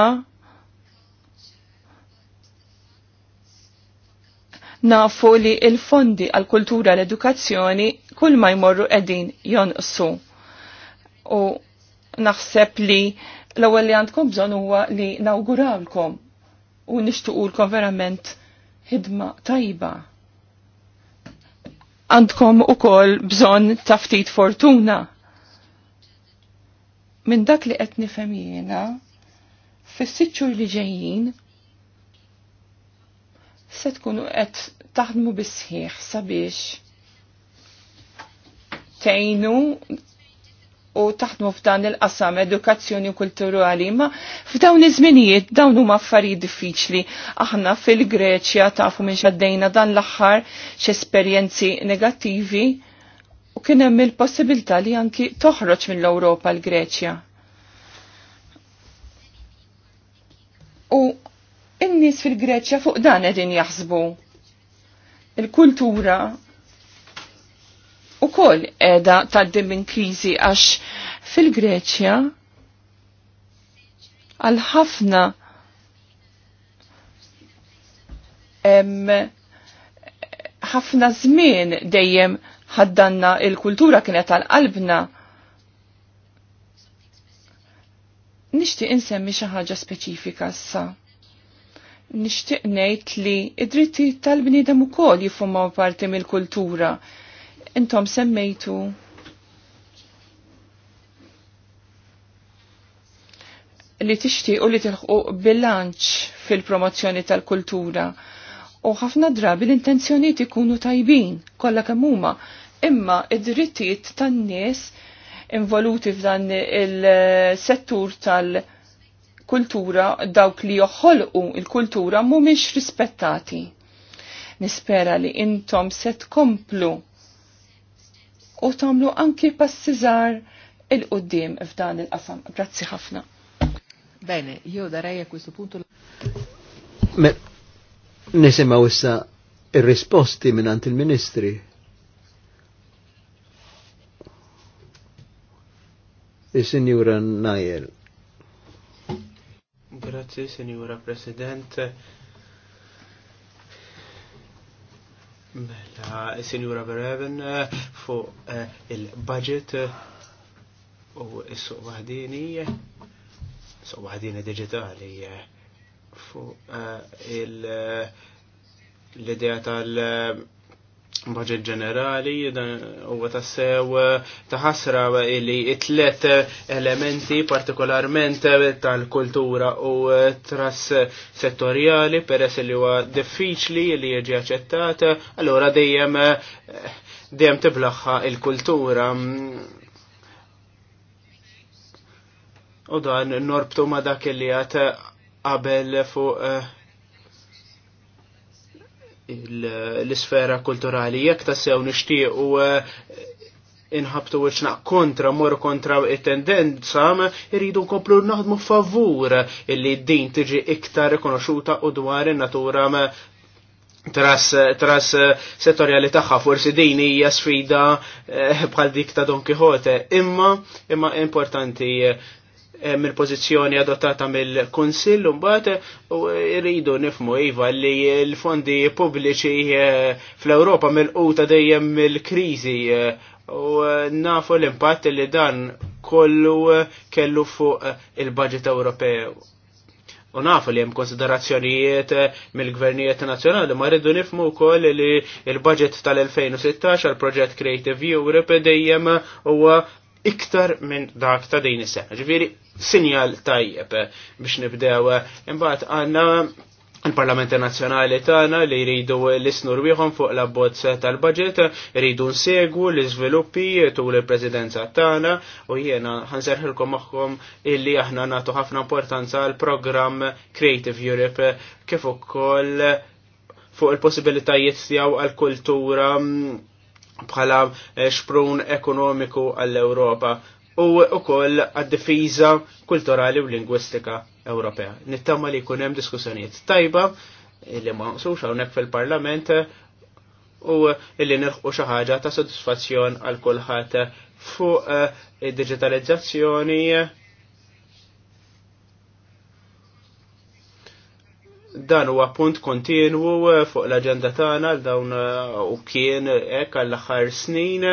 nafu li il-fondi għal-kultura l-edukazzjoni kull ma jmorru edin jonqsu. U naħseb li l-ewwel li għandkom bżonn huwa li nawgurawlkom u nixtuqulkom verament ħidma tajba. Għandkom ukoll bżonn ta' ftit fortuna. Minn dak li qed nifhem jiena, fis-sitt li ġejjin se tkunu qed taħdmu bisħiħ sabiex tejnu u taħdmu f'dan il-qasam edukazzjoni kulturali, ma f'dawn iż-żminijiet dawn huma affarijiet diffiċli. Aħna fil-Greċja tafu minn xaddejna dan l-aħħar x'esperjenzi negattivi u kien hemm il-possibilità li anki toħroġ mill-Ewropa l-Greċja. U n-nies fil-Greċja fuq dan qegħdin jaħsbu il-kultura u koll edha taddi minn krizi għax fil-Greċja għal ħafna ħafna żmien dejjem ħaddanna il-kultura kienet għal qalbna nixtieq insemmi xi ħaġa speċifika sa' nixtieq ngħid li id-drittijiet tal-bniedem ukoll jifumaw parti mill-kultura. Intom semmejtu li tixtieq u li tilħu bilanċ fil-promozzjoni tal-kultura. U ħafna drabi l-intenzjoniet ikunu tajbin, kollha kemm huma, imma id-drittijiet tan-nies involuti f'dan il-settur tal-kultura il-kultura, dawk li joħolqu il-kultura mhumiex rispettati. Nispera li intom se tkomplu u tagħmlu anki passiżar il-qoddim f'dan il-qasam. Grazzi ħafna. Bene, jew darej a questo punto. Nisimaw issa ir-risposti minn il-ministri. il sinjura Najel. Grazzi, Signora President. Mela, Senjura Bereven, fuq eh, il-budget eh, u s-suq wahdini, suq wahdini digitali, eh, fuq il- l-idea tal- budget ġenerali, u tassew taħasra li it-tlet elementi partikolarment tal-kultura u tras settorjali peress li huwa diffiċli li jiġi aċċettat, allura dejjem dejjem tiblaħħa il-kultura. U dan norbtu ma dak li għat qabel fuq eh, l-sfera kulturali jekk tassew nixtieq u eh, inħabtu wiċna kontra, mor kontra it-tendenza, irridu koplu naħdmu favur illi din tiġi iktar rikonoxuta u dwar in-natura tras, tras eh, settorjali tagħha forsi din hija sfida eh, bħal dik ta' Don Quixote, imma imma importanti Eh, mill-pozizjoni adottata mill-Kunsill mbagħad u rridu nifmu iva li l-fondi pubbliċi eh, fl-Ewropa mill-quta dejjem mill-kriżi eh, u nafu l-impatt li dan kollu kellu fuq il-budget Ewropew. U nafu li hemm konsiderazzjonijiet mill-gvernijiet nazzjonali ma rridu nifmu wkoll li l-budget tal-2016 għal proġett Creative Europe dejjem huwa iktar minn dak ta' din is-sena. Ġifieri sinjal tajjeb biex nibdew imbagħad għandna il-Parlamenti Nazzjonali tagħna li jridu l-isnur wieħom fuq l-abbozz tal-budget, jridu nsegwu l-iżviluppi tul il-Presidenza tagħna u jiena ħanserħilkom magħhom illi aħna nagħtu ħafna importanza għal programm Creative Europe kif ukoll fuq il-possibilitajiet tiegħu għal kultura mm, bħala eh, xprun ekonomiku għall-Europa u ukoll għad-difiża kulturali u lingwistika Ewropea. Nittama li jkun hemm diskussjonijiet tajba li ma nqsux hawnhekk fil-Parlament eh, u li nirħu xi ħaġa ta' sodisfazzjon għal kulħadd fuq eh, id-digitalizzazzjoni dan huwa punt kontinwu eh, fuq l-aġenda tagħna dawn eh, u kien eh, hekk għall aħħar snin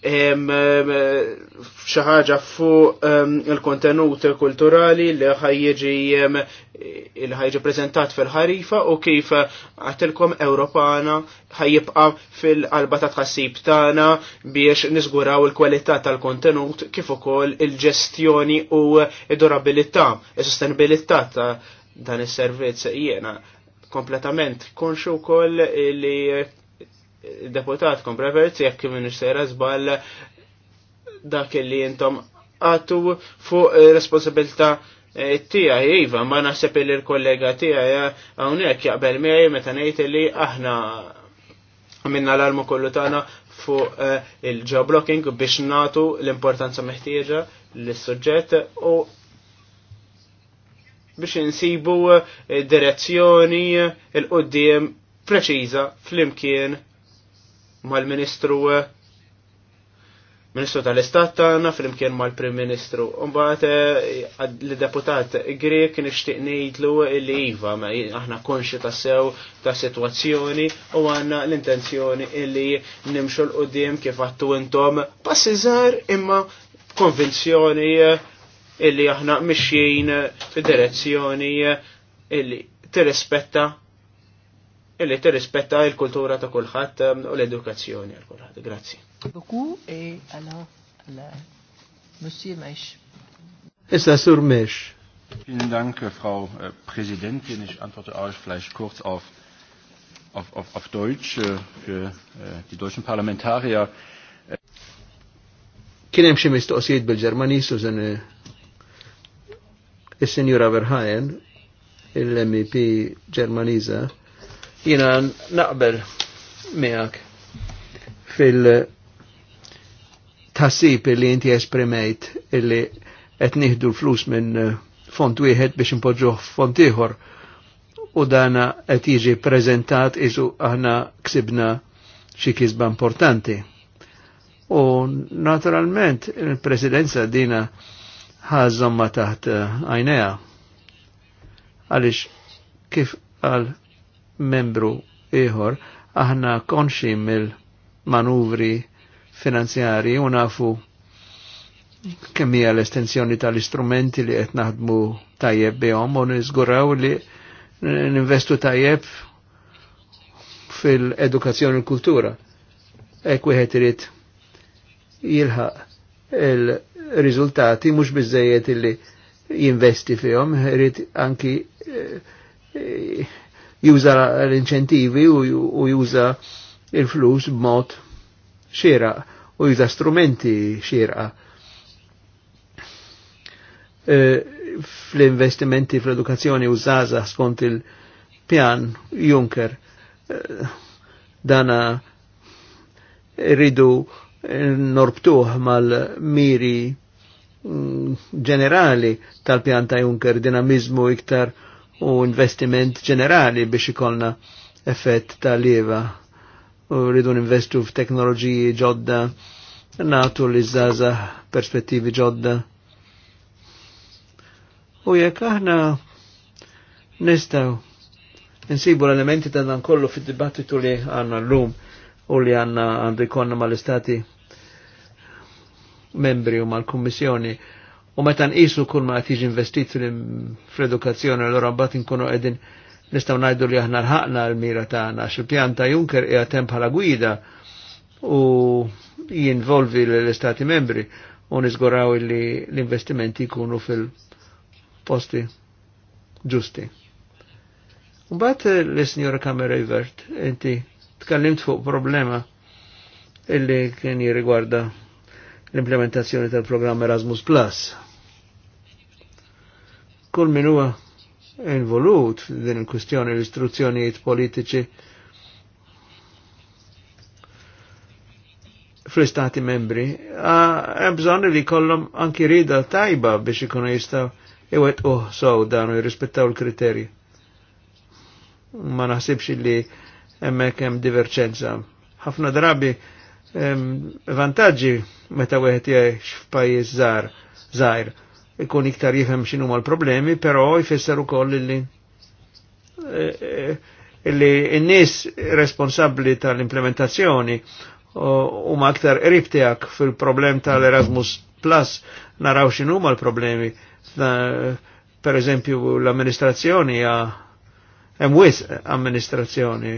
xaħġa fuq il-kontenut kulturali li ħajġi il ħajġi prezentat fil-ħarifa u kif għatilkom Ewropana ħajjibqa fil-qalba ta' tħassib tagħna biex niżguraw il-kwalità tal-kontenut kif ukoll il-ġestjoni u id-durabilità, il sostenibilità ta' dan is-servizz jiena kompletament konxu kol li deputat kompreversi jekk kif sejra żball dak li jintom għatu fuq responsabilità eh, tija jiva, ma naħseb li l-kollega tija għawnek jaqbel miħi meta nejt li aħna minna l-almu kollu tana fuq eh, il-geoblocking biex natu l-importanza meħtieġa l-sujġet u biex insibu eh, direzzjoni il-qoddim preċiża fl-imkien mal-Ministru eh, Ministru tal-Istat tagħna flimkien mal-Prim Ministru. Mbagħad eh, l-deputat Grek nixtieq ngħidlu li iva ma aħna konxi tassew ta' sitwazzjoni u għandna l-intenzjoni li nimxu l qudiem kif għattu intom passi żgħar imma konvinzjoni eh, illi aħna mixjin fid-direzzjoni illi tirrispetta illi tirrispetta il-kultura ta' kulħadd ehm, u l-edukazzjoni għal kulħadd. Grazzi. Buku e għala Monsieur Mesh. Issa Sur Mesh. Vielen Dank, äh, Frau äh, Präsidentin. Ich antworte auch vielleicht kurz auf, auf, auf, auf Deutsch äh, für die deutschen Parlamentarier. Kien hemm xi mistoqsijiet bil-Ġermani Susan eh, is-Sinjura Verhaen, il-MEP Ġermaniża, Jina naqbel miak. fil-tasib li inti esprimejt illi qed nieħdu l-flus minn eh, font wieħed biex impoġġuh font ieħor u dana qed jiġi preżentat isu aħna ksibna xi kisba importanti. U naturalment il-presidenza dina ma taħt eh, għajnejha. Għaliex kif għal membru ieħor aħna konxi mill-manuvri finanzjari u nafu kemm hija l-estensjoni tal-istrumenti li qed naħdmu tajjeb bihom u niżguraw li ninvestu tajjeb fil-edukazzjoni u kultura. Ek wieħed irid jilħaq il-riżultati mhux biżejjed illi jinvesti fihom, irid anki eh, juża l-inċentivi u juża il-flus b'mod xira u juża strumenti xira. E, fl-investimenti fl-edukazzjoni u zaza skont il-pjan Juncker e, dana rridu norbtuħ mal-miri mm, ġenerali tal-pjan ta' Juncker dinamizmu iktar u investiment ġenerali biex ikolna effett ta' lieva U rridu investu f'teknoloġiji ġodda, natu li zaza perspettivi ġodda. U jekk aħna nistaw nsibu l-elementi ta' dan kollu fid-dibattitu li għanna l-lum u li għanna għandu jkonna mal-istati membri u mal-kommissjoni U meta nqisu kull ma tiġi investit fl-edukazzjoni allura mbagħad inkunu qegħdin nistgħu ngħidu li aħna rħaqna l-mira tagħna xi pjanta Juncker hija temp bħala gwida u jinvolvi l-Istati membri u niżguraw li l-investimenti jkunu fil-posti ġusti. Mbagħad l-Sinjora eh, Kamera Ivert, inti tkellimt fuq problema illi kien jirrigwarda l-implementazzjoni tal-programm Erasmus Plus. Kull min huwa involut din il-kwistjoni l-istruzzjonijiet politiċi fl-istati membri, hemm bżonn li kollhom anki rida tajba biex ikunu jistgħu iwet uħ oh, sow jirrispettaw l-kriterji. Ma naħsibx li hemmhekk hemm diverċenza. Ħafna drabi vantaġġi meta wieħed jgħix f'pajjiż żgħar żgħir ikun iktar jifhem x'inhu l-problemi, però jfisser ukoll illi e, e, illi n-nies responsabbli tal-implementazzjoni u ma aktar qrib tiegħek fil-problem tal-Erasmus Plus naraw x'inhu l-problemi. Per eżempju l-amministrazzjoni hemm wisq amministrazzjoni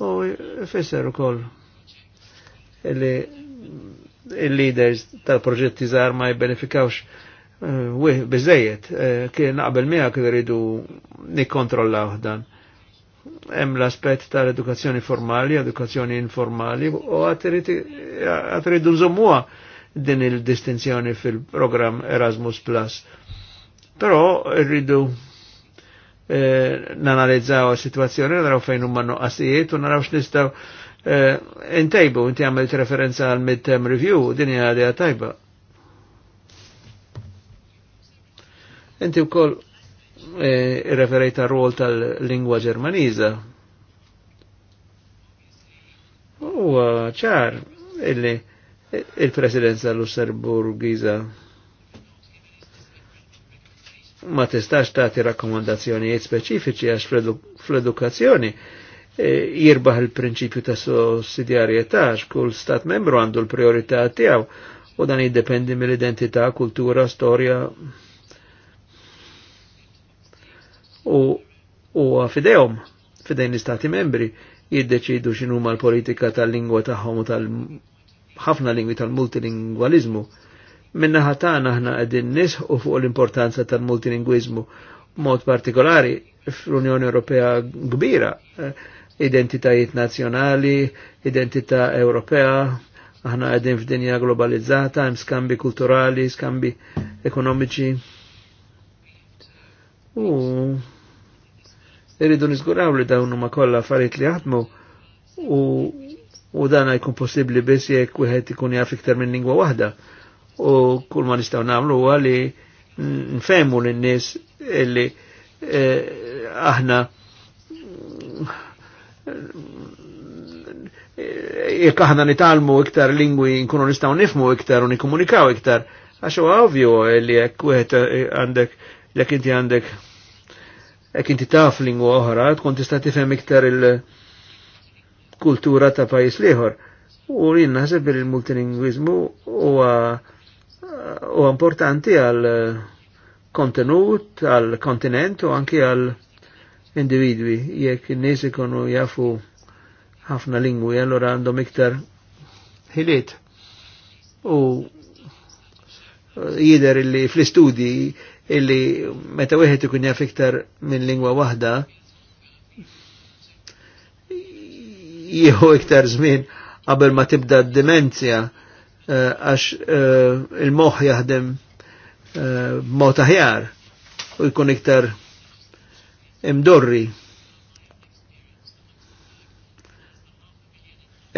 u fisser ukoll koll il-leaders tal-proġetti zaħar ma jibbenefikawx eh, wih biżejjed eh, kien naqbel miegħek iridu nikkontrollaw dan. Hemm l-aspett tal-edukazzjoni formali, edukazzjoni informali u għad iridu din il-distinzjoni fil-programm Erasmus Plus. Però rridu Eh, nanalizzaw situazzjoni, naraw fejn huma nuqqasijiet u naraw x'nistgħu eh, intejbu, inti għamilt referenza għal mid-term review, din hija għadija tajba. Inti wkoll eh, referejt għar rol tal-lingwa ġermaniża. U ċar illi il-presidenza l-Lusserburgiza ma tistax tagħti rakkomandazzjonijiet speċifiċi għax fl-edukazzjoni eh, jirbaħ il-prinċipju ta' sussidjarjetà għax kull stat membru għandu l-priorità tiegħu u dan jiddependi mill-identità, kultura, storja u u fidejhom fidejn l-istati membri jiddeċidu x'inhuma l-politika tal-lingwa tagħhom u tal-ħafna lingwi tal-multilingwalizmu. tal tal multilingwalizmu Minna ħatana ħna għedin u fuq l-importanza tal-multilingwizmu mod partikolari fl-Unjoni Ewropea kbira, eh, identitajiet nazjonali, identità Ewropea, aħna għedin f'dinja globalizzata, hemm skambi kulturali, skambi ekonomiċi. U irridu nizguraw li dawn huma kollha affarijiet li jaħdmu u u dan jkun possibbli biss jekk wieħed ikun jaf iktar minn lingwa waħda u kull ma nistaw namlu huwa li nfemmu l-nies illi eh, aħna jekk aħna nitalmu iktar lingwi nkunu nistaw nifmu iktar u nikkomunikaw iktar. Għax huwa ovvju li jekk wieħed eh, għandek jekk inti għandek jekk inti taf lingwa oħra tkun tista' tifhem iktar il-kultura ta' pajjiż lieħor. U jien naħseb il-multilingwiżmu huwa uh, u importanti għal eh, kontenut, għal kontinent u anki għal individwi. Jekk n-nies ikonu jafu ħafna lingwi, allora għandhom iktar ħiliet. U eh, jider illi fl-istudi illi meta wieħed ikun jaf iktar minn lingwa waħda jieħu iktar żmien qabel ma tibda d-demenzja Eh, għax eh, il-moħ jaħdem eh, mod aħjar u jkun iktar imdorri.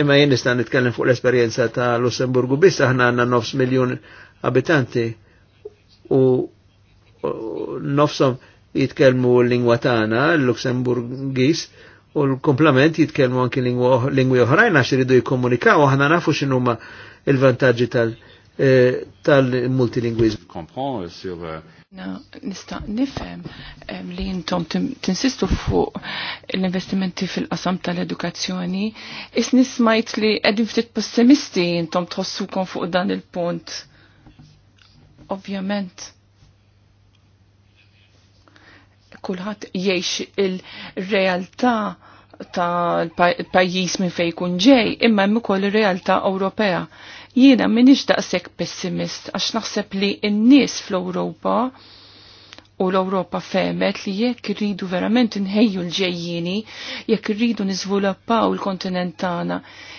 Imma jien nista' nitkellem fuq l-esperjenza ta' Lussemburgu biss aħna għandna nofs miljun abitanti u nofsom jitkellmu l-lingwa tagħna, l-Lussemburgis, u l-komplement jitkellmu anki lingwi oħrajn għax iridu jikkomunikaw aħna nafu x'inhuma il-vantaġġi tal- eh, tal-multilingwizmu. Euh, euh, nista' nifhem li intom tinsistu fuq l-investimenti fil-qasam tal-edukazzjoni, is nismajt li qegħdin ftit pessimisti intom kon fuq dan il-punt. Ovvjament kulħadd jgħix il-realtà ta' pajjiż minn fejn kun ġej, imma hemm ukoll ir-realtà Ewropea. Jiena m'iniex daqshekk pessimist għax naħseb li n-nies fl-Ewropa u l-Ewropa femet li jekk irridu verament inħejju l-ġejjini, jekk irridu niżviluppaw il-kontinent tagħna,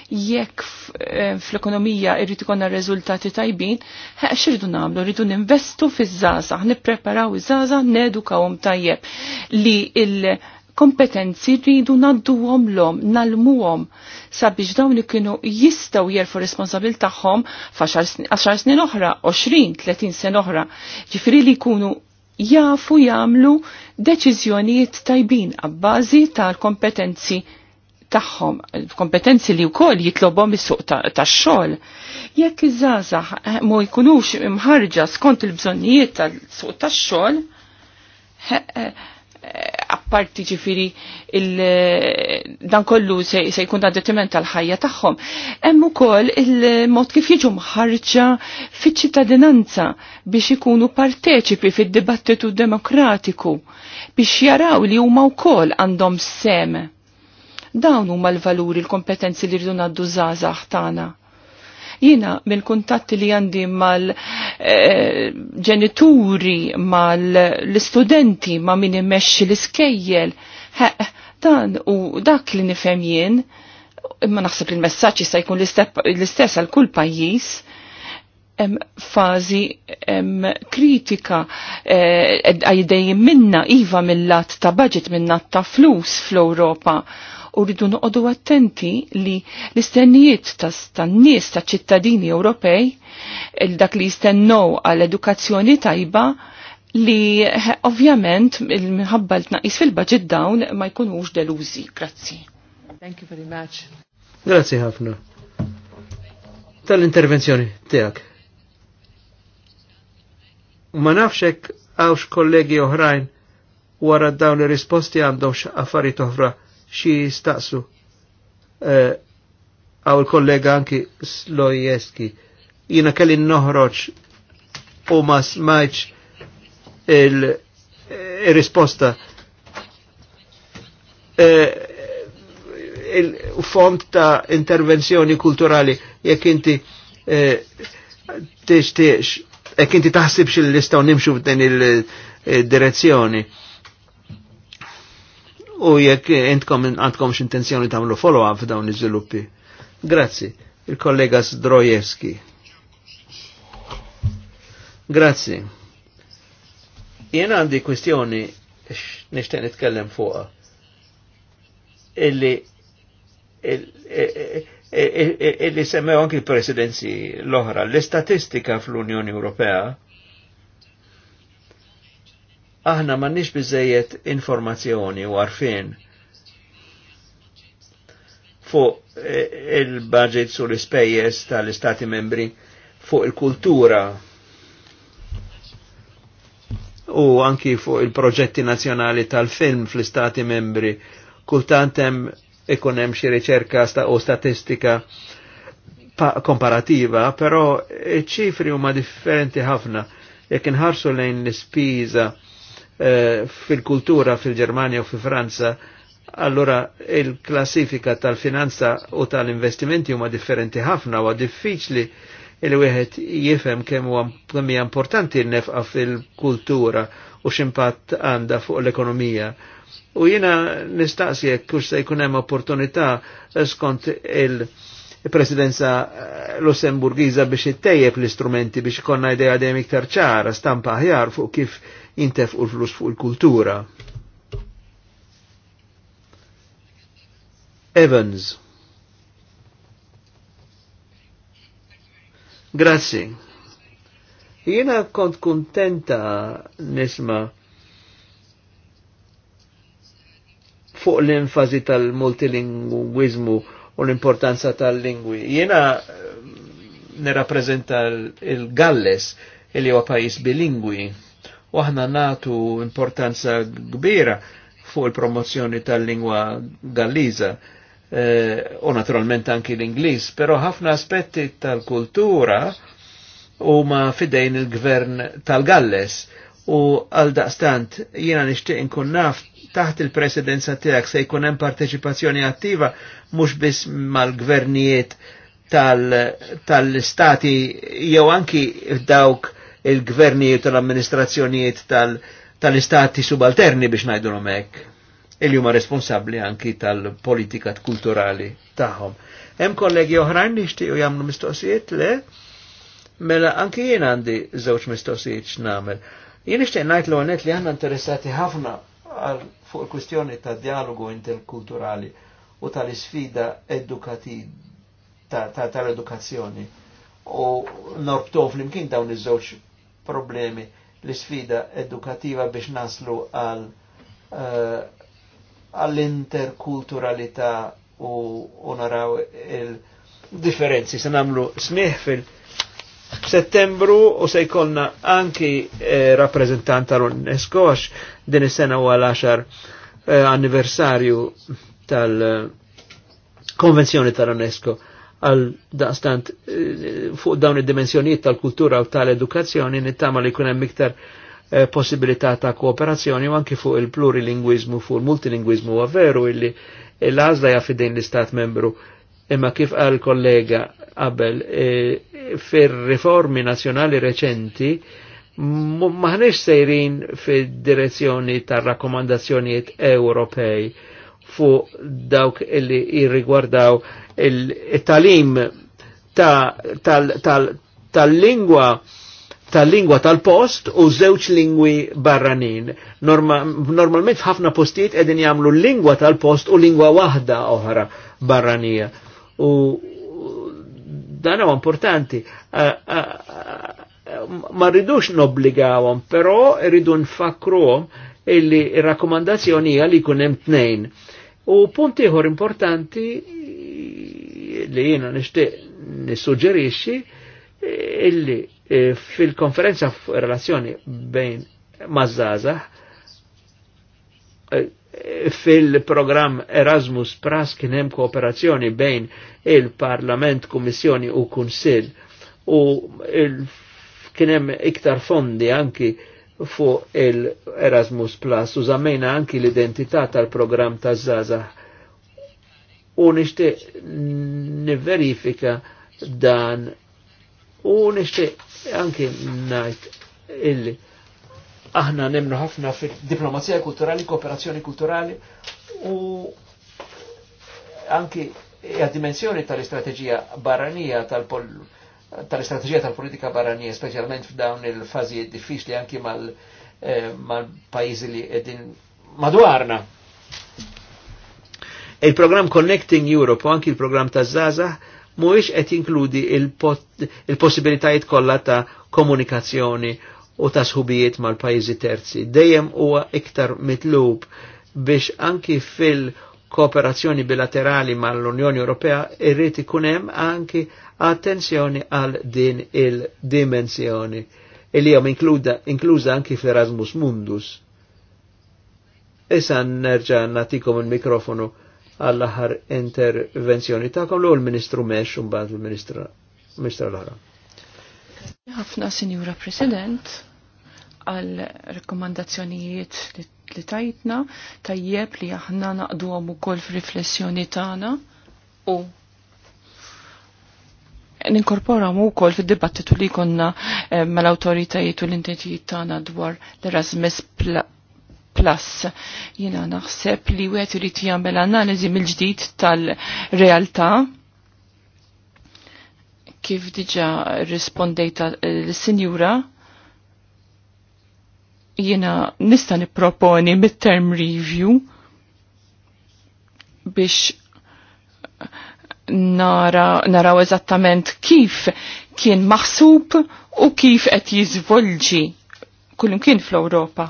jekk eh, fl-ekonomija irrid ikollna riżultati tajbin, xirridu nagħmlu, rridu ninvestu fiż żasa nippreparaw iż-żgħażagħ, nedukawhom tajjeb li il- kompetenzi rridu nadduhom l-om, nalmuhom sabiex dawn li kienu jistaw jerfu responsabil taħħom fa' 10 snin oħra, 20, 30 sen oħra, ġifri li kunu jafu jamlu deċiżjonijiet tajbin għabbażi tal-kompetenzi tagħhom, kompetenzi li wkoll jitlobhom is-suq tax-xogħol. Jekk iż-żgħażagħ eh, ma jkunux imħarġa skont il-bżonnijiet tal-suq tax-xogħol, eh, eh, apparti ġifiri dan kollu se, se jkun da detriment tal-ħajja tagħhom. Hemm ukoll il-mod kif jiġu mħarġa fiċ-ċittadinanza biex ikunu parteċipi fid-dibattitu demokratiku biex jaraw li huma wkoll għandhom sem. Dawn huma l-valuri, l-kompetenzi li rridu ngħaddu żgħażagħ tagħna Jina minn kuntatti li għandi mal-ġenituri, eh, e, mal-studenti, ma' min immexxi l-iskejjel, dan u dak li nifhem jien, imma naħseb li l-messaġġ jista' jkun l-istess għal kull pajjiż, hemm fażi kritika eh, għajdej minna iva mill-lat ta' budget minna ta' flus fl ewropa u rridu noqogħdu attenti li l-istennijiet tan-nies ta' ċittadini Ewropej dak li jistennow għal edukazzjoni tajba li ovvjament minħabba l-tnaqis fil-budget dawn ma jkunux delużi. Grazzi. Thank you very much. Grazzi ħafna. Tal-intervenzjoni tiegħek. Ma nafxek għawx kollegi oħrajn wara dawn ir risposti għandhom x'affarijiet oħra xi staqsu. Eh, għaw il-kollega anki Slojeski, jina kelli noħroċ u ma smajċ eh, il-risposta. Eh, il e, font ta' intervenzjoni kulturali jek inti e, tixtiex jek inti taħsibx li nistgħu nimxu f'din il-direzzjoni. il direzzjoni u jekk intkom għandkom x'intenzjoni tagħmlu follow-up f'dawn iż-żviluppi. Grazzi, il-kollega Zdrojewski. Grazzi. Jien għandi kwistjoni nixtieq nitkellem fuqha illi illi semmew anki presidenzi l-oħra, l-istatistika fl-Unjoni Ewropea aħna m'għandniex biżejjed informazzjoni u għarfin fuq eh, il budget u l-ispejjeż tal-istati membri fuq il-kultura u anki fuq il-proġetti nazjonali tal-film fl-istati membri. Kultant hemm ikun hemm xi riċerka u statistika komparativa, però ċifri huma differenti ħafna. Jekk inħarsu lejn l-ispiża Eh, fil-kultura fil-Germania u fil-Franza, allora il-klassifika tal-finanza u tal-investimenti huma differenti ħafna u diffiċli il wieħed jifem kemm huwa importanti nnefqa fil-kultura u x'impatt għandha fuq l-ekonomija. U jiena nistaqsi jekk se jkun hemm opportunità skont il- il-presidenza eh, Lussemburgiza biex ittejjeb l-istrumenti biex konna idea dejjem iktar ċara, stampa ħjar fuq kif jintef u l-flus fuq il-kultura. Evans. Grazzi. Jena kont kontenta nisma' fuq l enfazi tal-multilingwizmu u l-importanza tal-lingwi. Jena eh, nirrapprezenta il-Galles il huwa pajis bilingwi u aħna natu importanza kbira fuq il-promozzjoni tal-lingwa galliza eh, u naturalment anki l-Ingliż, però ħafna aspetti tal-kultura huma fidejn il-gvern tal-Galles u għal daqstant jiena nixtieq inkun naf taħt il-presidenza tiegħek se jkun hemm parteċipazzjoni attiva mhux biss mal-gvernijiet tal-istati tal jew anki dawk il-gvernijiet tal-amministrazzjonijiet tal-istati tal subalterni biex ngħidulhom hekk il huma responsabbli anki tal-politika kulturali tagħhom. Hemm kollegi oħrajn nixtieq jagħmlu mistoqsijiet le mela anki jien għandi żewġ mistoqsijiet x'nagħmel. Jien nixtieq ngħid l li aħna interessati ħafna fuq il-kwistjoni ta' dialogu interkulturali u tal-isfida edukativa tal-edukazzjoni u norbtow flimkien dawn iż-żewġ problemi l-isfida edukativa biex naslu għal eh, għall-interkulturalità u naraw il-differenzi. Se namlu smieħ fil- Settembru u se jkollna anki eh, rappresentant tal-UNESCO għax din is-sena huwa l għaxar eh, anniversarju tal-Konvenzjoni eh, tal-UNESCO għal daqstant eh, fuq dawn id-dimensjonijiet tal-kultura u tal-edukazzjoni nittama li kunem miktar iktar eh, possibilità ta' kooperazzjoni u anki fuq il-plurilingwizmu, fuq il-multilingwizmu, għavveru illi l-għazla il din l-istat membru imma kif għal kollega qabel e, fir-riformi nazzjonali reċenti maħnex sejrin fid-direzzjoni tar rakkomandazzjonijiet Ewropej fuq dawk illi jirrigwardaw il-talim tal-lingwa tal-lingwa tal-post u żewġ lingwi barranin. Normalment f'ħafna postijiet qegħdin jagħmlu lingwa tal-post u lingwa waħda oħra barranija u dan huwa importanti. Ma rridux nobbligawhom, però rridu nfakruhom illi r rakkomandazzjoni hija li jkun hemm tnejn. U punt ieħor importanti li jiena nixtieq nissuġġerixxi illi e, fil-konferenza f'relazzjoni bejn mażaza fil-programm Erasmus Pras kien hemm kooperazzjoni bejn il-Parlament, Kummissjoni u Kunsill u kien hemm iktar fondi anki fuq il-Erasmus Plus u żammejna anki l-identità tal-programm ta' Zaza. U nixtieq niverifika dan u nixtieq anki ngħid illi Aħna nemnu ħafna fil-diplomazija kulturali, kooperazzjoni kulturali u anki għad-dimensjoni tal istrategija barranija tal istrategija tal-politika barranija, specialment f'dawn il-fazi diffiċli anki eh, mal-pajizi li edin madwarna. Il-program Connecting Europe u anki il-program ta' Zaza mhuwiex qed jinkludi il-possibilitajiet kollha ta' komunikazzjoni u ta' mal-pajjiżi terzi. Dejjem huwa iktar mitlub biex anki fil-kooperazzjoni bilaterali mal-Unjoni Ewropea irrid ikun hemm anki attenzjoni għal din il-dimensjoni illi hija inkluża anki fl-Erasmus Mundus. Issa nerġa natikom il-mikrofonu għall-aħħar intervenzjoni tagħkom l-ministru Mesh un-bad l-ministra l-ħara. Ħafna Sinjura President għal rekomandazzjonijiet li tajtna tajjeb li aħna naqdu għom u kol riflessjoni tagħna u ninkorpora mu kol fil-dibattitu li konna eh, mal-autoritajiet u l-intentijiet tagħna dwar l-Erasmus Plus. Jina naħseb li wieħed irid jagħmel analiżi mill-ġdid tal-realtà kif diġa rispondejta l-sinjura, jiena nista niproponi mid-term review biex nara, naraw eżattament kif kien maħsub u kif qed jiżvolġi kullimkien fl-Ewropa.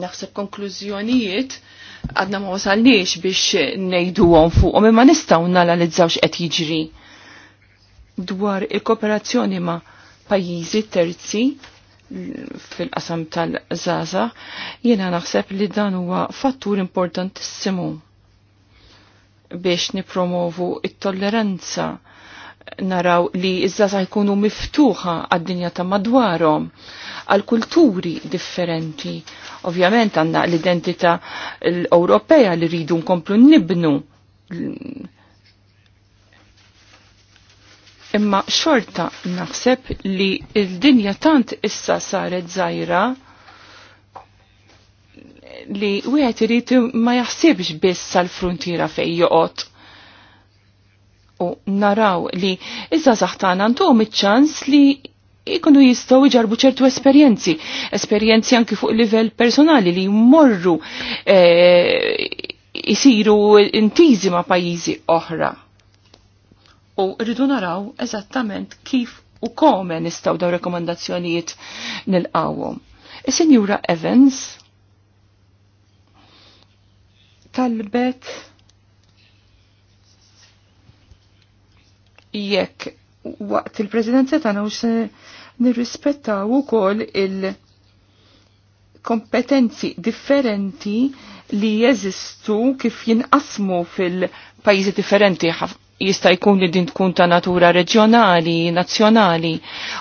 Naħseb konklużjonijiet għadna ma wasalniex biex nejduhom fuqhom imma nistgħu nalalizzawx qed jiġri dwar il-kooperazzjoni ma' pajjiżi terzi fil-qasam tal zaza jiena naħseb li dan huwa fattur importantissimu biex nipromovu it-tolleranza naraw li iż-żaza jkunu miftuħa għad-dinja ta' madwarhom għal kulturi differenti. Ovvjament għandna l-identità l-Ewropea li rridu nkomplu nibnu Imma xorta naħseb li il-dinja tant issa saret zaħira li wieħed irid ma jaħsibx biss sal-frontiera fejn joqgħod. U naraw li iżda saħtana għandhom iċ-ċans li ikunu jistaw iġarbu ċertu esperienzi, esperienzi anki fuq livell personali li jmorru e, eh, jisiru intizi ma' pajizi oħra u rridu naraw eżattament kif u kome nistaw daw rekomandazzjonijiet nil-qawom. Is-Sinjura Evans talbet jekk waqt il presidenza tagħna u se nirrispettaw ukoll il-kompetenzi differenti li jeżistu kif jinqasmu fil-pajjiżi differenti jista' jkun li din tkun ta' natura reġjonali, nazzjonali.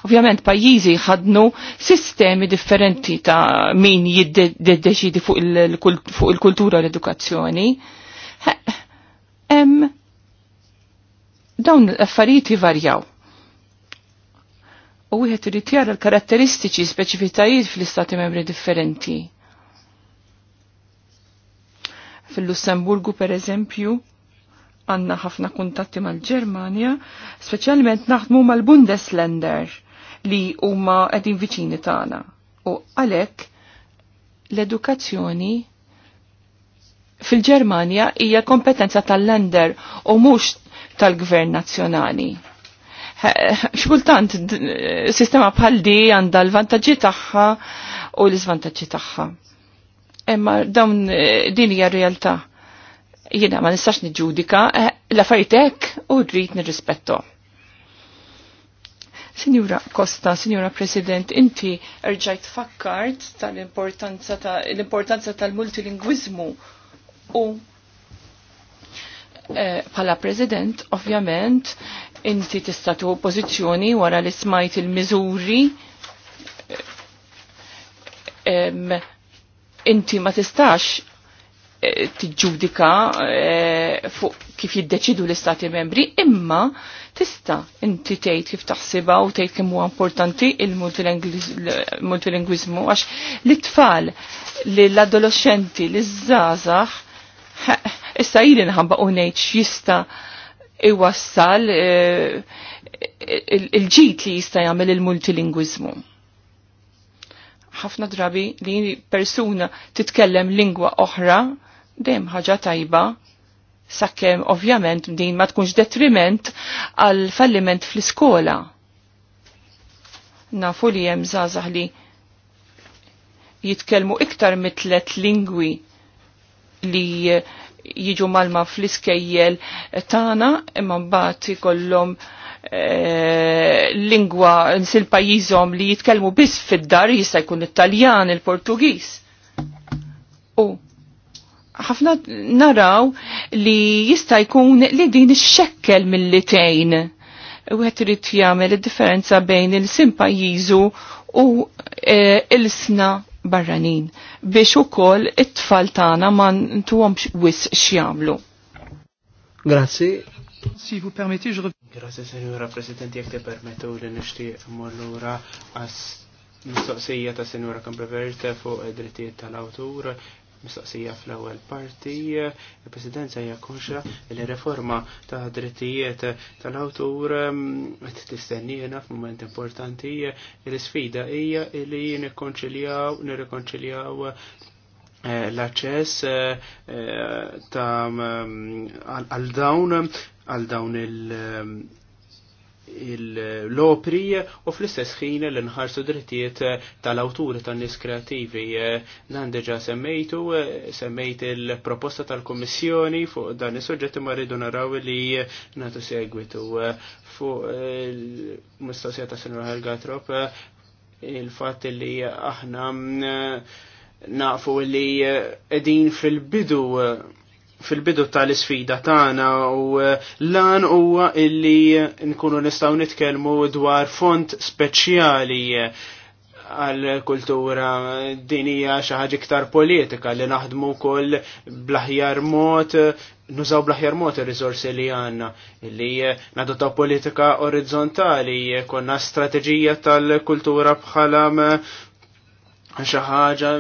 Ovvjament pajjiżi ħadnu sistemi differenti ta' min jiddeċidi fuq il-kultura il kultura l edukazzjoni Hemm dawn l-affarijiet jivarjaw. U wieħed irid jara l-karatteristiċi speċifitajiet fl-istati membri differenti. Fil-Lussemburgu per eżempju, għanna ħafna kuntatti mal-Ġermanja, speċjalment naħdmu mal-Bundesländer li huma qegħdin viċini tagħna. U għalhekk l-edukazzjoni fil-Ġermanja hija kompetenza tal-lender u mhux tal-gvern nazzjonali. Xkultant sistema bħal di għandha l-vantaġġi tagħha u l-iżvantaġġi tagħha. Imma dawn eh, din hija realtà Jiena ma nistax nġudika eh, l-affarijiet hekk u rrid nirrispetto. Sinjura Costa, Signora President, inti rġajt fakkart tal-importanza tal-importanza tal-multilingwizmu u eh, pala President, ovvjament, inti tista' istatu pożizzjoni wara li smajt il-miżuri eh, inti ma tistax tiġġudika eh, fuq kif jiddeċidu l-istati membri, imma tista' inti tgħid kif taħsibha u tgħid kemm huwa importanti il-multilingwiżmu għax l-tfal li l-adolescenti li żgħażagħ issa ili nħabba u ngħid x'jista' iwassal eh, il-ġit li jista' jagħmel il-multilingwiżmu ħafna drabi li persuna titkellem lingwa oħra dem ħaġa tajba sakkem ovvjament din ma tkunx detriment għal falliment fl-iskola. Nafu li hemm zazah li jitkellmu iktar mitlet lingwi li jiġu malma fl-iskejjel tagħna imma mbagħad ikollhom e, lingwa nsil pajizom li jitkellmu biss fid-dar jista' jkun it-Taljan, il-Portugiż. U ħafna naraw li jista' jkun li din ix-xekkel mill-litejn. U għet rrit jagħmel id differenza bejn il-sim pajizu u e, il-sna barranin biex ukoll it-tfal tagħna ma ntuhomx wis xjamlu. Grazzi. Si vous permettez, je Grazie, Signora Presidente, jek te permettu li nishtiq mollura as mistoqsija ta' Signora Kampreverte fuq id-drittijiet tal-awtur mistoqsija fl-ewwel parti, il-Presidenza hija konxra li reforma ta' drittijiet tal-awtur mm, qed tistennina f'mument importanti l-isfida hija li nikkonċiljaw nirrikonċiljaw eh, l-aċċess eh, ta' mm, għal dawn għal dawn il- l-opri u fl-istess ħin l-nħarsu drittijiet tal-awturi tan-nies kreativi. Dan deġa semmejtu, semmejt il-proposta tal kummissjoni fuq dan is suġġetti ma rridu naraw li nagħtu segwitu fuq mistoqsija ta' Sinur Helga Trop il-fatt li aħna mm, nafu li edin fil-bidu fil-bidu tal-isfida tagħna u eh, lan huwa illi nkunu nistgħu nitkellmu dwar font speċjali eh, għal kultura dinija xi ħaġa iktar politika li naħdmu wkoll blaħjar mod nużaw blaħjar mod ir-riżorsi li għandna li eh, ta' politika orizzontali konna strateġija tal-kultura bħala xi ħaġa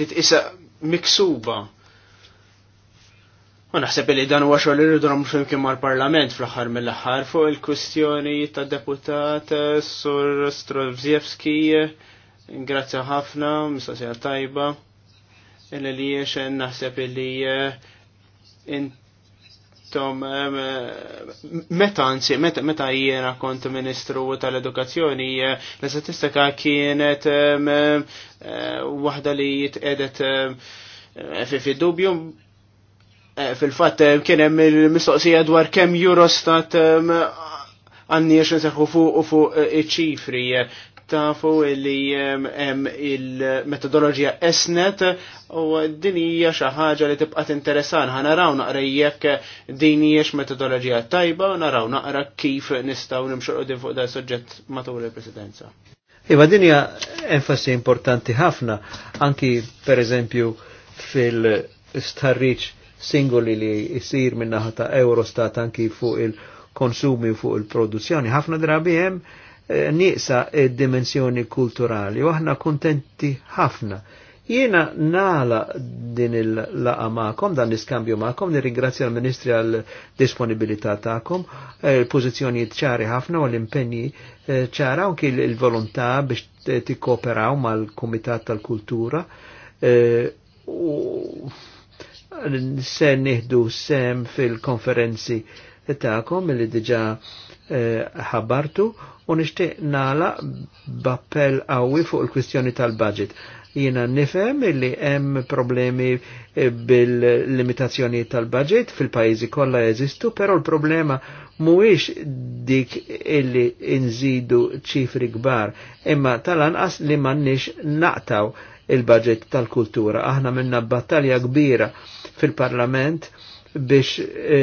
titqisa miksuba U naħseb li dan huwa xogħol irridu nagħmlu flimkien mal-Parlament fl-aħħar mill-aħħar fuq il-kwistjoni tad-deputat eh, Sur Strovziewski. Grazzi ħafna, mistoqsija tajba. Illi li jiex eh, naħseb li eh, intom meta anzi meta jiena kont Ministru tal-Edukazzjoni l-istatistika kienet waħda li jitqedet fi dubju Eh, fil-fatt eh, kien hemm il-mistoqsija dwar kemm Eurostat għanni għax nseħħu fuq u fuq eh, iċ-ċifri tafu li hemm il-metodoloġija esnet u din hija xi ħaġa li tibqa' tinteressan ħa naraw naqra jekk din hiex metodoloġija tajba u naraw naqra kif nistgħu nimxu din fuq dan suġġett matul il-presidenza. Iva din hija enfasi importanti ħafna anki pereżempju fil-starriċ singoli li jisir minna ħata Eurostat anki fuq il-konsumi u fuq il-produzzjoni. ħafna drabi hemm nieqsa id-dimensjoni kulturali u aħna kontenti ħafna. Jiena nala din il-laqa ma'kom, dan l-iskambju ma'kom, nirringrazzja l-Ministri għal disponibilità ta'kom, il pozizjoni ċari ħafna u l-impenji ċara, anki l-volontà biex tikkooperaw mal-Kumitat tal-Kultura se nieħdu sem fil-konferenzi ta'kom li diġa eh, ħabartu u nixtieq nala bappell qawwi fuq il-kwistjoni tal-budget. Jiena nifhem li hemm problemi eh, bil-limitazzjoni tal-budget fil-pajjiżi kollha jeżistu, però l-problema mhuwiex dik illi inżidu ċifri kbar, imma tal-anqas li m'għandniex naqtaw il-budget tal-kultura. Aħna minna battalja kbira fil-parlament biex e,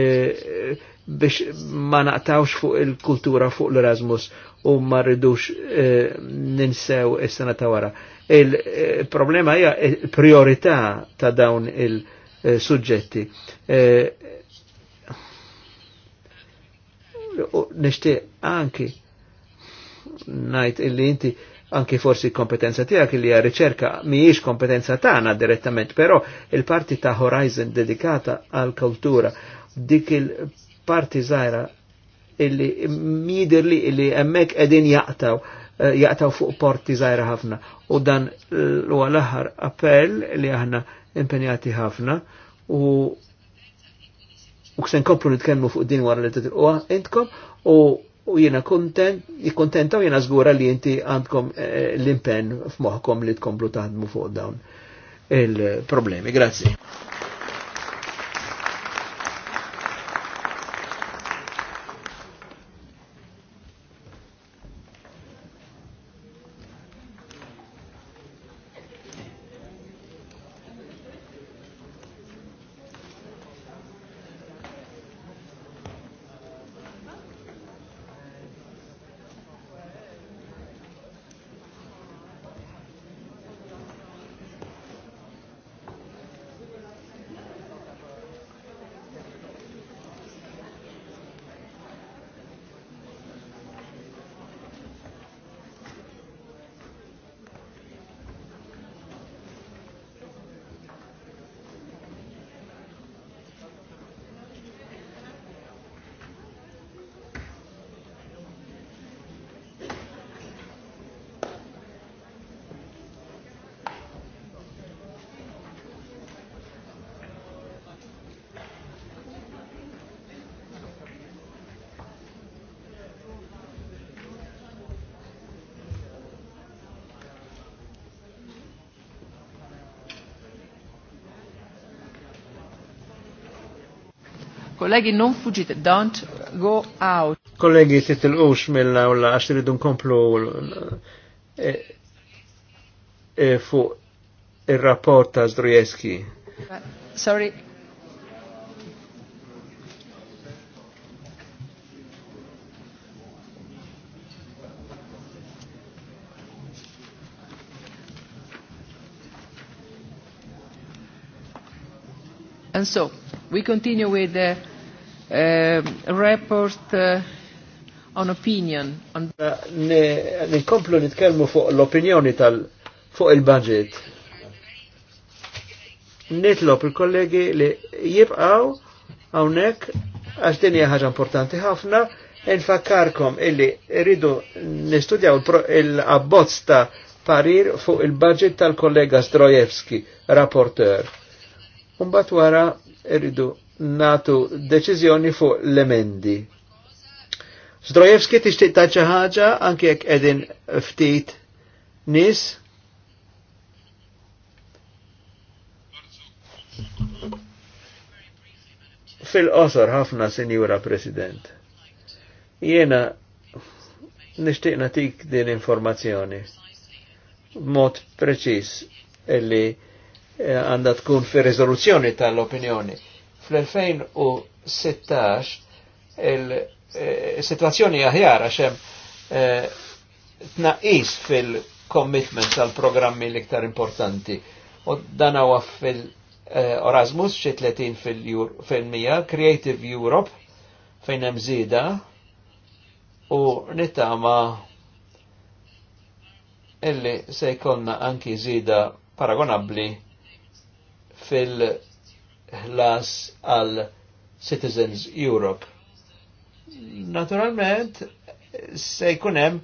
biex ma naqtawx fuq il-kultura fuq l-Erasmus u ma rridux e, ninsew is-sena ta' wara. Il-problema e, hija il-priorità e, ta' dawn il-suġġetti. E, Nishtiq anki najt illi inti anki forsi kompetenza tijak li hija riċerka mhijiex kompetenza tagħna direttament, però il-parti ta' Horizon dedikata għal kultura dik il-parti żgħira illi midir li illi hemmhekk qegħdin jaqtaw eh, jaqtaw fuq porti zaħra ħafna u dan l l-aħħar appell li aħna impenjati ħafna u u ksen komplu nitkellmu fuq din wara li titilquha intkom u u jena kontenta u jena zgura li inti għandkom eh, l-impen f'moħkom li tkomplu taħdmu fuq dawn il-problemi. Grazie. Kollegi, non fuġit, don't go out. Kollegi, il-ux mill-awla għax rridu nkomplu e, e, fuq il-rapport ta' Zdrojewski. Sorry. And so, we continue with the uh, uh, report uh, on opinion. On... Eh, Ninkomplu nitkelmu fuq l-opinjoni tal fuq il-budget. Nitlob il-kollegi li jibqaw għawnek għax din hija ħaġa importanti ħafna infakkarkom illi rridu nistudjaw il-abbozz ta' parir fuq il-budget tal-kollega Zdrojewski, rapporteur. Umbat wara rridu natu deċiżjoni fuq l-emendi. Zdrojevski tixtieq ta' xi ħaġa anke jekk qegħdin ftit nis. Fil-qosor ħafna, Sinjura President. Jena nixtieq natik din informazzjoni Mod preċiż illi eh, għandha tkun fi rezoluzzjoni tal-opinjoni Fl-2016 il-situazzjoni eh, aħjar għaxem eh, tnaqis fil-commitment tal-programmi l-iktar importanti. U dan huwa fil-Erasmus eh, xi 30 fil-mija, Creative Europe fejn hemm żieda u nitama illi se jkollna anki żieda paragonabbli fil- ħlas għal Citizens Europe. Naturalment, se jkunem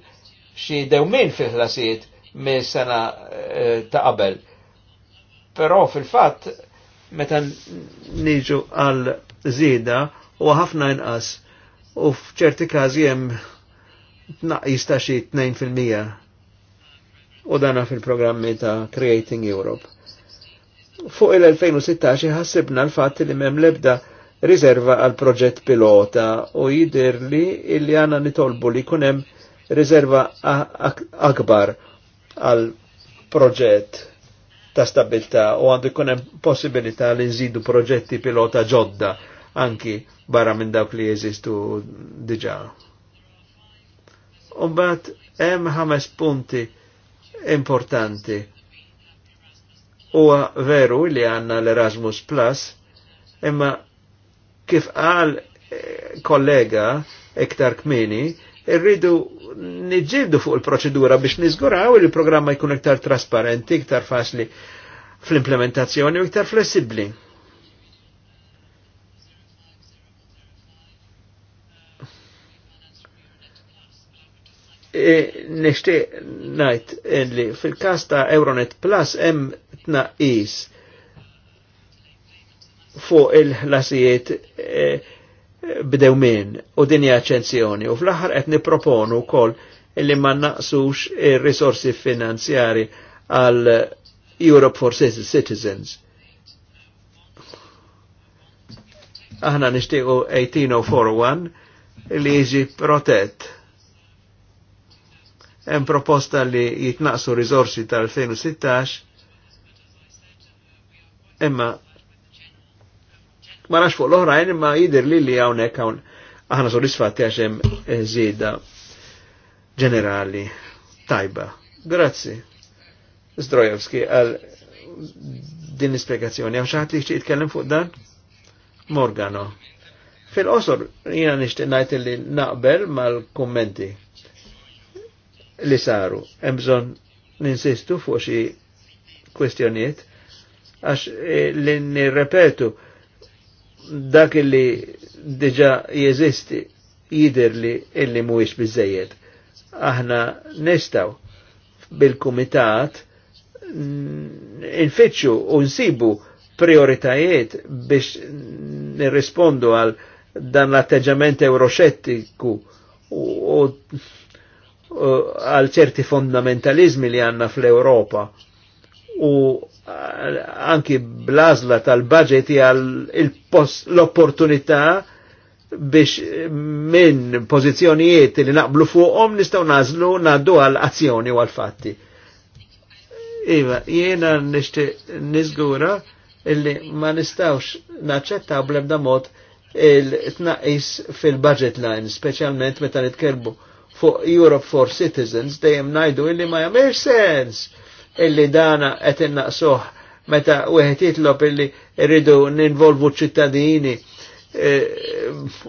xi dewmin fil-ħlasijiet me sena eh, ta' qabel. Però fil-fatt, meta niġu għal zida u ħafna inqas u f'ċerti każi hemm tnaqqis ta' xi 2%. U dana fil-programmi ta' Creating Europe. Fuq il-2016 ħassibna l fat li mem lebda riserva għal proġett pilota u jidir li il-li għana nitolbu li kunem riserva akbar għal proġett ta' stabilta u għandu kunem possibilità li nżidu proġetti pilota ġodda anki barra minn dawk li jeżistu diġa. Umbat, hemm ħames punti importanti Huwa veru li għanna l-Erasmus Plus, imma kif għal eh, kollega iktar kmini, irridu nġibdu fuq il-proċedura biex nizguraw il-programma jkun iktar trasparenti, iktar fasli fl-implementazzjoni u iktar flessibli. E, nishtiq najt li fil-kas ta' Euronet Plus hemm tnaqis fuq il-ħlasijiet e, bdew min u dinja ċenzjoni u fl-aħħar qed niproponu wkoll illi ma naqsux ir-risorsi finanzjari għal Europe for Citizens. Aħna nixtiequ 1841 li jiġi protett Hemm proposta li jitnaqsu rizorsi tal-2016 imma ma nafx fuq l-oħrajn imma jidher li li hawnhekk hawn aħna soddisfatti għax hemm eh, żieda ġenerali tajba. Grazzi. Zdrojewski għal din l-ispiegazzjoni. Għaw xaħat li xtiq jitkellem fuq dan? Morgano. Fil-qosor jina nishtiq najt li naqbel mal-kommenti li saru. Embżon ninsistu fuq xi kwestjoniet, għax eh, li nirrepetu dak li diġa jeżisti jider li illi mhuwiex biżejjed. Aħna nistaw bil-kumitat infittxu u nsibu prioritajiet biex nirrispondu għal dan l-atteġġament euroxettiku u Eh, għal ċerti fondamentalizmi li għanna fl-Europa u eh, anki blazla tal-budget għal l-opportunità biex eh, minn pozizjonijiet li naqblu fuqhom nistgħu nażlu ngħaddu għal azzjoni u għal fatti. Iva, jiena nixtieq niżgura illi ma nistawx naċċettaw bl-ebda mod il-tnaqis fil-budget line, specialment meta nitkellmu for Europe for Citizens dejjem najdu illi ma jagħmilx sens illi dana qed innaqsuh meta wieħed jitlob illi rridu ninvolvu ċittadini e,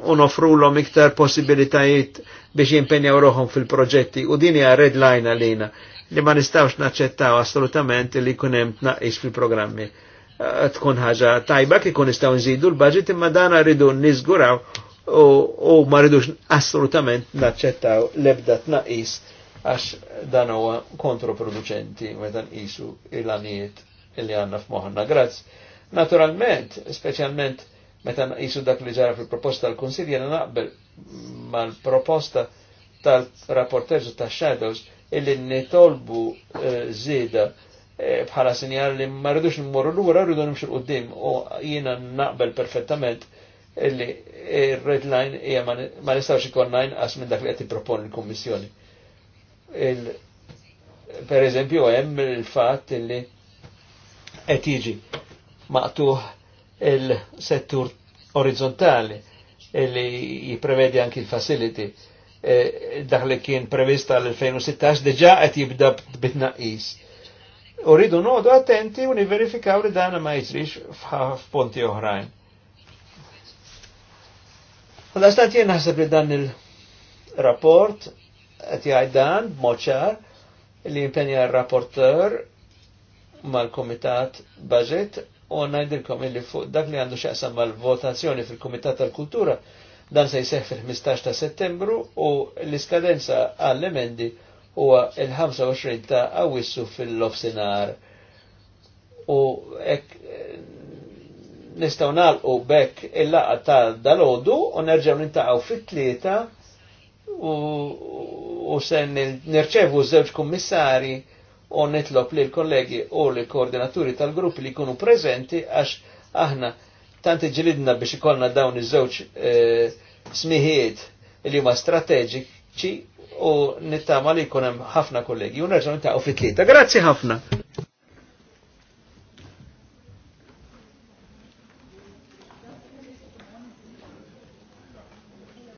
u nofrulhom iktar possibilitajiet biex jimpenjaw roħhom fil-proġetti u din hija red line għalina li ma nistawx naċċettaw assolutament li jkun hemm tnaqqis fil-programmi. E, tkun ħaġa tajba kif kun nistgħu nżidu l baġit imma dana rridu niżguraw u ma rridux assolutament naċċettaw lebda tnaqis għax dan huwa kontroproducenti meta nqisu il-għanijiet illi għandna f'moħħna. Grazz. Naturalment, speċjalment meta nqisu dak li ġara fil-proposta tal-Kunsilj jena naqbel mal-proposta tal rapporterzu tax-shadows illi nitolbu eh, zida eh, bħala sinjal li ma rridux nmorru lura rridu n qudiem u jiena naqbel perfettament illi red line hija ma nistgħux ikun inqas minn dak li qed tipproponi l-Kummissjoni. Per eżempju hemm il-fatt illi qed jiġi maqtuħ il-settur orizzontali illi jipprevedi anki l-facility e, dak li kien prevista tal-2016 deġa qed jibda bitnaqis. U rridu nodu attenti u niverifikaw li dana ma jiġrix f'ponti oħrajn. Għalla stat jien naħseb li dan il-rapport qed jgħid dan b'moċar li jimpenja r-rapporter mal-Komitat Budget u ngħidilkom illi fuq dak li għandu x'aqsam mal-votazzjoni fil-Kumitat tal-Kultura dan se jseħħ fil-15 ta' Settembru u l-iskadenza għall-emendi huwa il-25 ta' Awissu fil-Lofsinar u nistaw nalqu bekk il-laqa ta' dalodu u nerġaw nintaqaw fit-tlieta u se nirċevu żewġ kummissari u nitlob li l-kollegi u l-koordinaturi tal-gruppi li jkunu prezenti għax aħna tant ġilidna biex ikollna dawn iż-żewġ e, smiħiet li huma strateġiċi u nittama li jkun hemm ħafna kollegi u nerġgħu nintaqgħu fit-tlieta. Grazzi ħafna.